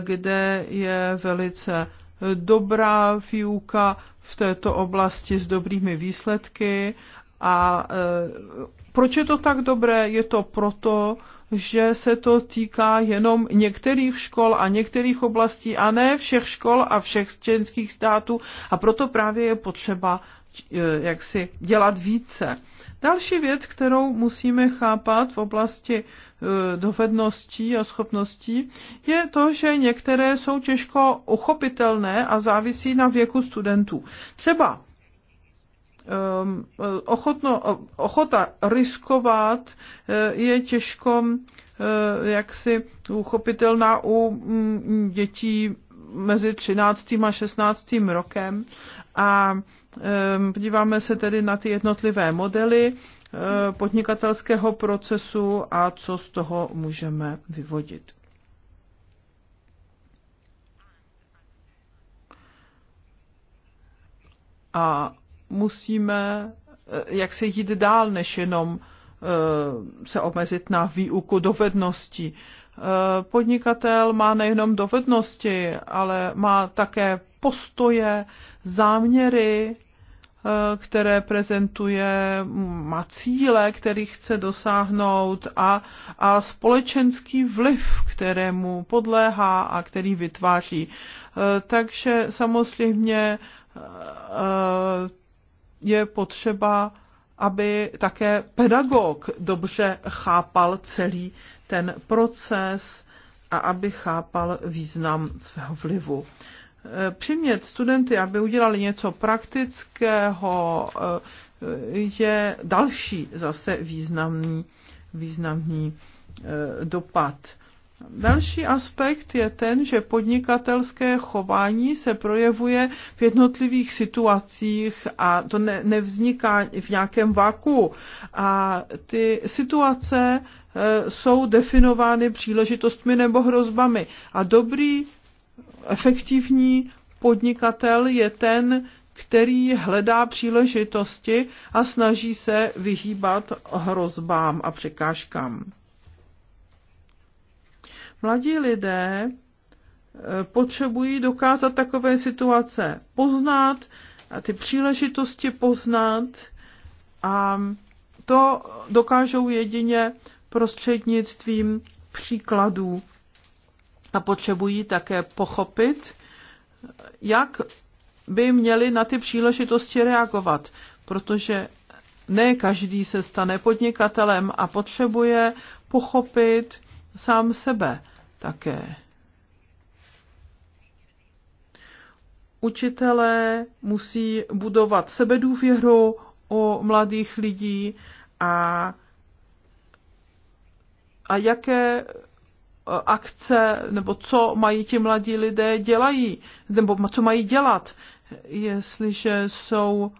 kde je velice dobrá výuka v této oblasti s dobrými výsledky. A eh, proč je to tak dobré? Je to proto, že se to týká jenom některých škol a některých oblastí a ne všech škol a všech členských států a proto právě je potřeba eh, jak si dělat více. Další věc, kterou musíme chápat v oblasti e, dovedností a schopností, je to, že některé jsou těžko uchopitelné a závisí na věku studentů. Třeba ehm, e, ochotno, ochota riskovat e, je těžko jaksi uchopitelná u mm, dětí mezi 13. a 16. rokem a Ehm, podíváme se tedy na ty jednotlivé modely eh, podnikatelského procesu a co z toho můžeme vyvodit. A musíme eh, jak se jít dál, než jenom eh, se omezit na výuku dovedností. Podnikatel má nejenom dovednosti, ale má také postoje, záměry, eh, které prezentuje, má cíle, který chce dosáhnout a, a společenský vliv, kterému podléhá a který vytváří. Eh, takže samozřejmě eh, je potřeba, aby také pedagog dobře chápal celý ten proces a aby chápal význam svého vlivu. Eh, přimět studenty, aby udělali něco praktického, eh, je další zase významný, významný eh, dopad. Další aspekt je ten, že podnikatelské chování se projevuje v jednotlivých situacích a to ne, nevzniká v nějakém vaku. A ty situace e, jsou definovány příležitostmi nebo hrozbami. A dobrý efektivní podnikatel je ten, který hledá příležitosti a snaží se vyhýbat hrozbám a překážkám. Mladí lidé eh, potřebují dokázat takové situace poznat, a ty příležitosti poznat a to dokážou jedině prostřednictvím příkladů a potřebují také pochopit, jak by měli na ty příležitosti reagovat, protože ne každý se stane podnikatelem a potřebuje pochopit sám sebe také. Učitelé musí budovat sebedůvěru o mladých lidí a, a jaké E, akce, nebo co mají ti mladí lidé dělají, nebo co mají dělat, jestliže jsou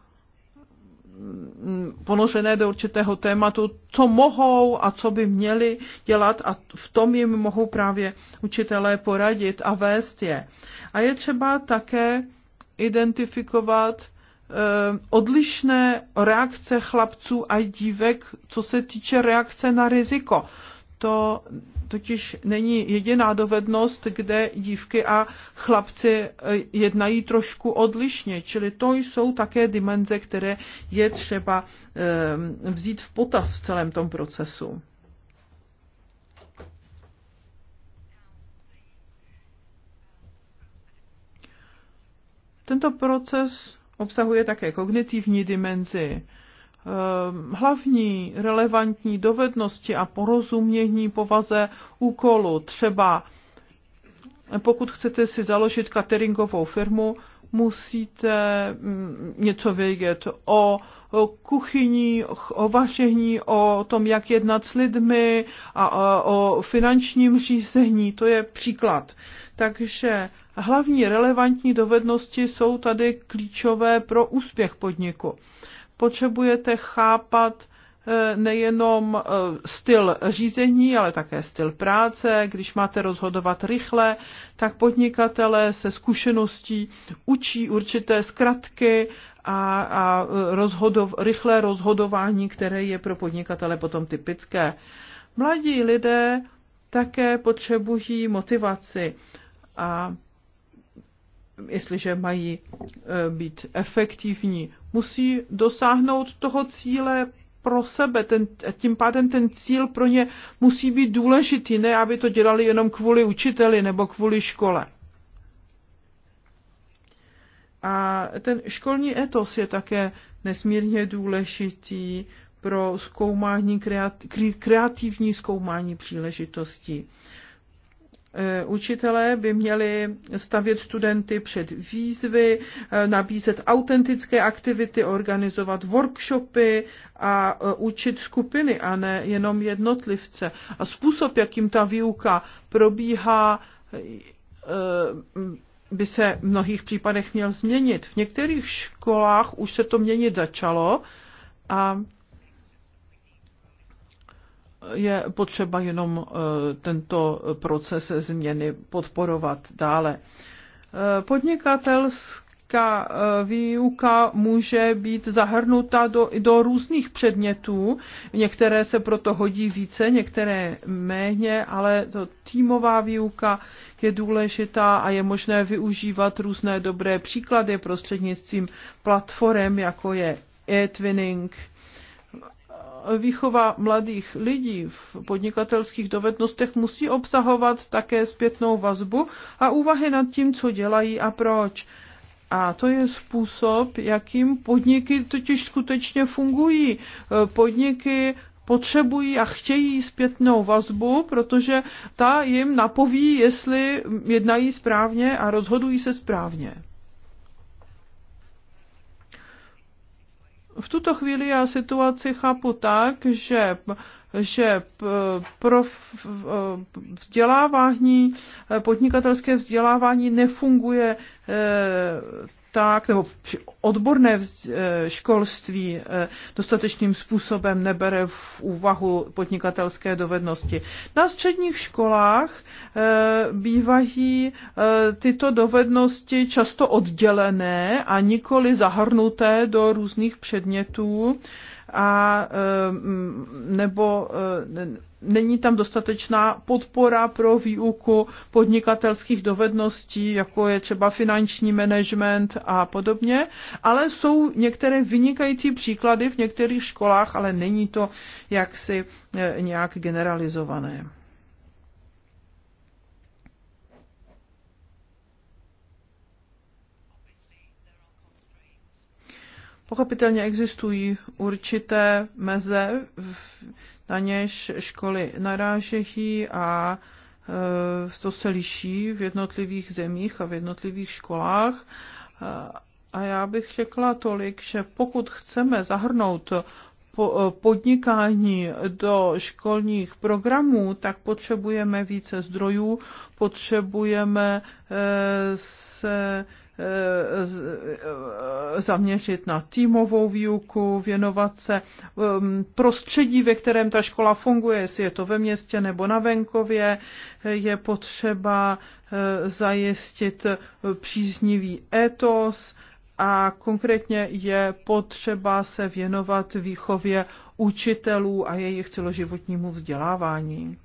mm, ponořené do určitého tématu, co mohou a co by měli dělat a v tom jim mohou právě učitelé poradit a vést je. A je třeba také identifikovat e, odlišné reakce chlapců a dívek, co se týče reakce na riziko to totiž není jediná dovednost, kde dívky a chlapci eh, jednají trošku odlišně. Čili to jsou také dimenze, které je třeba eh, vzít v potaz v celém tom procesu. Tento proces obsahuje také kognitivní dimenzi Ehm, hlavní relevantní dovednosti a porozumění povaze úkolu. Třeba pokud chcete si založit cateringovou firmu, musíte mm, něco vědět o kuchyni, o vaření, o tom, jak jednat s lidmi a o finančním řízení. To je příklad. Takže hlavní relevantní dovednosti jsou tady klíčové pro úspěch podniku potřebujete chápat eh, nejenom eh, styl řízení, ale také styl práce. Když máte rozhodovat rychle, tak podnikatele se zkušeností učí určité zkratky a, a eh, rozhodov, rychlé rozhodování, které je pro podnikatele potom typické. Mladí lidé také potřebují motivaci a jestliže mají eh, být efektivní, musí dosáhnout toho cíle pro sebe, ten, tím pádem ten cíl pro ně musí být důležitý, ne aby to dělali jenom kvůli učiteli nebo kvůli škole. A ten školní etos je také nesmírně důležitý pro zkoumání kreativní zkoumání příležitostí. Eh, učitelé by měli stavět studenty před výzvy, eh, nabízet autentické aktivity, organizovat workshopy a eh, učit skupiny a ne jenom jednotlivce. A způsob, jakým ta výuka probíhá, by se v mnohých případech měl změnit. V některých školách už se to měnit začalo a je potřeba jenom eh, tento proces změny podporovat dále. Eh, podnikatelská eh, výuka může být zahrnuta do, do různých předmětů. Některé se proto hodí více, některé méně, ale to týmová výuka je důležitá a je možné využívat různé dobré příklady prostřednictvím platform, jako je e-twinning, výchova mladých lidí v podnikatelských dovednostech musí obsahovat také zpětnou vazbu a úvahy nad tím, co dělají a proč. A to je způsob, jakým podniky totiž skutečně fungují. E, podniky potřebují a chtějí zpětnou vazbu, protože ta jim napoví, jestli jednají správně a rozhodují se správně. v tuto chvíli já situaci chápu tak, že že eh, pro eh, vzdělávání, eh, podnikatelské vzdělávání nefunguje tak, nebo odborné eh, školství eh, dostatečným způsobem nebere v úvahu podnikatelské dovednosti. Na středních školách eh, bývají tyto dovednosti často oddělené a nikoli zahrnuté do různých předmětů a nebo není tam dostatečná podpora pro výuku podnikatelských dovedností, jako je třeba finanční management a podobně, ale jsou některé vynikající příklady v některých školách, ale není to jaksi e, nějak generalizované. Pochopitelně existují určité meze na něž školy narážejí a eh, to se liší v jednotlivých zemích a v jednotlivých školách. Eh, a já bych řekla tolik, že pokud chceme zahrnout eh, podnikání do školních programů, tak potřebujeme více zdrojů, potřebujeme se Eh, eh, zaměřit na týmovou výuku, věnovat se eh, prostředí, ve kterém ta škola funguje, jestli je to ve městě nebo na venkově, je potřeba zajistit příznivý etos a konkrétně je potřeba se věnovat výchově učitelů a jejich celoživotnímu vzdělávání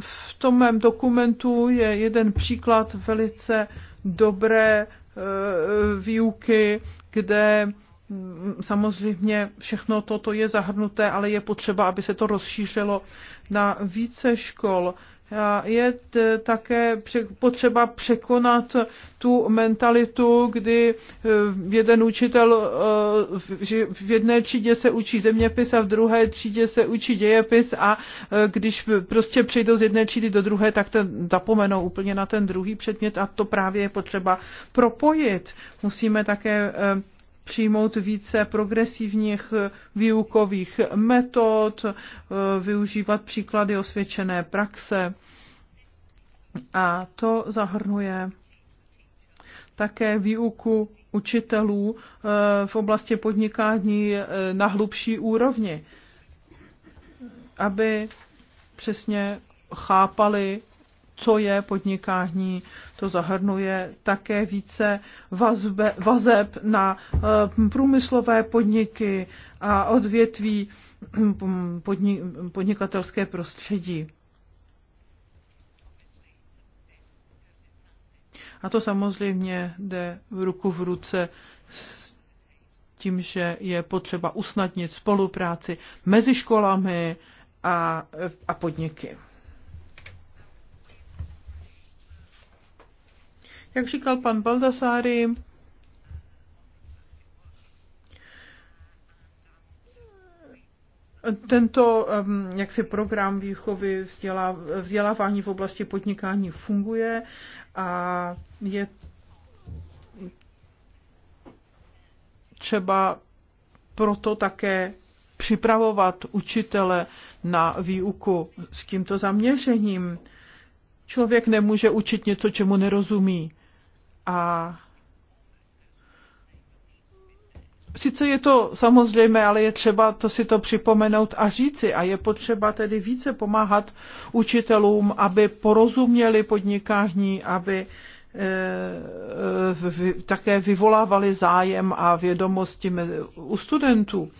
v tom mém dokumentu je jeden příklad velice dobré eh, výuky, kde mm, samozřejmě všechno toto je zahrnuté, ale je potřeba, aby se to rozšířilo na více škol je také potřeba překonat tu mentalitu, kdy e, jeden učitel e, v jedné třídě se učí zeměpis a v druhé třídě se učí dějepis a e, když prostě přejdou z jedné třídy do druhé, tak ten zapomenou úplně na ten druhý předmět a to právě je potřeba propojit. Musíme také přijmout více progresivních výukových metod, eh, využívat příklady osvědčené praxe. A to zahrnuje také výuku učitelů eh, v oblasti podnikání eh, na hlubší úrovni, aby přesně chápali co je podnikání. To zahrnuje také více vazbe, vazeb na eh, průmyslové podniky a odvětví hm, podnik, podnikatelské prostředí. A to samozřejmě jde v ruku v ruce s tím, že je potřeba usnadnit spolupráci mezi školami a, a podniky. Jak říkal pan Baldasáry, Tento jaksi program výchovy vzdělávání v oblasti podnikání funguje a je třeba proto také připravovat učitele na výuku s tímto zaměřením. Člověk nemůže učit něco, čemu nerozumí. A sice je to samozřejmé, ale je třeba to si to připomenout a říci. A je potřeba tedy více pomáhat učitelům, aby porozuměli podnikání, aby eh, také vyvolávali zájem a vědomosti u studentů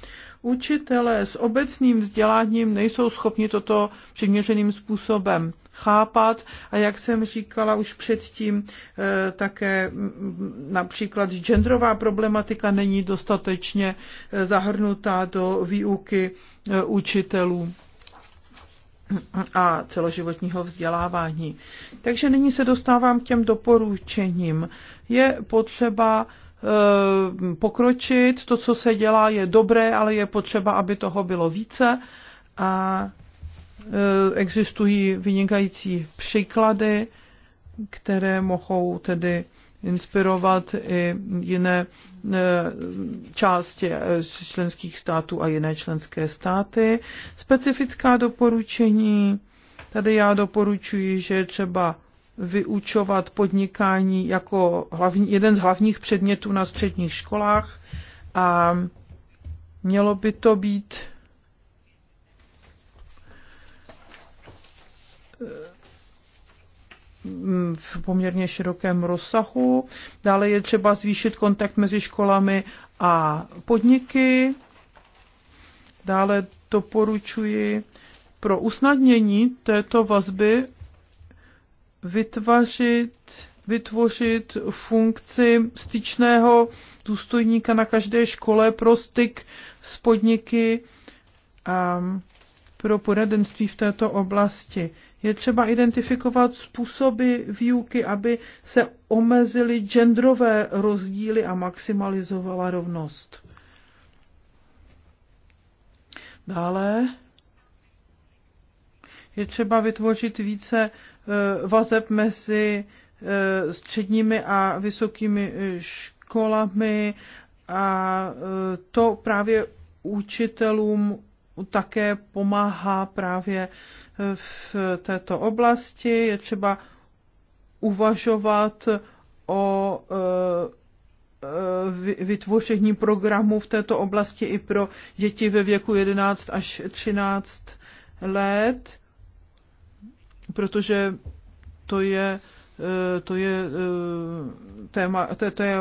učitelé s obecným vzděláním nejsou schopni toto přiměřeným způsobem chápat a jak jsem říkala už předtím, eh, také mm, například genderová problematika není dostatečně eh, zahrnutá do výuky eh, učitelů a celoživotního vzdělávání. Takže nyní se dostávám k těm doporučením. Je potřeba Eh, pokročit. To, co se dělá, je dobré, ale je potřeba, aby toho bylo více. A eh, existují vynikající příklady, které mohou tedy inspirovat i jiné eh, části členských států a jiné členské státy. Specifická doporučení. Tady já doporučuji, že třeba vyučovat podnikání jako hlavní, jeden z hlavních předmětů na středních školách a mělo by to být eh, v poměrně širokém rozsahu. Dále je třeba zvýšit kontakt mezi školami a podniky. Dále doporučuji pro usnadnění této vazby vytvořit, vytvořit funkci styčného důstojníka na každé škole pro styk s podniky a pro poradenství v této oblasti. Je třeba identifikovat způsoby výuky, aby se omezily genderové rozdíly a maximalizovala rovnost. Dále je třeba vytvořit více Eh, vazeb mezi eh, středními a vysokými eh, školami a to právě učitelům také pomáhá právě v této oblasti. Je třeba uvažovat o vytvoření programů v této oblasti i pro děti ve věku 11 až 13 let protože to je, eh, to je eh, téma, to, to je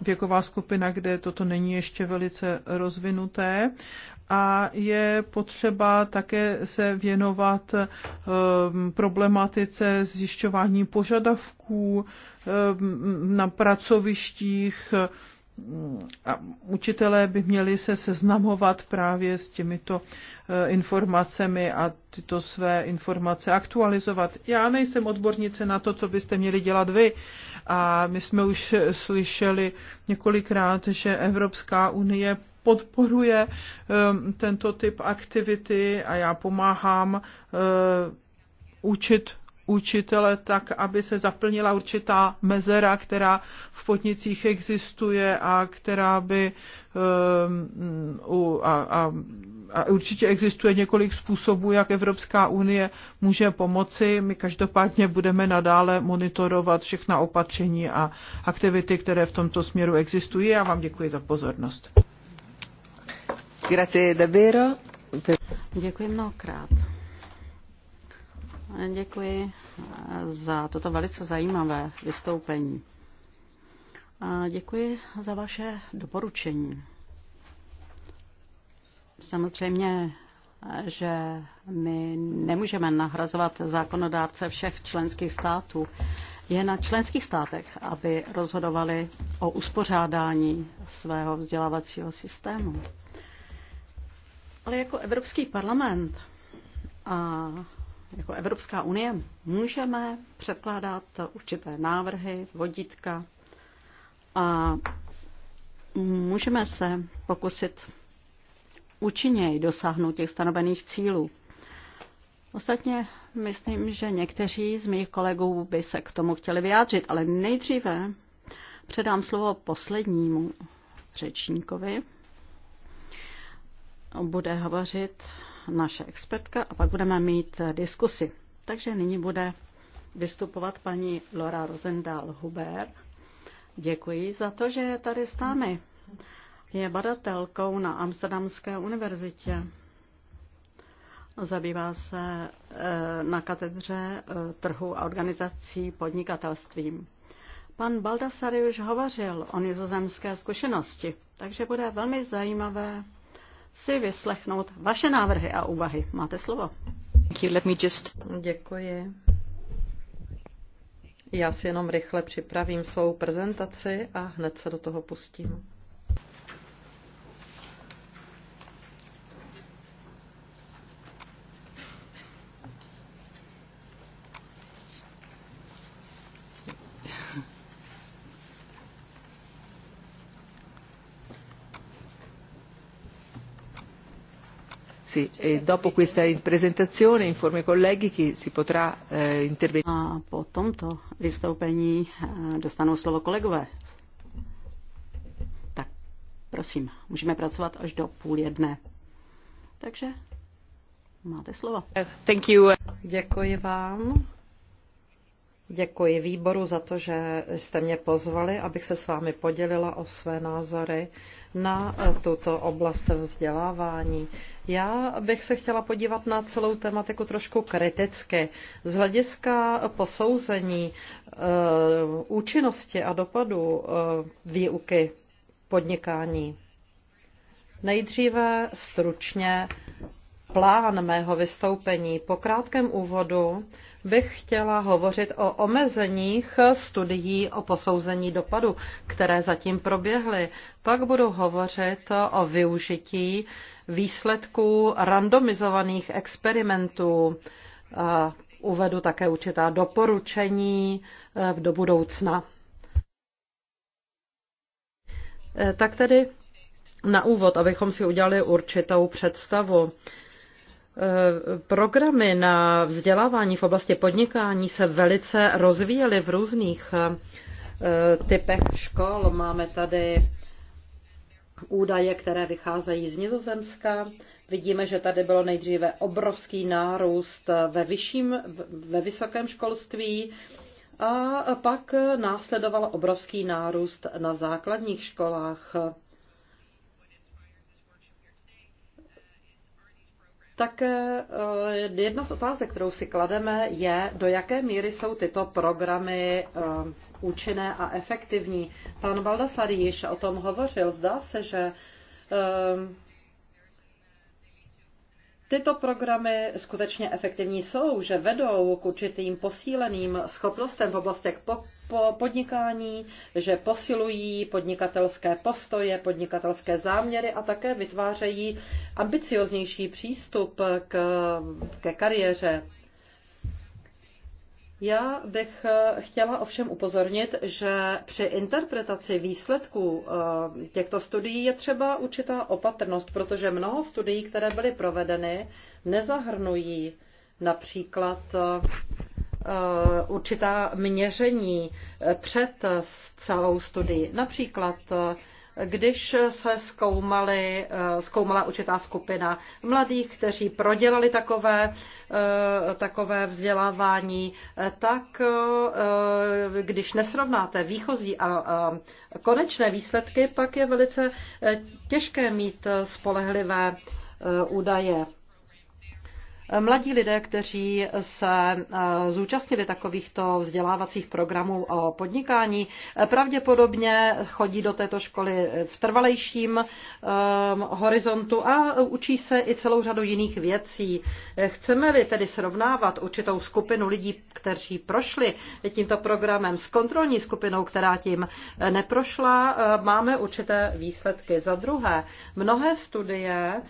věková skupina, kde toto není ještě velice rozvinuté a je potřeba také se věnovat eh, problematice zjišťování požadavků na pracovištích, Mm, a učitelé by měli se seznamovat právě s těmito e, informacemi a tyto své informace aktualizovat. Já nejsem odbornice na to, co byste měli dělat vy. A my jsme už slyšeli několikrát, že Evropská unie podporuje e, tento typ aktivity a já pomáhám e, učit učitele tak, aby se zaplnila určitá mezera, která v podnicích existuje a která by ehm, a, a, a určitě existuje několik způsobů, jak Evropská unie může pomoci. My každopádně budeme nadále monitorovat všechna opatření a aktivity, které v tomto směru existují. Já vám děkuji za pozornost. Grazie davvero. Děkuji mnohokrát. Děkuji eh, za toto velice zajímavé vystoupení. A děkuji za vaše doporučení. Samozřejmě, eh, že my nemůžeme nahrazovat zákonodárce všech členských států. Je na členských státech, aby rozhodovali o uspořádání svého vzdělávacího systému. Ale jako Evropský parlament a jako Evropská unie můžeme předkládat určité návrhy, vodítka a můžeme se pokusit účinněji dosáhnout těch stanovených cílů. Ostatně myslím, že někteří z mých kolegů by se k tomu chtěli vyjádřit, ale nejdříve předám slovo poslednímu řečníkovi. Bude hovořit naše expertka a pak budeme mít eh, diskusy. Takže nyní bude vystupovat paní Laura Rosendal Huber. Děkuji za to, že je tady s námi. Je badatelkou na Amsterdamské univerzitě. Zabývá se eh, na katedře eh, trhu a organizací podnikatelstvím. Pan Baldassari už hovořil o nizozemské zkušenosti, takže bude velmi zajímavé si vyslechnout vaše návrhy a úvahy. Máte slovo. Děkuji. Já si jenom rychle připravím svou prezentaci a hned se do toho pustím. Grazie. E dopo questa presentazione informo i colleghi che si potrà eh, intervenire. A po tomto vystoupení eh, dostanou slovo kolegové. Tak, prosím, můžeme pracovat až do půl jedné. Takže máte slovo. Thank you. Děkuji vám. Děkuji výboru za to, že jste mě pozvali, abych se s vámi podělila o své názory na e, tuto oblast vzdělávání. Já bych se chtěla podívat na celou tematiku trošku kriticky. Z hlediska posouzení e, účinnosti a dopadu e, výuky podnikání. Nejdříve stručně plán mého vystoupení. Po krátkém úvodu bych chtěla hovořit o omezeních studií o posouzení dopadu, které zatím proběhly. Pak budu hovořit o využití výsledků randomizovaných experimentů. Uvedu také určitá doporučení e, do budoucna. E, tak tedy na úvod, abychom si udělali určitou představu. Eh, programy na vzdělávání v oblasti podnikání se velice rozvíjely v různých eh, typech škol. Máme tady údaje, které vycházejí z Nizozemska. Vidíme, že tady bylo nejdříve obrovský nárůst ve, vyšším, ve vysokém školství a pak následoval obrovský nárůst na základních školách. tak eh, jedna z otázek, kterou si klademe, je, do jaké míry jsou tyto programy eh, účinné a efektivní. Pan Baldasari již o tom hovořil. Zdá se, že eh, tyto programy skutečně efektivní jsou, že vedou k určitým posíleným schopnostem v oblastech podnikání, že posilují podnikatelské postoje, podnikatelské záměry a také vytvářejí ambicioznější přístup k, ke kariéře. Já bych eh, chtěla ovšem upozornit, že při interpretaci výsledků eh, těchto studií je třeba určitá opatrnost, protože mnoho studií, které byly provedeny, nezahrnují například eh, Eh, určitá měření eh, před celou studií, Například eh, když se zkoumali, zkoumala určitá skupina mladých, kteří prodělali takové, takové vzdělávání, tak když nesrovnáte výchozí a konečné výsledky, pak je velice těžké mít spolehlivé údaje. Mladí lidé, kteří se e, zúčastnili takovýchto vzdělávacích programů o podnikání, pravděpodobně chodí do této školy v trvalejším e, horizontu a učí se i celou řadu jiných věcí. Chceme-li tedy srovnávat určitou skupinu lidí, kteří prošli tímto programem s kontrolní skupinou, která tím neprošla, e, máme určité výsledky. Za druhé, mnohé studie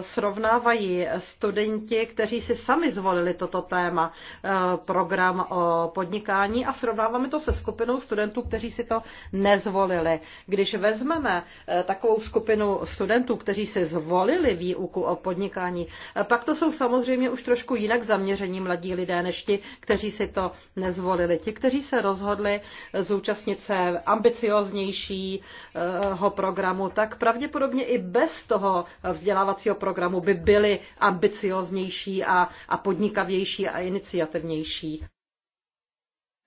srovnávají studenti, kteří si sami zvolili toto téma, eh, program o podnikání a srovnáváme to se skupinou studentů, kteří si to nezvolili. Když vezmeme eh, takovou skupinu studentů, kteří si zvolili výuku o podnikání, eh, pak to jsou samozřejmě už trošku jinak zaměření mladí lidé než ti, kteří si to nezvolili. Ti, kteří se rozhodli zúčastnit se ambicioznějšího programu, tak pravděpodobně i bez toho vzdělávacího vzdělávacího programu by byly ambicioznější a, a podnikavější a iniciativnější.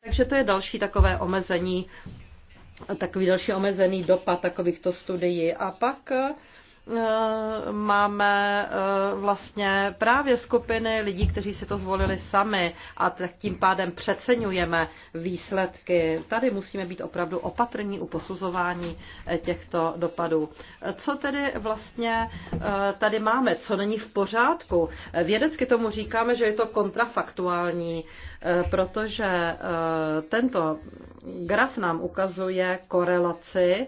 Takže to je další takové omezení, takový další omezený dopad takovýchto studií. A pak Eh, máme eh, vlastně právě skupiny lidí, kteří si to zvolili sami a tak tím pádem přeceňujeme výsledky. Tady musíme být opravdu opatrní u posuzování eh, těchto dopadů. Co tedy vlastně tady máme, co není v pořádku? Vědecky tomu říkáme, že je to kontrafaktuální, protože tento graf nám ukazuje korelaci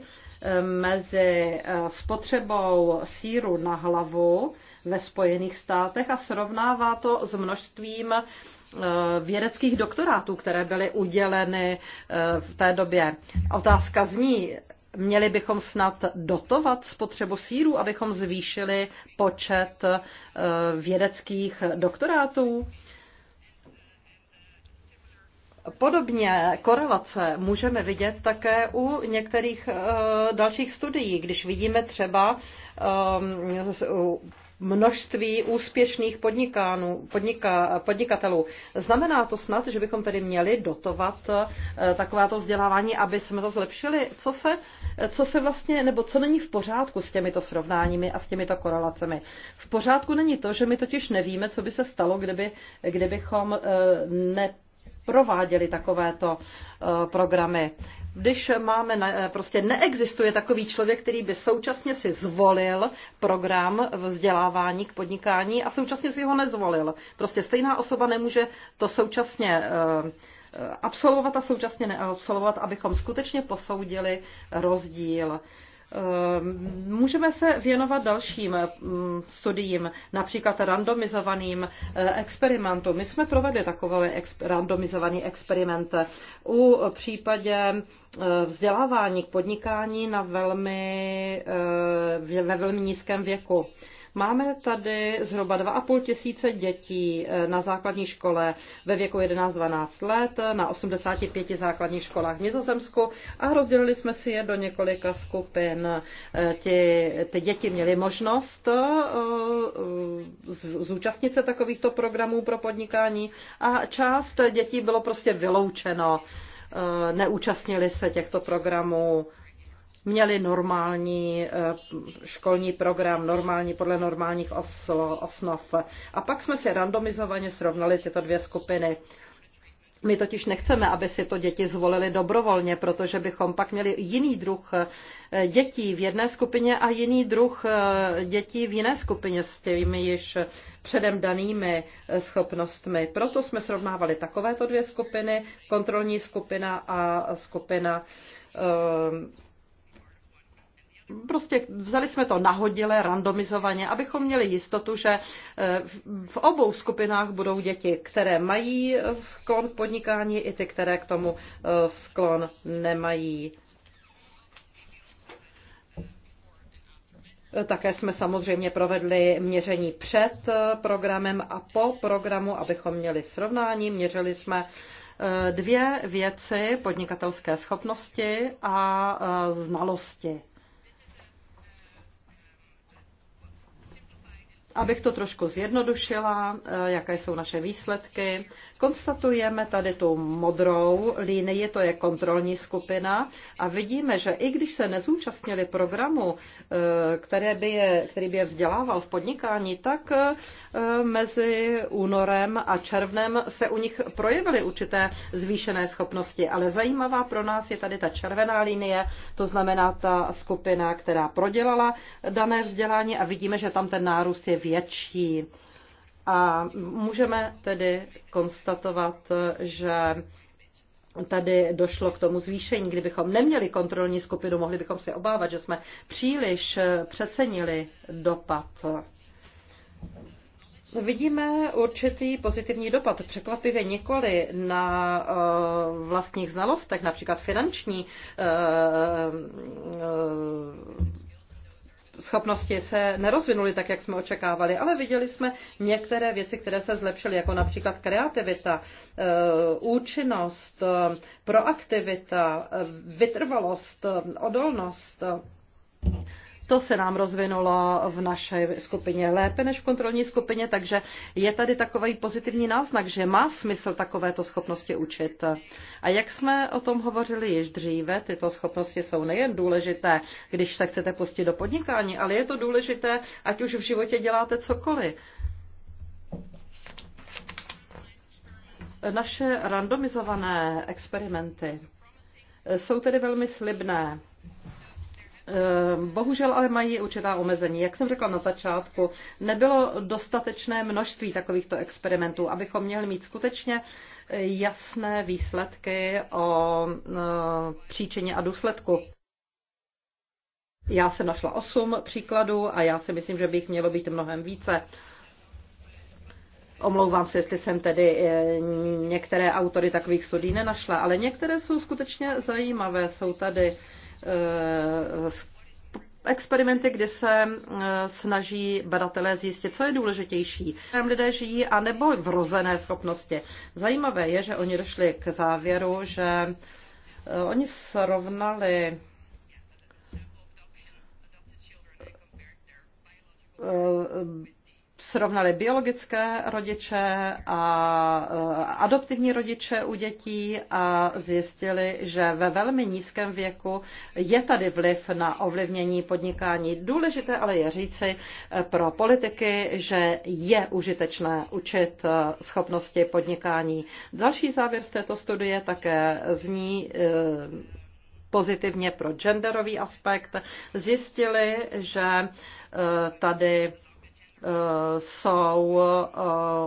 mezi eh, spotřebou síru na hlavu ve Spojených státech a srovnává to s množstvím eh, vědeckých doktorátů, které byly uděleny eh, v té době. Otázka zní, měli bychom snad dotovat spotřebu síru, abychom zvýšili počet vědeckých doktorátů? Podobně korelace můžeme vidět také u některých eh, dalších studií, když vidíme třeba eh, množství úspěšných podnikánů, podniká, podnikatelů. Znamená to snad, že bychom tedy měli dotovat eh, takováto vzdělávání, aby jsme to zlepšili? Co se, co se vlastně, nebo co není v pořádku s těmito srovnáními a s těmito korelacemi? V pořádku není to, že my totiž nevíme, co by se stalo, kdyby, kdybychom ne prováděli takovéto eh, programy. Když máme, eh, prostě neexistuje takový člověk, který by současně si zvolil program vzdělávání k podnikání a současně si ho nezvolil. Prostě stejná osoba nemůže to současně eh, absolvovat a současně neabsolvovat, abychom skutečně posoudili rozdíl. Eh, můžeme se věnovat dalším mm, studiím, například randomizovaným eh, experimentům. My jsme provedli takový randomizovaný experiment u případě eh, vzdělávání k podnikání na velmi, ve velmi nízkém věku. Máme tady zhruba 2,5 tisíce dětí eh, na základní škole ve věku 11-12 let na 85 základních školách v Nizozemsku a rozdělili jsme si je do několika skupin. Eh, ty, ty děti měly možnost eh, zúčastnit se takovýchto programů pro podnikání a část dětí bylo prostě vyloučeno neúčastnili se těchto programů měli normální eh, školní program, normální podle normálních oslo, osnov. A pak jsme si randomizovaně srovnali tyto dvě skupiny. My totiž nechceme, aby si to děti zvolili dobrovolně, protože bychom pak měli jiný druh eh, dětí v jedné skupině a jiný druh eh, dětí v jiné skupině s těmi již předem danými schopnostmi. Proto jsme srovnávali takovéto dvě skupiny, kontrolní skupina a skupina prostě vzali jsme to nahodile, randomizovaně, abychom měli jistotu, že eh, v obou skupinách budou děti, které mají sklon k podnikání i ty, které k tomu eh, sklon nemají. Také jsme samozřejmě provedli měření před eh, programem a po programu, abychom měli srovnání. Měřili jsme dvě věci, podnikatelské schopnosti a znalosti. Abych to trošku zjednodušila, eh, jaké jsou naše výsledky, Konstatujeme tady tu modrou linii, to je kontrolní skupina a vidíme, že i když se nezúčastnili programu, eh, které by je, který by je vzdělával v podnikání, tak eh, mezi únorem a červnem se u nich projevily určité zvýšené schopnosti. Ale zajímavá pro nás je tady ta červená linie, to znamená ta skupina, která prodělala dané vzdělání a vidíme, že tam ten nárůst je větší. A můžeme tedy konstatovat, že tady došlo k tomu zvýšení. Kdybychom neměli kontrolní skupinu, mohli bychom si obávat, že jsme příliš přecenili dopad. Vidíme určitý pozitivní dopad, překvapivě nikoli na eh, vlastních znalostech, například finanční eh, eh, schopnosti se nerozvinuly tak, jak jsme očekávali, ale viděli jsme některé věci, které se zlepšily, jako například kreativita, eh, účinnost, eh, proaktivita, eh, vytrvalost, odolnost. To se nám rozvinulo v naší skupině lépe než v kontrolní skupině, takže je tady takový pozitivní náznak, že má smysl takovéto schopnosti učit. A jak jsme o tom hovořili již dříve, tyto schopnosti jsou nejen důležité, když se chcete pustit do podnikání, ale je to důležité, ať už v životě děláte cokoliv. Naše randomizované experimenty jsou tedy velmi slibné. Ehm, bohužel ale mají určitá omezení. Jak jsem řekla na začátku, nebylo dostatečné množství takovýchto experimentů, abychom měli mít skutečně eh, jasné výsledky o eh, příčině a důsledku. Já jsem našla osm příkladů a já si myslím, že bych mělo být mnohem více. Omlouvám se, jestli jsem tedy eh, některé autory takových studií nenašla, ale některé jsou skutečně zajímavé. Jsou tady uh, Eh, experimenty, kdy se eh, snaží badatelé zjistit, co je důležitější, kam lidé žijí, a nebo vrozené schopnosti. Zajímavé je, že oni došli k závěru, že eh, oni srovnali srovnali biologické rodiče a eh, adoptivní rodiče u dětí a zjistili, že ve velmi nízkém věku je tady vliv na ovlivnění podnikání. Důležité ale je říci eh, pro politiky, že je užitečné učit eh, schopnosti podnikání. Další závěr z této studie také zní pozitivně pro genderový aspekt. Zjistili, že tady jsou eh,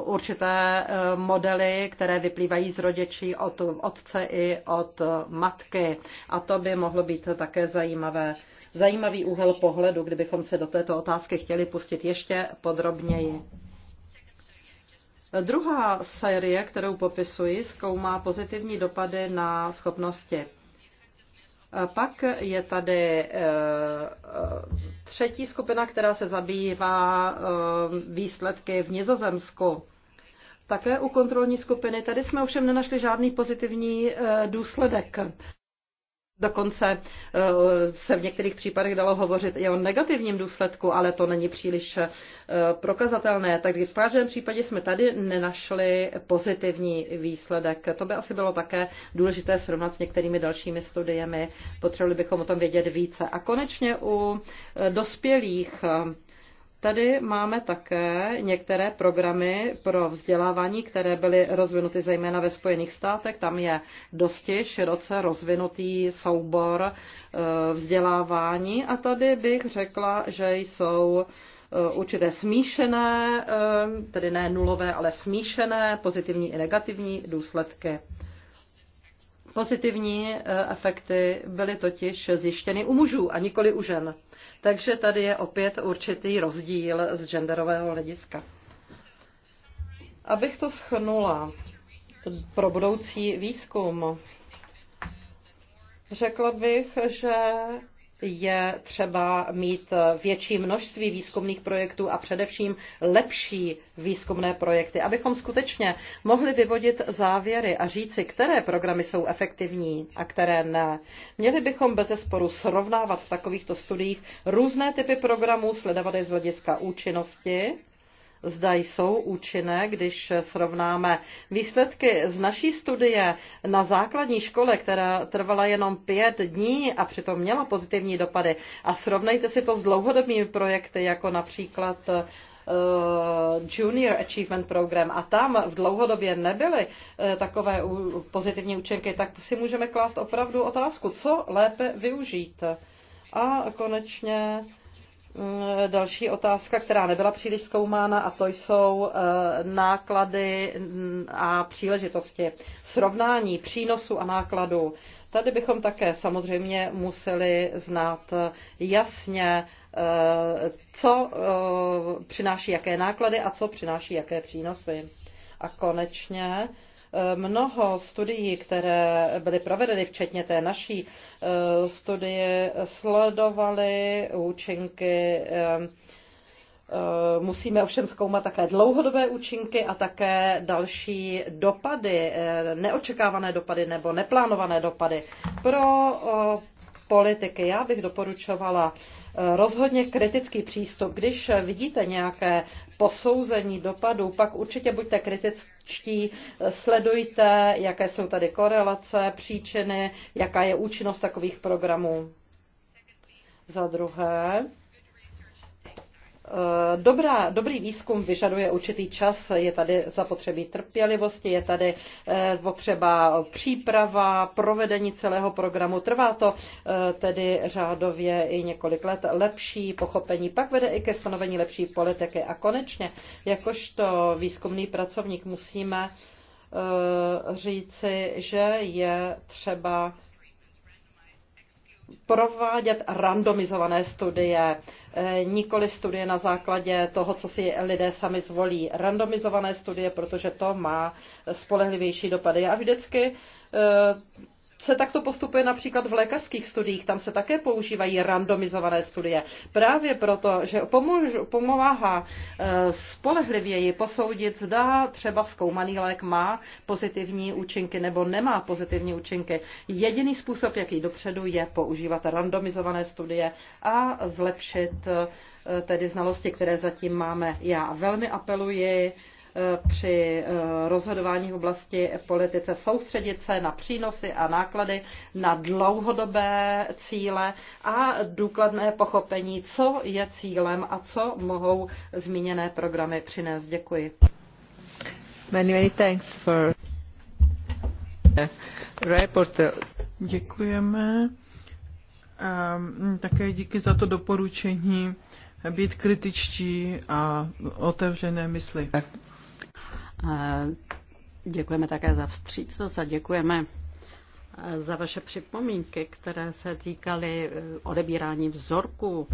určité eh, modely, které vyplývají z rodičí od otce i od matky. A to by mohlo být také zajímavé, zajímavý úhel pohledu, kdybychom se do této otázky chtěli pustit ještě podrobněji. Druhá série, kterou popisuji, zkoumá pozitivní dopady na schopnosti pak je tady eh, třetí skupina, která se zabývá eh, výsledky v Nizozemsku. Také u kontrolní skupiny. Tady jsme ovšem nenašli žádný pozitivní eh, důsledek. Dokonce eh, se v některých případech dalo hovořit i o negativním důsledku, ale to není příliš eh, prokazatelné. Takže v každém případě jsme tady nenašli pozitivní výsledek. To by asi bylo také důležité srovnat s některými dalšími studiemi. Potřebovali bychom o tom vědět více. A konečně u eh, dospělých Tady máme také některé programy pro vzdělávání, které byly rozvinuty zejména ve Spojených státech. Tam je dosti široce rozvinutý soubor e, vzdělávání a tady bych řekla, že jsou e, určité smíšené, e, tedy ne nulové, ale smíšené pozitivní i negativní důsledky. Pozitivní eh, efekty byly totiž zjištěny u mužů a nikoli u žen. Takže tady je opět určitý rozdíl z genderového hlediska. Abych to schnula pro budoucí výzkum, řekla bych, že je třeba mít větší množství výzkumných projektů a především lepší výzkumné projekty, abychom skutečně mohli vyvodit závěry a říci, které programy jsou efektivní a které ne. Měli bychom bezesporu srovnávat v takovýchto studiích různé typy programů, sledovat je z hlediska účinnosti zda jsou účinné, když srovnáme výsledky z naší studie na základní škole, která trvala jenom pět dní a přitom měla pozitivní dopady. A srovnejte si to s dlouhodobými projekty, jako například eh, Junior Achievement Program a tam v dlouhodobě nebyly eh, takové pozitivní účinky, tak si můžeme klást opravdu otázku, co lépe využít. A konečně Mm, další otázka, která nebyla příliš zkoumána, a to jsou eh, náklady mm, a příležitosti. Srovnání přínosu a nákladu. Tady bychom také samozřejmě museli znát eh, jasně, eh, co přináší jaké náklady a co přináší jaké přínosy. A konečně Eh, mnoho studií, které byly provedeny, včetně té naší eh, studie, sledovaly účinky eh, Musíme ovšem zkoumat také dlouhodobé účinky a také další dopady, neočekávané dopady nebo neplánované dopady. Pro politiky. Já bych doporučovala eh, rozhodně kritický přístup. Když vidíte nějaké posouzení dopadů, pak určitě buďte kritičtí, sledujte, jaké jsou tady korelace, příčiny, jaká je účinnost takových programů. Za druhé, Eh, dobrá, dobrý výzkum vyžaduje určitý čas, je tady zapotřebí trpělivosti, je tady eh, potřeba příprava, provedení celého programu. Trvá to eh, tedy řádově i několik let lepší pochopení, pak vede i ke stanovení lepší politiky. A konečně, jakožto výzkumný pracovník musíme říci, že je třeba provádět randomizované studie, eh, nikoli studie na základě toho, co si lidé sami zvolí. Randomizované studie, protože to má spolehlivější dopady. A vždycky eh, se takto postupuje například v lékařských studiích, tam se také používají randomizované studie. Právě proto, že pomáhá e, spolehlivěji posoudit, zda třeba zkoumaný lék má pozitivní účinky nebo nemá pozitivní účinky. Jediný způsob, jak jít dopředu, je používat randomizované studie a zlepšit e, tedy znalosti, které zatím máme. Já velmi apeluji Eh, při eh, rozhodování v oblasti politice soustředit se na přínosy a náklady, na dlouhodobé cíle a důkladné pochopení, co je cílem a co mohou zmíněné programy přinést. Děkuji. Many, many thanks for report. Děkujeme. A mm, také díky za to doporučení být kritičtí a otevřené mysli. Děkujeme také za vstřícnost a děkujeme e, za vaše připomínky, které se týkaly e, odebírání vzorků.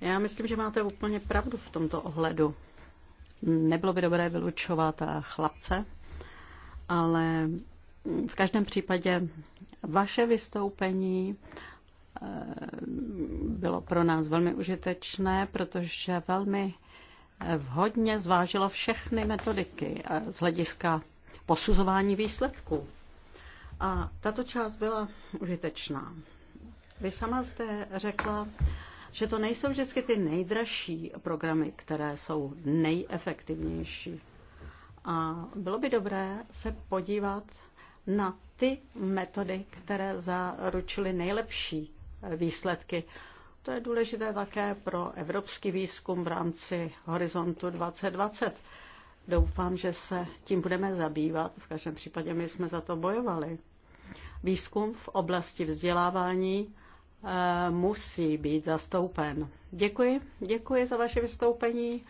Já myslím, že máte úplně pravdu v tomto ohledu. Nebylo by dobré vylučovat e, chlapce, ale mm, v každém případě vaše vystoupení bylo pro nás velmi užitečné, protože velmi vhodně zvážilo všechny metodiky eh, z hlediska posuzování výsledků. A tato část byla užitečná. Vy sama jste řekla, že to nejsou vždycky ty nejdražší programy, které jsou nejefektivnější. A bylo by dobré se podívat na ty metody, které zaručily nejlepší výsledky to je důležité také pro evropský výzkum v rámci Horizontu 2020. Doufám, že se tím budeme zabývat. V každém případě my jsme za to bojovali. Výzkum v oblasti vzdělávání eh, musí být zastoupen. Děkuji, děkuji za vaše vystoupení.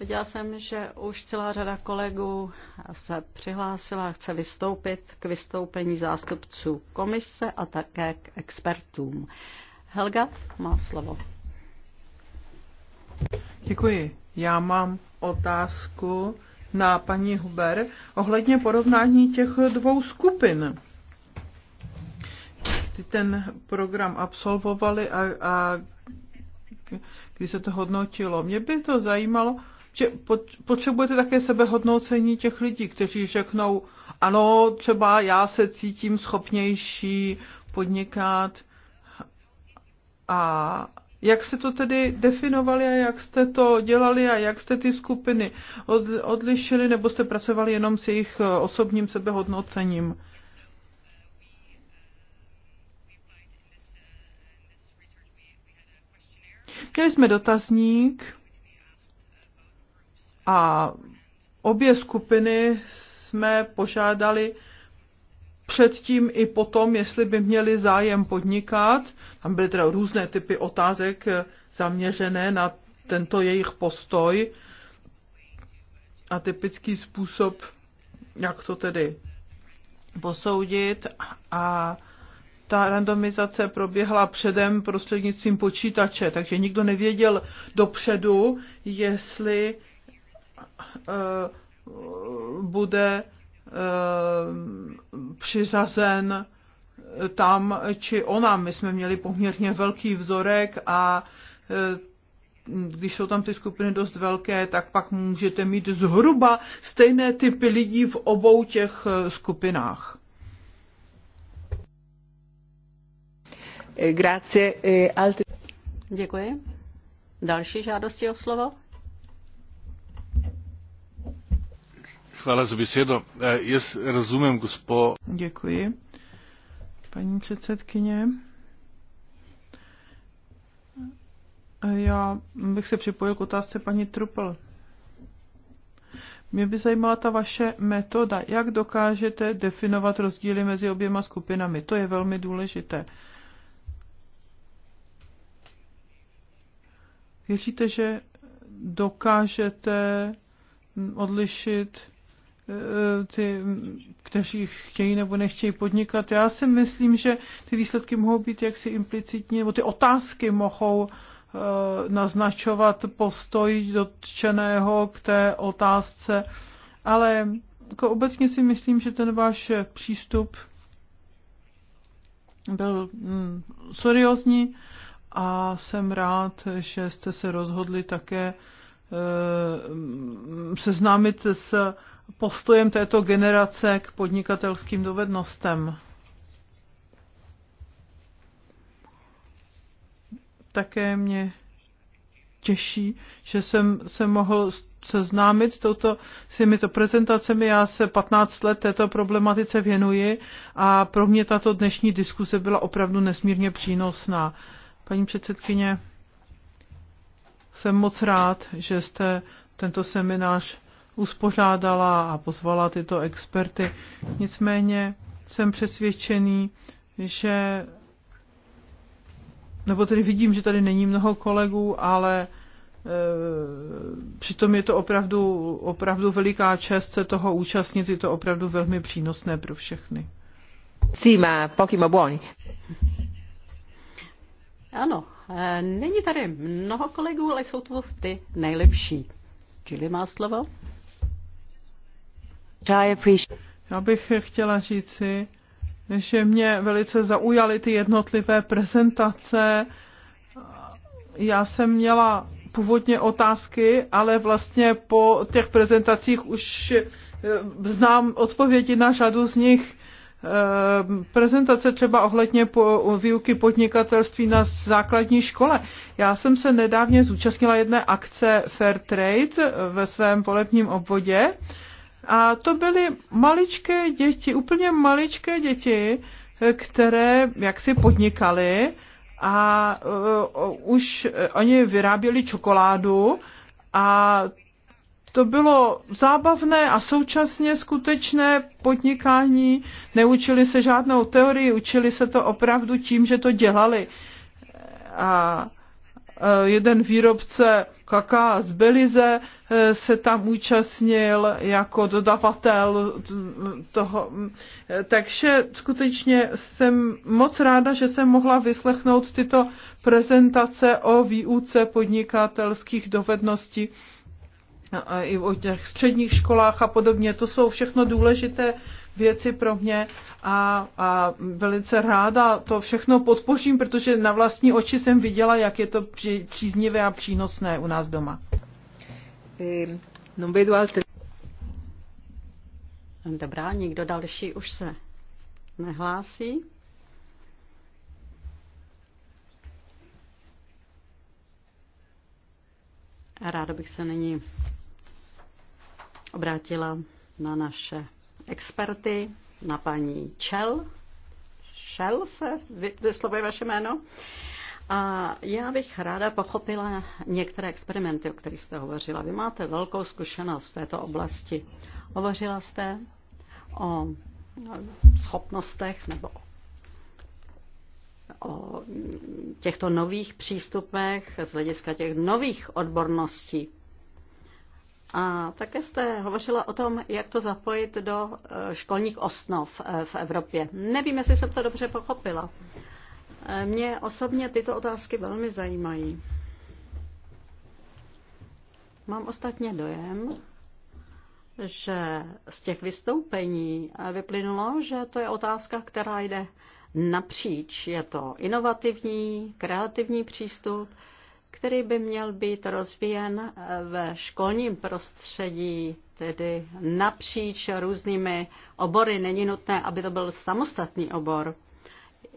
Viděla jsem, že už celá řada kolegů se přihlásila a chce vystoupit k vystoupení zástupců komise a také k expertům. Helga má slovo. Děkuji. Já mám otázku na paní Huber ohledně porovnání těch dvou skupin. Ty ten program absolvovali a, a kdy se to hodnotilo. Mě by to zajímalo, že potřebujete také sebehodnocení těch lidí, kteří řeknou, ano, třeba já se cítím schopnější podnikat, a jak jste to tedy definovali a jak jste to dělali a jak jste ty skupiny odlišili nebo jste pracovali jenom s jejich eh, osobním sebehodnocením? Měli jsme dotazník a obě skupiny jsme požádali předtím i potom, jestli by měli zájem podnikat. Tam byly teda různé typy otázek eh, zaměřené na tento jejich postoj a typický způsob, jak to tedy posoudit. A ta randomizace proběhla předem prostřednictvím počítače, takže nikdo nevěděl dopředu, jestli uh, bude Eh, přiřazen tam či ona. My jsme měli poměrně velký vzorek a eh, když jsou tam ty skupiny dost velké, tak pak můžete mít zhruba stejné typy lidí v obou těch eh, skupinách. Grazie. Děkuji. Další žádosti o slovo? Hvala za besedo. E, jaz razumem, gospo. Děkuji. Paní předsedkyně. E, já bych se připojil k otázce paní Trupl. Mě by zajímala ta vaše metoda. Jak dokážete definovat rozdíly mezi oběma skupinami? To je velmi důležité. Věříte, že dokážete odlišit ty, kteří chtějí nebo nechtějí podnikat. Já si myslím, že ty výsledky mohou být jaksi implicitní, nebo ty otázky mohou eh, naznačovat postoj dotčeného k té otázce, ale jako obecně si myslím, že ten váš přístup byl mm, seriózní a jsem rád, že jste se rozhodli také e, seznámit se s postojem této generace k podnikatelským dovednostem. Také mě těší, že jsem se mohl seznámit s, touto, s těmito prezentacemi. Já se 15 let této problematice věnuji a pro mě tato dnešní diskuse byla opravdu nesmírně přínosná. Paní předsedkyně, jsem moc rád, že jste tento seminář uspořádala a pozvala tyto experty. Nicméně jsem přesvědčený, že nebo tedy vidím, že tady není mnoho kolegů, ale e, přitom je to opravdu, opravdu veliká čest se toho účastnit, je to opravdu velmi přínosné pro všechny. Sí, má, pochi má buoni. Ano, e, není tady mnoho kolegů, ale jsou tu ty nejlepší. Čili má slovo. Já bych chtěla říci, že mě velice zaujaly ty jednotlivé prezentace. Já jsem měla původně otázky, ale vlastně po těch prezentacích už eh, znám odpovědi na řadu z nich. Eh, prezentace třeba ohledně po výuky podnikatelství na základní škole. Já jsem se nedávně zúčastnila jedné akce Fair Trade eh, ve svém volebním obvodě a to byly maličké děti, úplně maličké děti, které jaksi podnikaly a uh, už e, oni vyráběli čokoládu a to bylo zábavné a současně skutečné podnikání. Neučili se žádnou teorii, učili se to opravdu tím, že to dělali. A Eh, jeden výrobce kaká z Belize eh, se tam účastnil jako dodavatel toho. Takže skutečně jsem moc ráda, že jsem mohla vyslechnout tyto prezentace o výuce podnikatelských dovedností eh, i o těch středních školách a podobně. To jsou všechno důležité věci pro mě a, a velice ráda to všechno podpořím, protože na vlastní oči jsem viděla, jak je to pří, příznivé a přínosné u nás doma. Ehm, Dobrá, nikdo další už se nehlásí. Ráda bych se nyní obrátila na naše experty, na paní Čel. Šel se vyslovuje vaše jméno. A já bych ráda pochopila některé experimenty, o kterých jste hovořila. Vy máte velkou zkušenost v této oblasti. Hovořila jste o schopnostech nebo o těchto nových přístupech z hlediska těch nových odborností. A také jste hovořila o tom, jak to zapojit do eh, školních osnov eh, v Evropě. Nevím, jestli jsem to dobře pochopila. Eh, mě osobně tyto otázky velmi zajímají. Mám ostatně dojem, že z těch vystoupení vyplynulo, že to je otázka, která jde napříč. Je to inovativní, kreativní přístup, který by měl být rozvíjen ve školním prostředí, tedy napříč různými obory. Není nutné, aby to byl samostatný obor.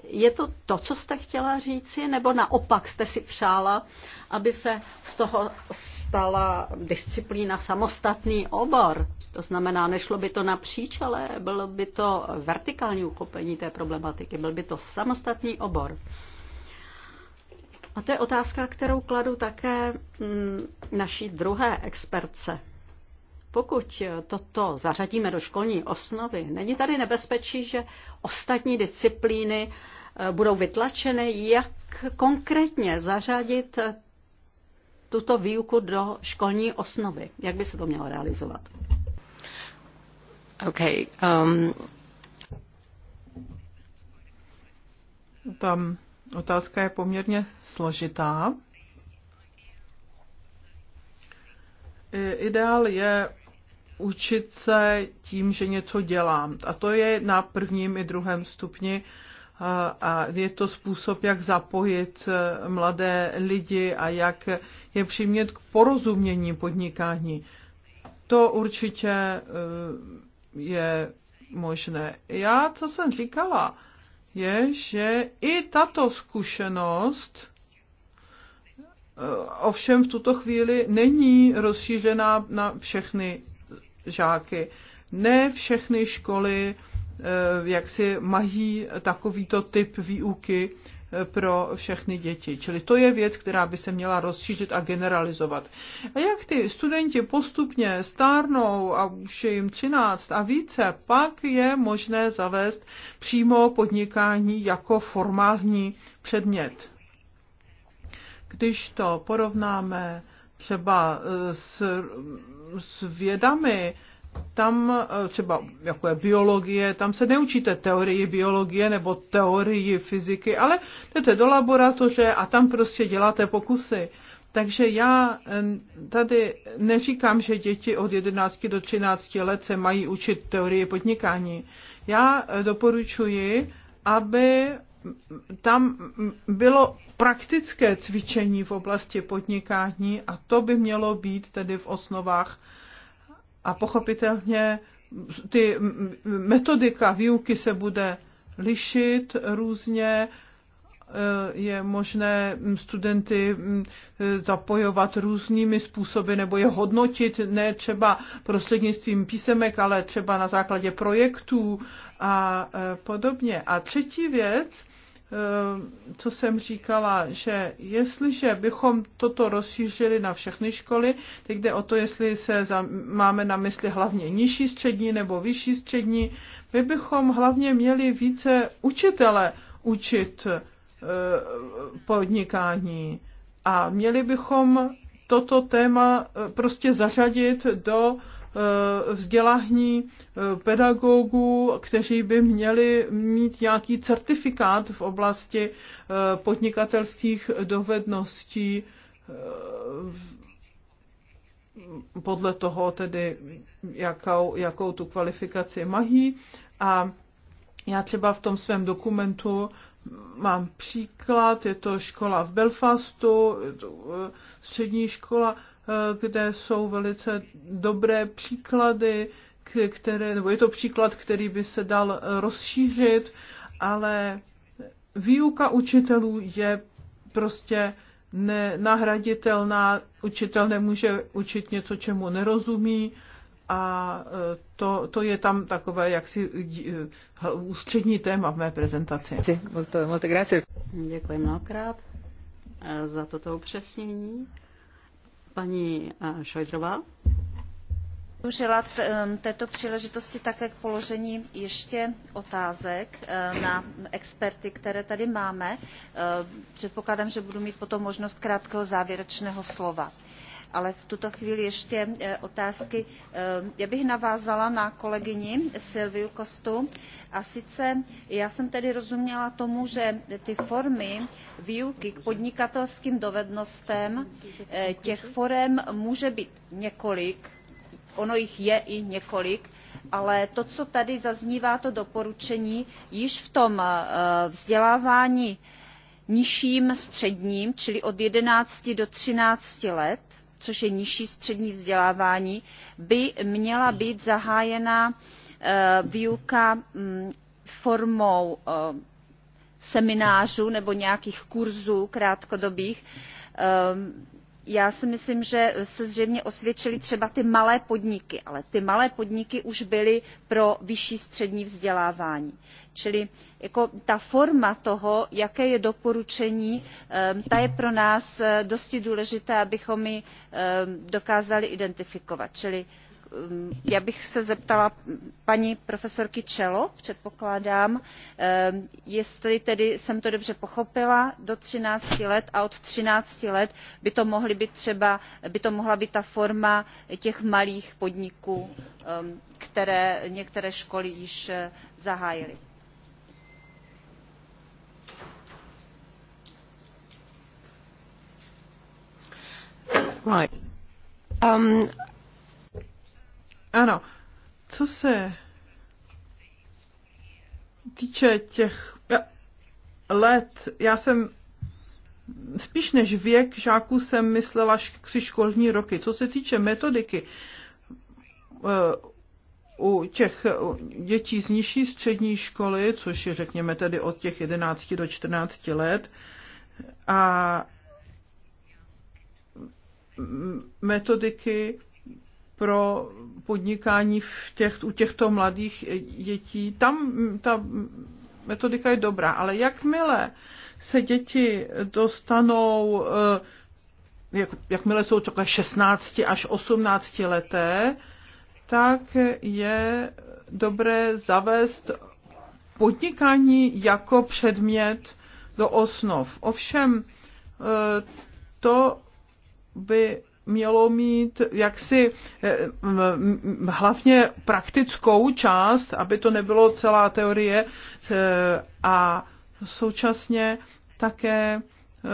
Je to to, co jste chtěla říci, nebo naopak jste si přála, aby se z toho stala disciplína samostatný obor? To znamená, nešlo by to napříč, ale bylo by to vertikální uchopení té problematiky, byl by to samostatný obor. A to je otázka, kterou kladu také mm, naší druhé expertce. Pokud toto zařadíme do školní osnovy, není tady nebezpečí, že ostatní disciplíny e, budou vytlačeny, jak konkrétně zařadit tuto výuku do školní osnovy? Jak by se to mělo realizovat? Okay, um... Tam Otázka je poměrně složitá. Ideál je učit se tím, že něco dělám. A to je na prvním i druhém stupni. A je to způsob, jak zapojit eh, mladé lidi a jak je přimět k porozumění podnikání. To určitě eh, je možné. Já, co jsem říkala, je, že i tato zkušenost eh, ovšem v tuto chvíli není rozšířená na všechny žáky. Ne všechny školy eh, jak si mají takovýto typ výuky pro všechny děti. Čili to je věc, která by se měla rozšířit a generalizovat. A jak ty studenti postupně stárnou a už je jim 13 a více, pak je možné zavést přímo podnikání jako formální předmět. Když to porovnáme třeba s, s vědami, tam eh, třeba jako je biologie, tam se neučíte teorii biologie nebo teorii fyziky, ale jdete do laboratoře a tam prostě děláte pokusy. Takže já eh, tady neříkám, že děti od 11 do 13 let se mají učit teorie podnikání. Já eh, doporučuji, aby tam bylo praktické cvičení v oblasti podnikání a to by mělo být tedy v osnovách a pochopitelně ty metodika výuky se bude lišit různě, eh, je možné studenty eh, zapojovat různými způsoby nebo je hodnotit ne třeba prostřednictvím písemek, ale třeba na základě projektů a eh, podobně. A třetí věc, Eh, co jsem říkala, že jestliže bychom toto rozšířili na všechny školy, tak jde o to, jestli se máme na mysli hlavně nižší střední nebo vyšší střední, my bychom hlavně měli více učitele učit eh, podnikání a měli bychom toto téma eh, prostě zařadit do Eh, vzdělání eh, pedagogů, kteří by měli mít nějaký certifikát v oblasti eh, podnikatelských dovedností podle toho tedy, jakou, jakou tu kvalifikaci mají. A já třeba v tom svém dokumentu mám příklad, je to škola v Belfastu, střední škola, kde jsou velice dobré příklady, které, nebo je to příklad, který by se dal rozšířit, ale výuka učitelů je prostě nenahraditelná. Učitel nemůže učit něco, čemu nerozumí a e, to, to je tam takové jaksi e, ústřední téma v mé prezentaci. Děkuji mnohokrát e, za toto upřesnění. Paní eh, Šojdrová. Želat ehm, této příležitosti také k položení ještě otázek ehm, na experty, které tady máme. Ehm, předpokládám, že budu mít potom možnost krátkého závěrečného slova ale v tuto chvíli ještě eh, otázky. Eh, já bych navázala na kolegyni Silviu Kostu. A sice já jsem tedy rozuměla tomu, že ty formy výuky k podnikatelským dovednostem, eh, těch forem může být několik, ono jich je i několik, ale to, co tady zaznívá, to doporučení, již v tom vzdělávání nižším středním, čili od 11 do 13 let, což je nižší střední vzdělávání, by měla být zahájena eh, výuka mm, formou eh, seminářů nebo nějakých kurzů krátkodobých eh, já si myslím že se zřejmě osvědčily třeba ty malé podniky ale ty malé podniky už byly pro vyšší střední vzdělávání čili jako ta forma toho jaké je doporučení ehm, ta je pro nás eh, dosti důležitá abychom ji ehm, dokázali identifikovat čili já bych se zeptala paní profesorky cello předpokládám eh, jestli tedy jsem to dobře pochopila do thirteen let a od thirteen let by to, být třeba, mohla být ta forma těch malých podniků eh, které některé školy již eh, zahájily. Right. Um, ano, co se týče těch eh, let, já jsem spíš než věk žáků jsem myslela při školní roky. Co se týče metodiky, eh, u těch dětí z nižší střední školy, což je řekněme tedy od těch 11 do 14 let, a metodiky pro podnikání v těch, u těchto mladých dětí. Tam ta metodika je dobrá, ale jakmile se děti dostanou, eh, jak, jakmile jsou třeba 16 až 18 leté, tak je dobré zavést podnikání jako předmět do osnov. Ovšem, eh, to by mělo mít jaksi eh, hlavně praktickou část, aby to nebylo celá teorie eh, a současně také Eh,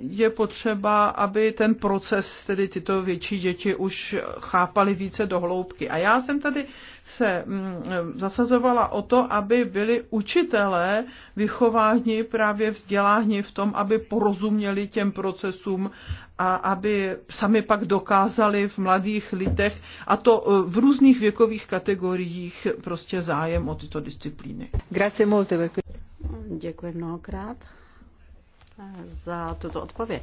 je potřeba, aby ten proces, tedy tyto větší děti už chápali více dohloubky. A já jsem tady se mm, zasazovala o to, aby byli učitelé vychováni právě vzděláni v tom, aby porozuměli těm procesům a aby sami pak dokázali v mladých lidech a to eh, v různých věkových kategoriích prostě zájem o tyto disciplíny. Grazie molte. Děkuji mnohokrát za tuto odpověď.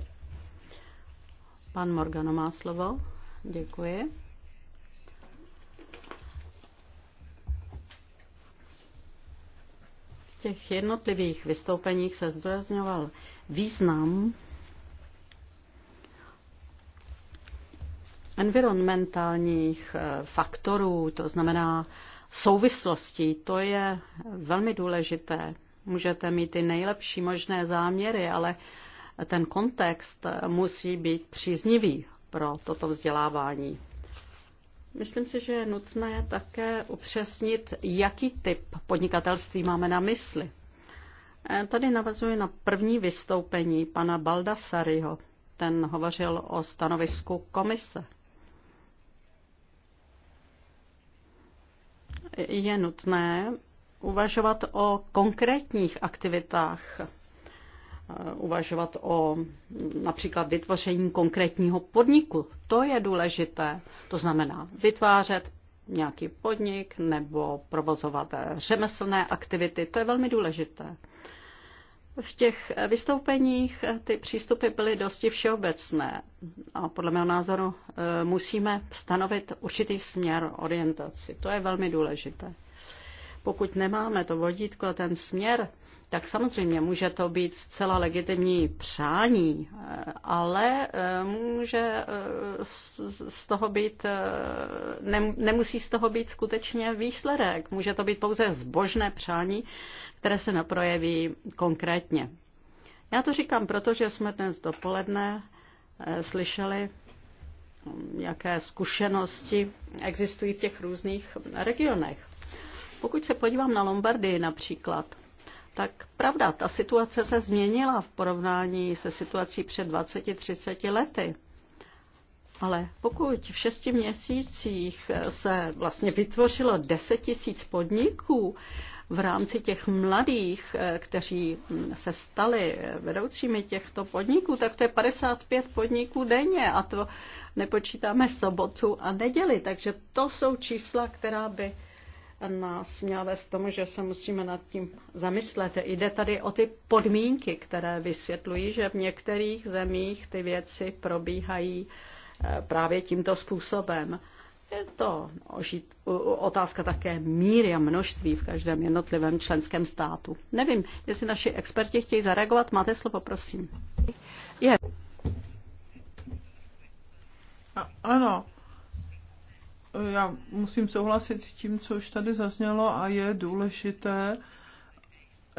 Pan Morgano má slovo. Děkuji. V těch jednotlivých vystoupeních se zdůrazňoval význam environmentálních eh, faktorů, to znamená souvislostí. To je velmi důležité Můžete mít ty nejlepší možné záměry, ale ten kontext musí být příznivý pro toto vzdělávání. Myslím si, že je nutné také upřesnit, jaký typ podnikatelství máme na mysli. E, tady navazuji na první vystoupení pana Baldassariho. Ten hovořil o stanovisku komise. Je nutné, uvažovat o konkrétních aktivitách, eh, uvažovat o například vytvoření konkrétního podniku. To je důležité. To znamená vytvářet nějaký podnik nebo provozovat řemeslné aktivity. To je velmi důležité. V těch vystoupeních ty přístupy byly dosti všeobecné a podle mého názoru eh, musíme stanovit určitý směr orientaci. To je velmi důležité. Pokud nemáme to vodítko a ten směr, tak samozřejmě může to být zcela legitimní přání, eh, ale eh, může z eh, toho být, nemusí z toho být skutečně výsledek. Může to být pouze zbožné přání, které se naprojeví konkrétně. Já to říkám, protože jsme dnes dopoledne slyšeli, jaké zkušenosti existují v těch různých regionech. Pokud se podívám na Lombardii například, tak pravda, ta situace se změnila v porovnání se situací před 20-30 lety. Ale pokud v šesti měsících eh, se vlastně vytvořilo 10 tisíc podniků v rámci těch mladých, eh, kteří hm, se stali eh, vedoucími těchto podniků, tak to je 55 podniků denně a to nepočítáme sobotu a neděli. Takže to jsou čísla, která by nás měla vést tomu, že se musíme nad tím zamyslet. Jde tady o ty podmínky, které vysvětlují, že v některých zemích ty věci probíhají eh, právě tímto způsobem. Je to otázka také míry a množství v každém jednotlivém členském státu. Nevím, jestli naši experti chtějí zareagovat. Máte slovo, prosím. Je. A, ano, já musím souhlasit s tím, co už tady zaznělo a je důležité,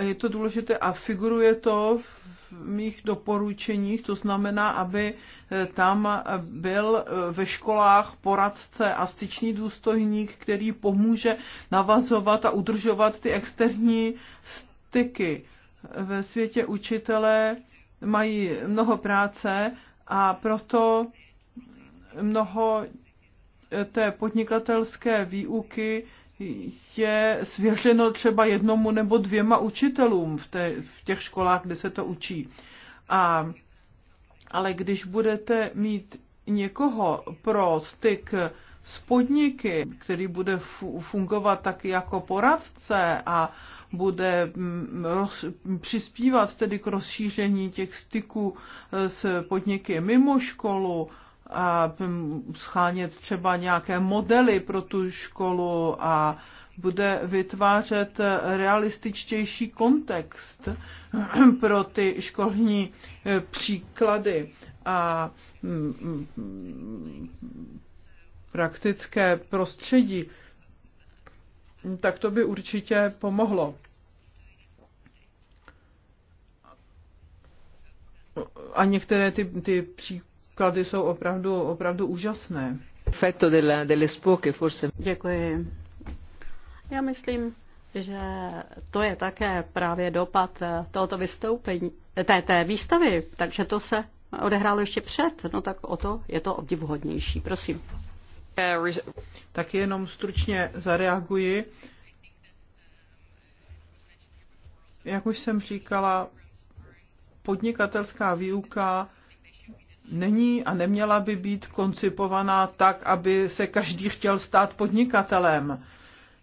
je to důležité a figuruje to v mých doporučeních, to znamená, aby eh, tam eh, byl eh, ve školách poradce a styčný důstojník, který pomůže navazovat a udržovat ty externí styky. Ve světě učitelé mají mnoho práce a proto mnoho té podnikatelské výuky je svěřeno třeba jednomu nebo dvěma učitelům v, té, v těch školách, kde se to učí. A, ale když budete mít někoho pro styk s podniky, který bude fungovat taky jako poradce a bude mm, roz, přispívat tedy k rozšíření těch styků e, s podniky mimo školu, a schánět třeba nějaké modely pro tu školu a bude vytvářet realističtější kontext pro ty školní e, příklady a praktické prostředí, tak to by určitě pomohlo. A některé ty, ty pří, náklady jsou opravdu, opravdu úžasné. Děkuji. Já myslím, že to je také právě dopad eh, tohoto vystoupení, eh, té, té výstavy, takže to se odehrálo ještě před, no tak o to je to obdivuhodnější. Prosím. Tak jenom stručně zareaguji. Jak už jsem říkala, podnikatelská výuka není a neměla by být koncipovaná tak, aby se každý chtěl stát podnikatelem.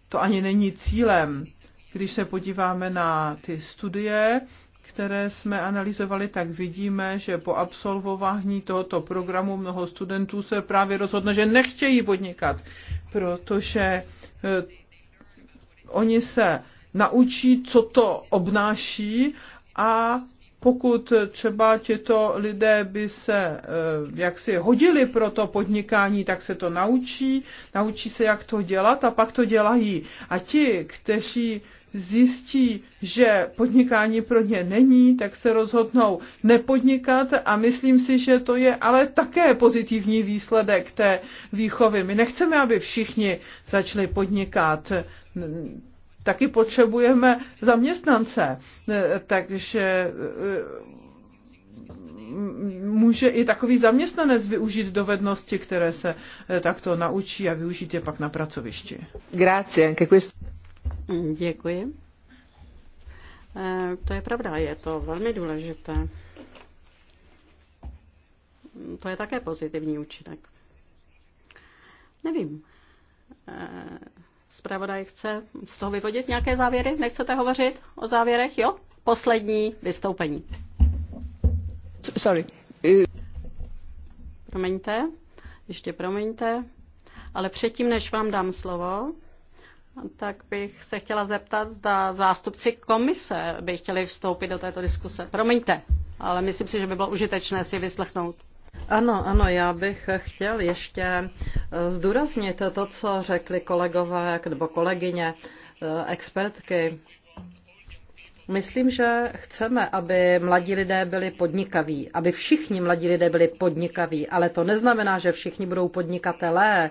To ani není cílem. Když se podíváme na ty studie, které jsme analyzovali, tak vidíme, že po absolvování tohoto programu mnoho studentů se právě rozhodne, že nechtějí podnikat, protože eh, oni se naučí, co to obnáší a pokud třeba tito lidé by se eh, jaksi hodili pro to podnikání, tak se to naučí, naučí se, jak to dělat a pak to dělají. A ti, kteří zjistí, že podnikání pro ně není, tak se rozhodnou nepodnikat a myslím si, že to je ale také pozitivní výsledek té výchovy. My nechceme, aby všichni začali podnikat taky potřebujeme zaměstnance. E, takže e, může i takový zaměstnanec využít dovednosti, které se e, takto naučí a využít je pak na pracovišti. Grazie, mm, Děkuji. To je pravda, je to velmi důležité. To je také pozitivní účinek. Nevím. Zpravodaj chce z toho vyvodit nějaké závěry? Nechcete hovořit o závěrech? Jo? Poslední vystoupení. Sorry. E- promiňte, ještě promiňte, ale předtím, než vám dám slovo, tak bych se chtěla zeptat, zda zástupci komise by chtěli vstoupit do této diskuse. Promiňte, ale myslím si, že by bylo užitečné si vyslechnout. Ano, ano, já bych chtěl ještě eh, zdůraznit to, co řekli kolegové nebo kolegyně, eh, expertky. Myslím, že chceme, aby mladí lidé byli podnikaví, aby všichni mladí lidé byli podnikaví, ale to neznamená, že všichni budou podnikatelé.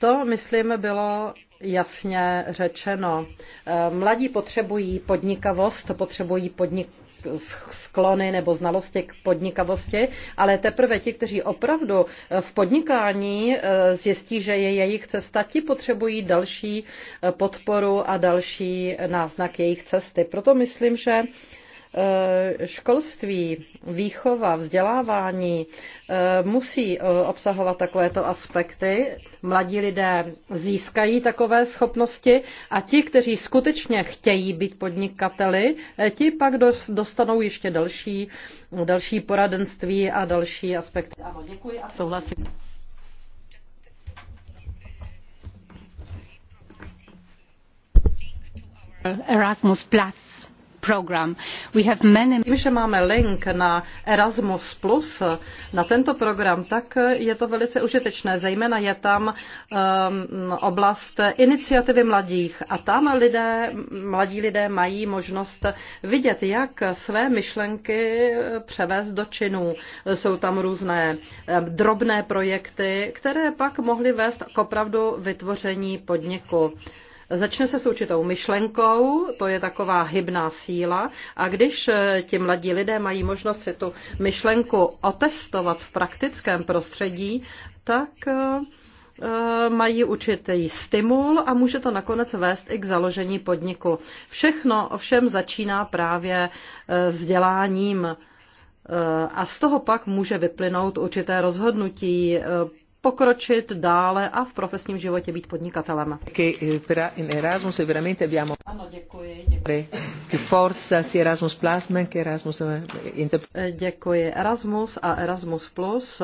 To, myslím, bylo jasně řečeno. Eh, mladí potřebují podnikavost, potřebují podnik, sklony nebo znalosti k podnikavosti, ale teprve ti, kteří opravdu eh, v podnikání eh, zjistí, že je jejich cesta, ti potřebují další eh, podporu a další náznak jejich cesty. Proto myslím, že Eh, školství, výchova, vzdělávání eh, musí eh, obsahovat takovéto aspekty. Mladí lidé získají takové schopnosti a ti, kteří skutečně chtějí být podnikateli, ti pak dostanou ještě další, další poradenství a další aspekty. Ano, děkuji a souhlasím. Erasmus Plus program. We have many... Tím, že máme link na Erasmus+, Plus, na tento program, tak je to velice užitečné. Zejména je tam um, oblast iniciativy mladých a tam lidé, mladí lidé mají možnost vidět, jak své myšlenky převést do činů. Jsou tam různé ehm, drobné projekty, které pak mohly vést k opravdu vytvoření podniku. Začne se s určitou myšlenkou, to je taková hybná síla a když eh, ti mladí lidé mají možnost si tu myšlenku otestovat v praktickém prostředí, tak eh, eh, mají určitý stimul a může to nakonec vést i k založení podniku. Všechno ovšem začíná právě vzděláním a z toho pak může vyplynout určité rozhodnutí pokročit dále a v profesním životě být podnikatelem. Eh, ano, děkuji. Erasmus Erasmus eh, eh, Děkuji. Erasmus a Erasmus Plus,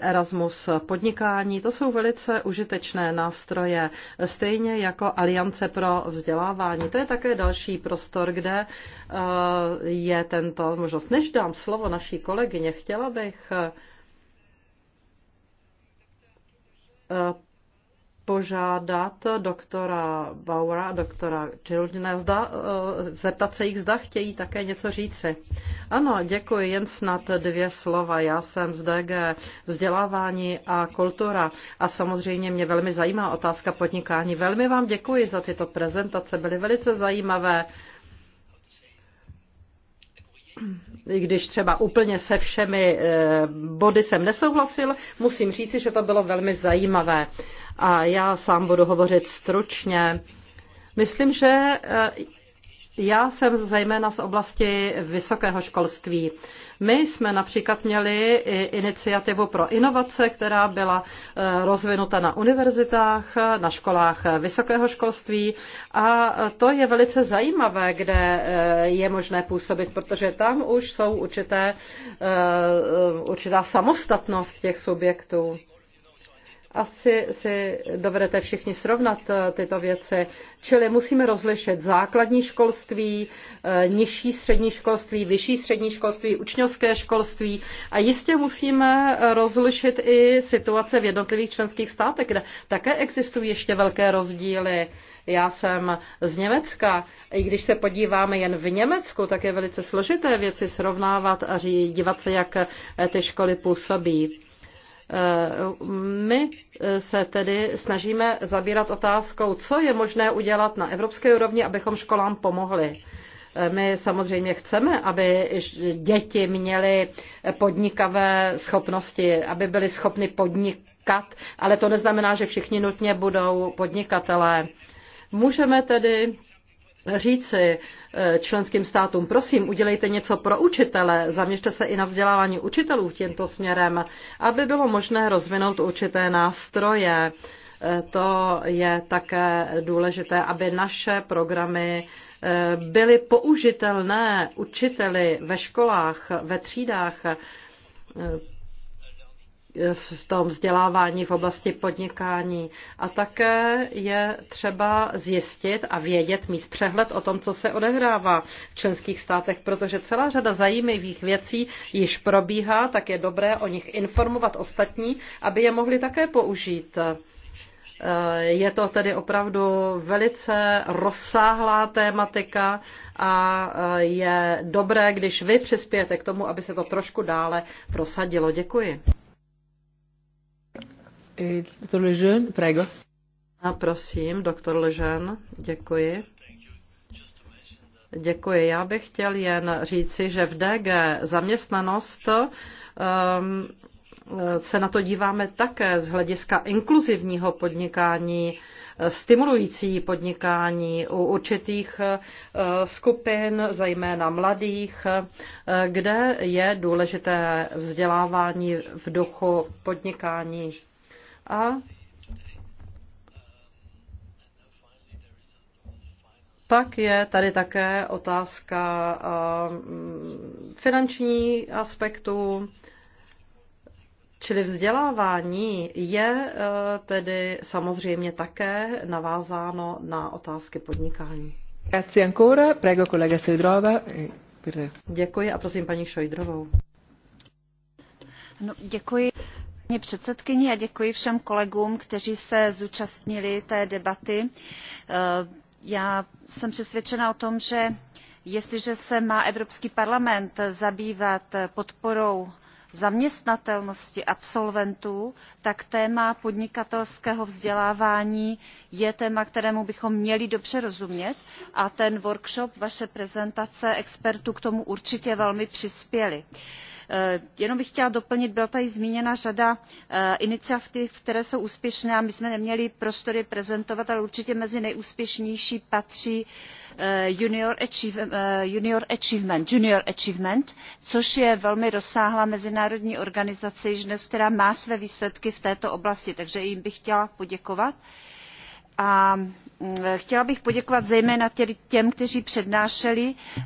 Erasmus podnikání, to jsou velice užitečné nástroje, stejně jako Aliance pro vzdělávání. To je také další prostor, kde je tento možnost. Než dám slovo naší kolegyně, chtěla bych požádat doktora Baura, doktora Čiludina, zda, eh, zeptat se jich, zda chtějí také něco říci. Ano, děkuji, jen snad dvě slova. Já jsem z DG vzdělávání a kultura a samozřejmě mě velmi zajímá otázka podnikání. Velmi vám děkuji za tyto prezentace, byly velice zajímavé když třeba úplně se všemi eh, body jsem nesouhlasil, musím říci, že to bylo velmi zajímavé. A já sám budu hovořit stručně. Myslím, že eh, já jsem zejména z oblasti vysokého školství. My jsme například měli i iniciativu pro inovace, která byla eh, rozvinuta na univerzitách, na školách eh, vysokého školství a eh, to je velice zajímavé, kde je možné působit, protože tam už jsou určité, určitá samostatnost těch subjektů asi si dovedete všichni srovnat eh, tyto věci. Čili musíme rozlišit základní školství, eh, nižší střední školství, vyšší střední školství, učňovské školství a jistě musíme rozlišit i situace v jednotlivých členských státech, kde také existují ještě velké rozdíly. Já jsem z Německa. I když se podíváme jen v Německu, tak je velice složité věci srovnávat a dívat se, jak eh, ty školy působí. My eh, se tedy snažíme zabírat otázkou, co je možné udělat na evropské úrovni, abychom školám pomohli. Eh, my samozřejmě chceme, aby děti měly podnikavé schopnosti, aby byly schopny podnikat, ale to neznamená, že všichni nutně budou podnikatelé. Můžeme tedy říci, Eh, členským státům, prosím, udělejte něco pro učitele, zaměřte se i na vzdělávání učitelů tímto směrem, aby bylo možné rozvinout určité nástroje. Eh, to je také důležité, aby naše programy eh, byly použitelné učiteli ve školách, ve třídách, v tom vzdělávání v oblasti podnikání. A také je třeba zjistit a vědět, mít přehled o tom, co se odehrává v členských státech, protože celá řada zajímavých věcí již probíhá, tak je dobré o nich informovat ostatní, aby je mohli také použít. Eh, je to tedy opravdu velice rozsáhlá tématika a eh, je dobré, když vy přispějete k tomu, aby se to trošku dále prosadilo. Děkuji. Eh, doktor Lejeune, prego. A prosím, doktor Lejeune, děkuji. Děkuji. Já bych chtěl jen říci, že v DG zaměstnanost um, se na to díváme také z hlediska inkluzivního podnikání, stimulující podnikání u určitých eh, skupin, zejména mladých, eh, kde je důležité vzdělávání v duchu podnikání. A pak je tady také otázka mm, finanční aspektu, čili vzdělávání je e, tedy samozřejmě také navázáno na otázky podnikání. Grazie ancora, prego collega e, Děkuji a prosím paní Šojdrovou. No, děkuji paní předsedající a děkuji všem kolegům kteří se zúčastnili té debaty. Eh, já jsem přesvědčena o tom že jestliže se má evropský parlament zabývat podporou zaměstnatelnosti absolventů tak téma podnikatelského vzdělávání je téma kterému bychom měli dobře rozumět a ten workshop vaše prezentace expertů k tomu určitě velmi přispěly. Eh, jenom bych chtěla doplnit byla tady zmíněna řada eh, iniciativ které jsou úspěšné a my jsme neměli prostor je prezentovat ale určitě mezi nejúspěšnější patří eh, junior achievement, junior achievement což je velmi rozsáhlá mezinárodní organizace již dnes která má své výsledky v této oblasti takže jim bych chtěla poděkovat a mm, chtěla bych poděkovat zejména těm kteří přednášeli eh,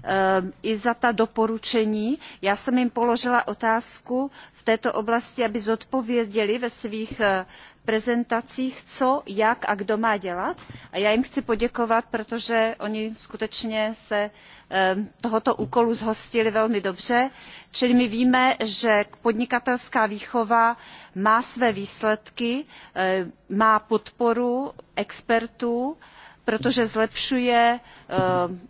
i za ta doporučení. já jsem jim položila otázku v této oblasti aby zodpověděli ve svých eh, prezentacích co jak a kdo má dělat a já jim chci poděkovat protože oni skutečně se eh, tohoto úkolu zhostili velmi dobře čili my víme že podnikatelská výchova má své výsledky eh, má podporu expertů protože zlepšuje eh,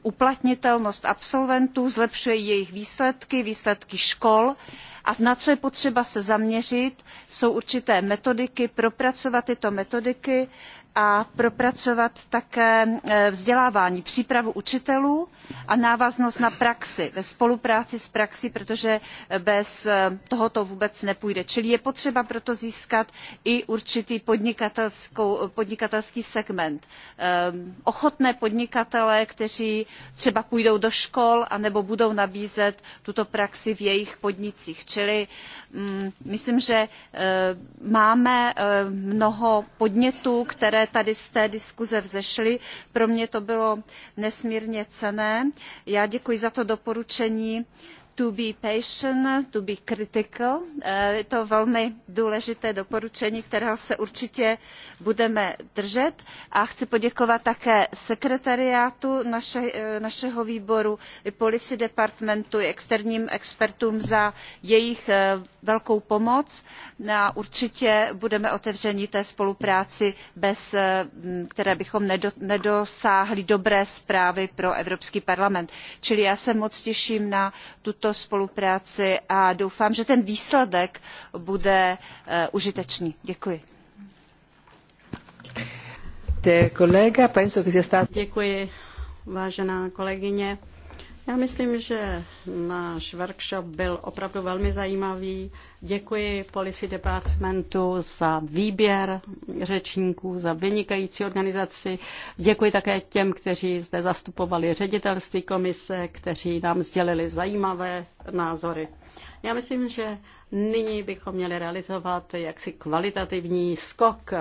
uplatnitelnost absolventů zlepšuje jejich výsledky výsledky škol a na co je potřeba se zaměřit jsou určité metodiky propracovat tyto metodiky a propracovat také eh, vzdělávání přípravu učitelů a návaznost na praxi ve spolupráci s praxí protože eh, bez eh, toho to vůbec nepůjde. čili je potřeba proto získat i určitý podnikatelský segment ochotné podnikatele kteří třeba půjdou do škol anebo budou nabízet tuto praxi v jejich podnicích. Čili mm, myslím, že eh, máme eh, mnoho podnětů, které tady z té diskuze vzešly. Pro mě to bylo nesmírně cenné. Já děkuji za to doporučení to be patient to be critical eh, je to velmi důležité doporučení kterého se určitě budeme držet a chci poděkovat také sekretariátu eh, našeho výboru i policy departmentu i externím expertům za jejich eh, velkou pomoc a určitě budeme otevřeni té spolupráci bez které bychom nedosáhli dobré zprávy pro evropský parlament. čili já se moc těším na tuto tuto spolupráci a doufám že ten výsledek bude eh, užitečný. děkuji. Děkuji, vážená kolegyně já myslím, že náš workshop byl opravdu velmi zajímavý. Děkuji Policy Departmentu za výběr řečníků, za vynikající organizaci. Děkuji také těm, kteří zde zastupovali ředitelství komise, kteří nám sdělili zajímavé názory. Já myslím, že nyní bychom měli realizovat jaksi kvalitativní skok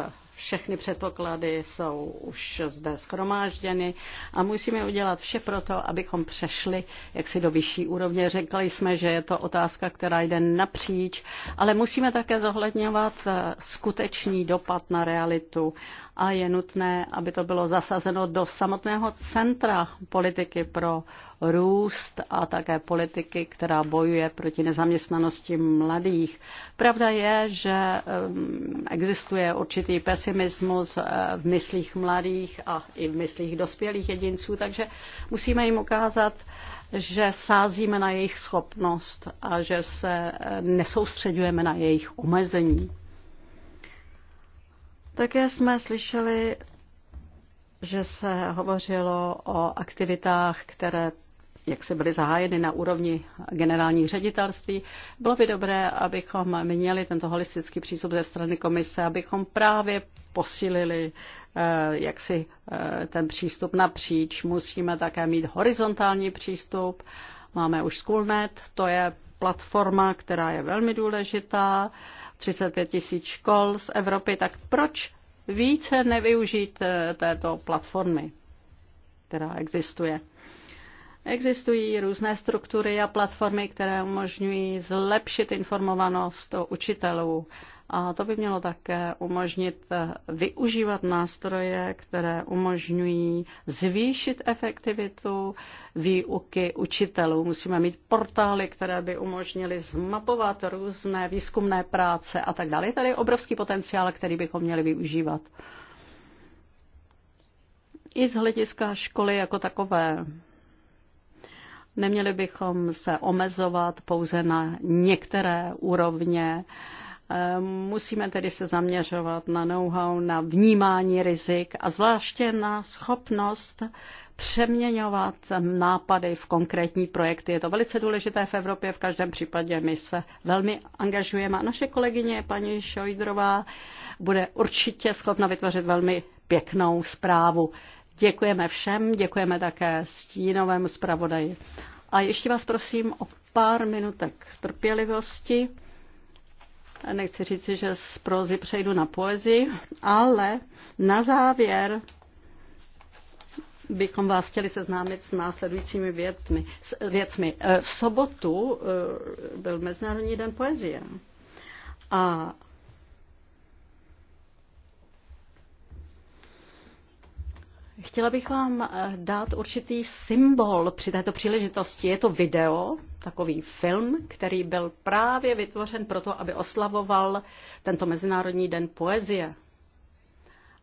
všechny předpoklady jsou už zde schromážděny a musíme udělat vše pro to, abychom přešli jaksi do vyšší úrovně. Řekli jsme, že je to otázka, která jde napříč, ale musíme také zohledňovat eh, skutečný dopad na realitu a je nutné, aby to bylo zasazeno do samotného centra politiky pro růst a také politiky, která bojuje proti nezaměstnanosti mladých. Pravda je, že um, existuje určitý pesimismus eh, v myslích mladých a i v myslích dospělých jedinců, takže musíme jim ukázat, že sázíme na jejich schopnost a že se eh, nesoustředujeme na jejich omezení. Také jsme slyšeli, že se hovořilo o aktivitách, které jak se byly zahájeny na úrovni generálních ředitelství. Bylo by dobré, abychom měli tento holistický přístup ze strany komise, abychom právě posílili eh, jak si eh, ten přístup napříč. Musíme také mít horizontální přístup. Máme už Schoolnet, to je platforma, která je velmi důležitá, 35 tisíc škol z Evropy, tak proč více nevyužít eh, této platformy, která existuje? Existují různé struktury a platformy, které umožňují zlepšit informovanost učitelů. A to by mělo také umožnit eh, využívat nástroje, které umožňují zvýšit efektivitu výuky učitelů. Musíme mít portály, které by umožnily zmapovat různé výzkumné práce a tak dále. Je tady obrovský potenciál, který bychom měli využívat. I z hlediska školy jako takové Neměli bychom se omezovat pouze na některé úrovně. Eh, musíme tedy se zaměřovat na know-how, na vnímání rizik a zvláště na schopnost přeměňovat nápady v konkrétní projekty. Je to velice důležité v Evropě, v každém případě my se velmi angažujeme. A naše kolegyně paní Šojdrová bude určitě schopna vytvořit velmi pěknou zprávu. Děkujeme všem, děkujeme také stínovému zpravodaji. A ještě vás prosím o pár minutek trpělivosti. Nechci říci, že z prozy přejdu na poezii, ale na závěr bychom vás chtěli seznámit s následujícími větmi, s věcmi. E, v sobotu e, byl Mezinárodní den poezie. A Chtěla bych vám eh, dát určitý symbol při této příležitosti. Je to video, takový film, který byl právě vytvořen proto, aby oslavoval tento Mezinárodní den poezie.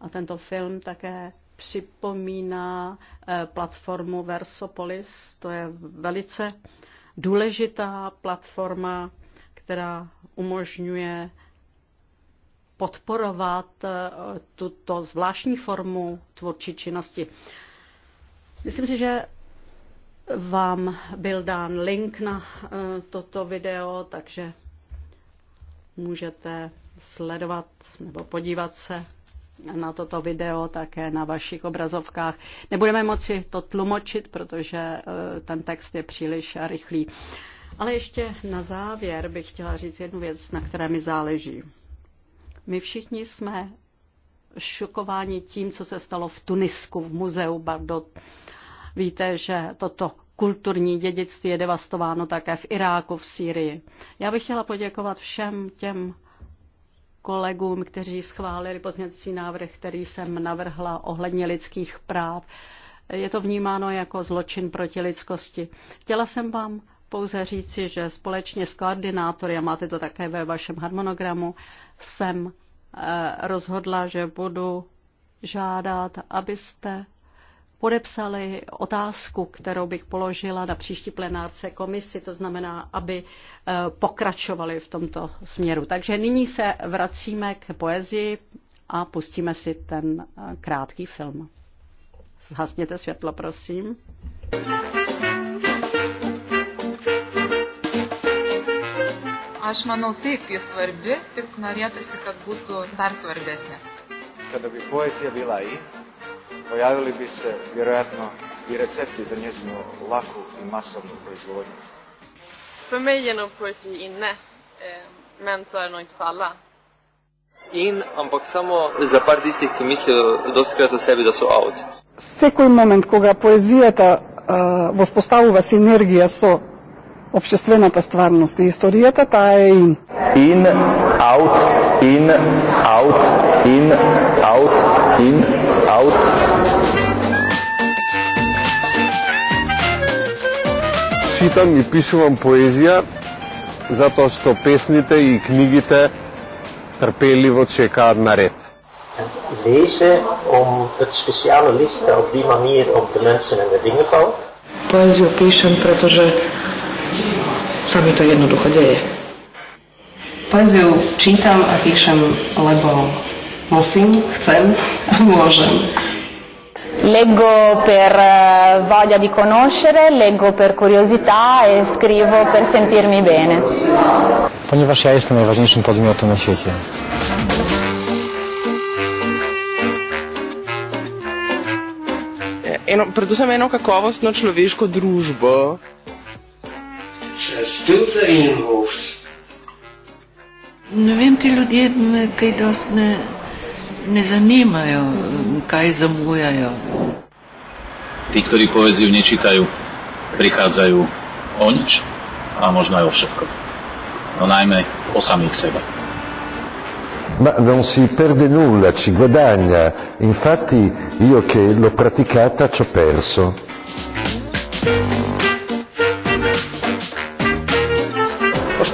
A tento film také připomíná eh, platformu Versopolis. To je velice důležitá platforma, která umožňuje podporovat eh, tuto zvláštní formu tvůrčí činnosti. Myslím si, že vám byl dán link na eh, toto video, takže můžete sledovat nebo podívat se na toto video také na vašich obrazovkách. Nebudeme moci to tlumočit, protože eh, ten text je příliš rychlý. Ale ještě na závěr bych chtěla říct jednu věc, na které mi záleží. My všichni jsme šokováni tím, co se stalo v Tunisku, v muzeu Bardot. Víte, že toto kulturní dědictví je devastováno také v Iráku, v Sýrii. Já bych chtěla poděkovat všem těm kolegům, kteří schválili pozměňovací návrh, který jsem navrhla ohledně lidských práv. Je to vnímáno jako zločin proti lidskosti. Chtěla jsem vám pouze říci, že společně s koordinátory, a máte to také ve vašem harmonogramu, jsem eh, rozhodla, že budu žádat, abyste podepsali otázku, kterou bych položila na příští plenárce komisi, to znamená, aby eh, pokračovali v tomto směru. Takže nyní se vracíme k poezii a pustíme si ten eh, krátký film. Zhasněte světlo, prosím. Thank you. Aš manau, taip, jis svarbi, tik norėtųsi, kad būtų dar svarbesnė. Kada bi poezija byla i, pojavili bi se vjerojatno i recepti za njezinu laku i masovnu proizvodnju. För mig är nog poesi inne, eh, men så är det nog inte för alla. In, ampak samo za par tistih, ki mislijo doskrat o sebi, da so out. Sekoj moment, ko ga poezijata uh, eh, vzpostavlja sinergija, so обществената стварност и историјата, таа е in. In, out, in, out, in, out, in, out. Читам и пишувам поезија затоа што песните и книгите трпеливо чекаат на ред. Lezen om het speciale licht dat op die manier op de mensen en de dingen valt. Poëziu píšem, pretože sa mi to jednoducho deje. Poeziu čítam a píšem, lebo musím, chcem a môžem. Leggo per eh, voglia di conoscere, leggo per curiosità e scrivo per sentirmi bene. Ponieważ ja jestem najważniejszym podmiotem na świecie. Eno, predvsem eno kakovostno človeško družbo stilte in hun Ne vem, ti ljudje me kaj dost ne, ne zanimajo, kaj zamujajo. Ti, ktorí ne čitajú, prichádzajú o nič a možno aj o všetko. No najmä o samých seba. Ma non si perde nulla, ci guadagna. Infatti io che l'ho praticata ci ho perso.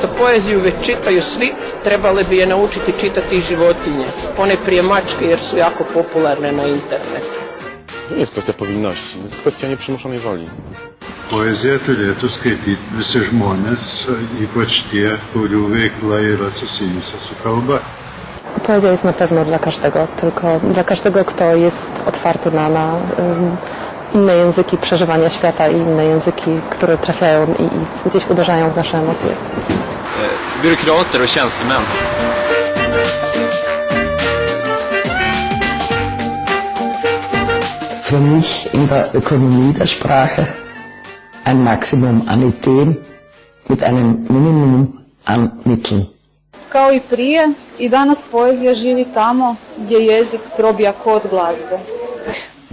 umjesto poeziju već čitaju svi, trebali bi je naučiti čitati životinje, one prije mačke jer su jako popularne na internetu. To nie jest kwestia powinności, to jest kwestia nieprzymuszonej woli. Poezija turėtų skaityti visi žmonės, ypač tie, kurių veikla yra susijusi su kalba. Poezja jest na pewno dla każdego, tylko dla każdego, kto jest otwarty na, na um, inne języki przeżywania świata i inne języki, które trafiają i, i gdzieś uderzają w nasze emocje. Biurokrater i tjänstemän. Für mich in der Ökonomie der Sprache ein Maximum an Ideen mit einem Minimum an Mitteln. Kao i prije, i danas poezija živi tamo gdje jezik probija kod glazbe.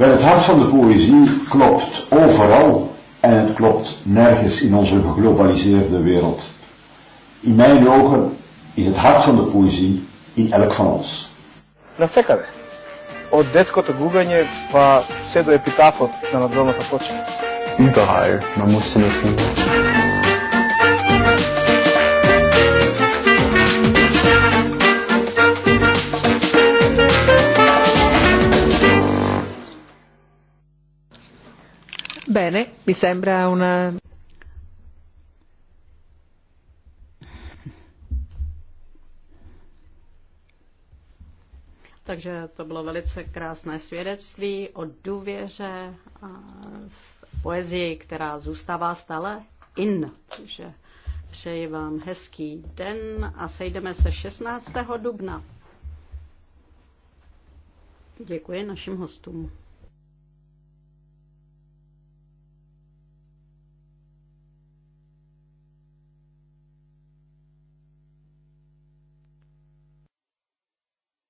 Wel, het hart van de poëzie klopt overal en het klopt nergens in onze geglobaliseerde wereld. In mijn ogen is het hart van de poëzie in elk van ons. Na Од od гугање па се до епитафот на na почва. Überall, Ida muss na musinu. finden. Bene, mi sembra una... Takže to bylo velice krásné svědectví o důvěře v poezii, která zůstává stále in. Takže přeji vám hezký den a sejdeme se 16. dubna. Děkuji našim hostům.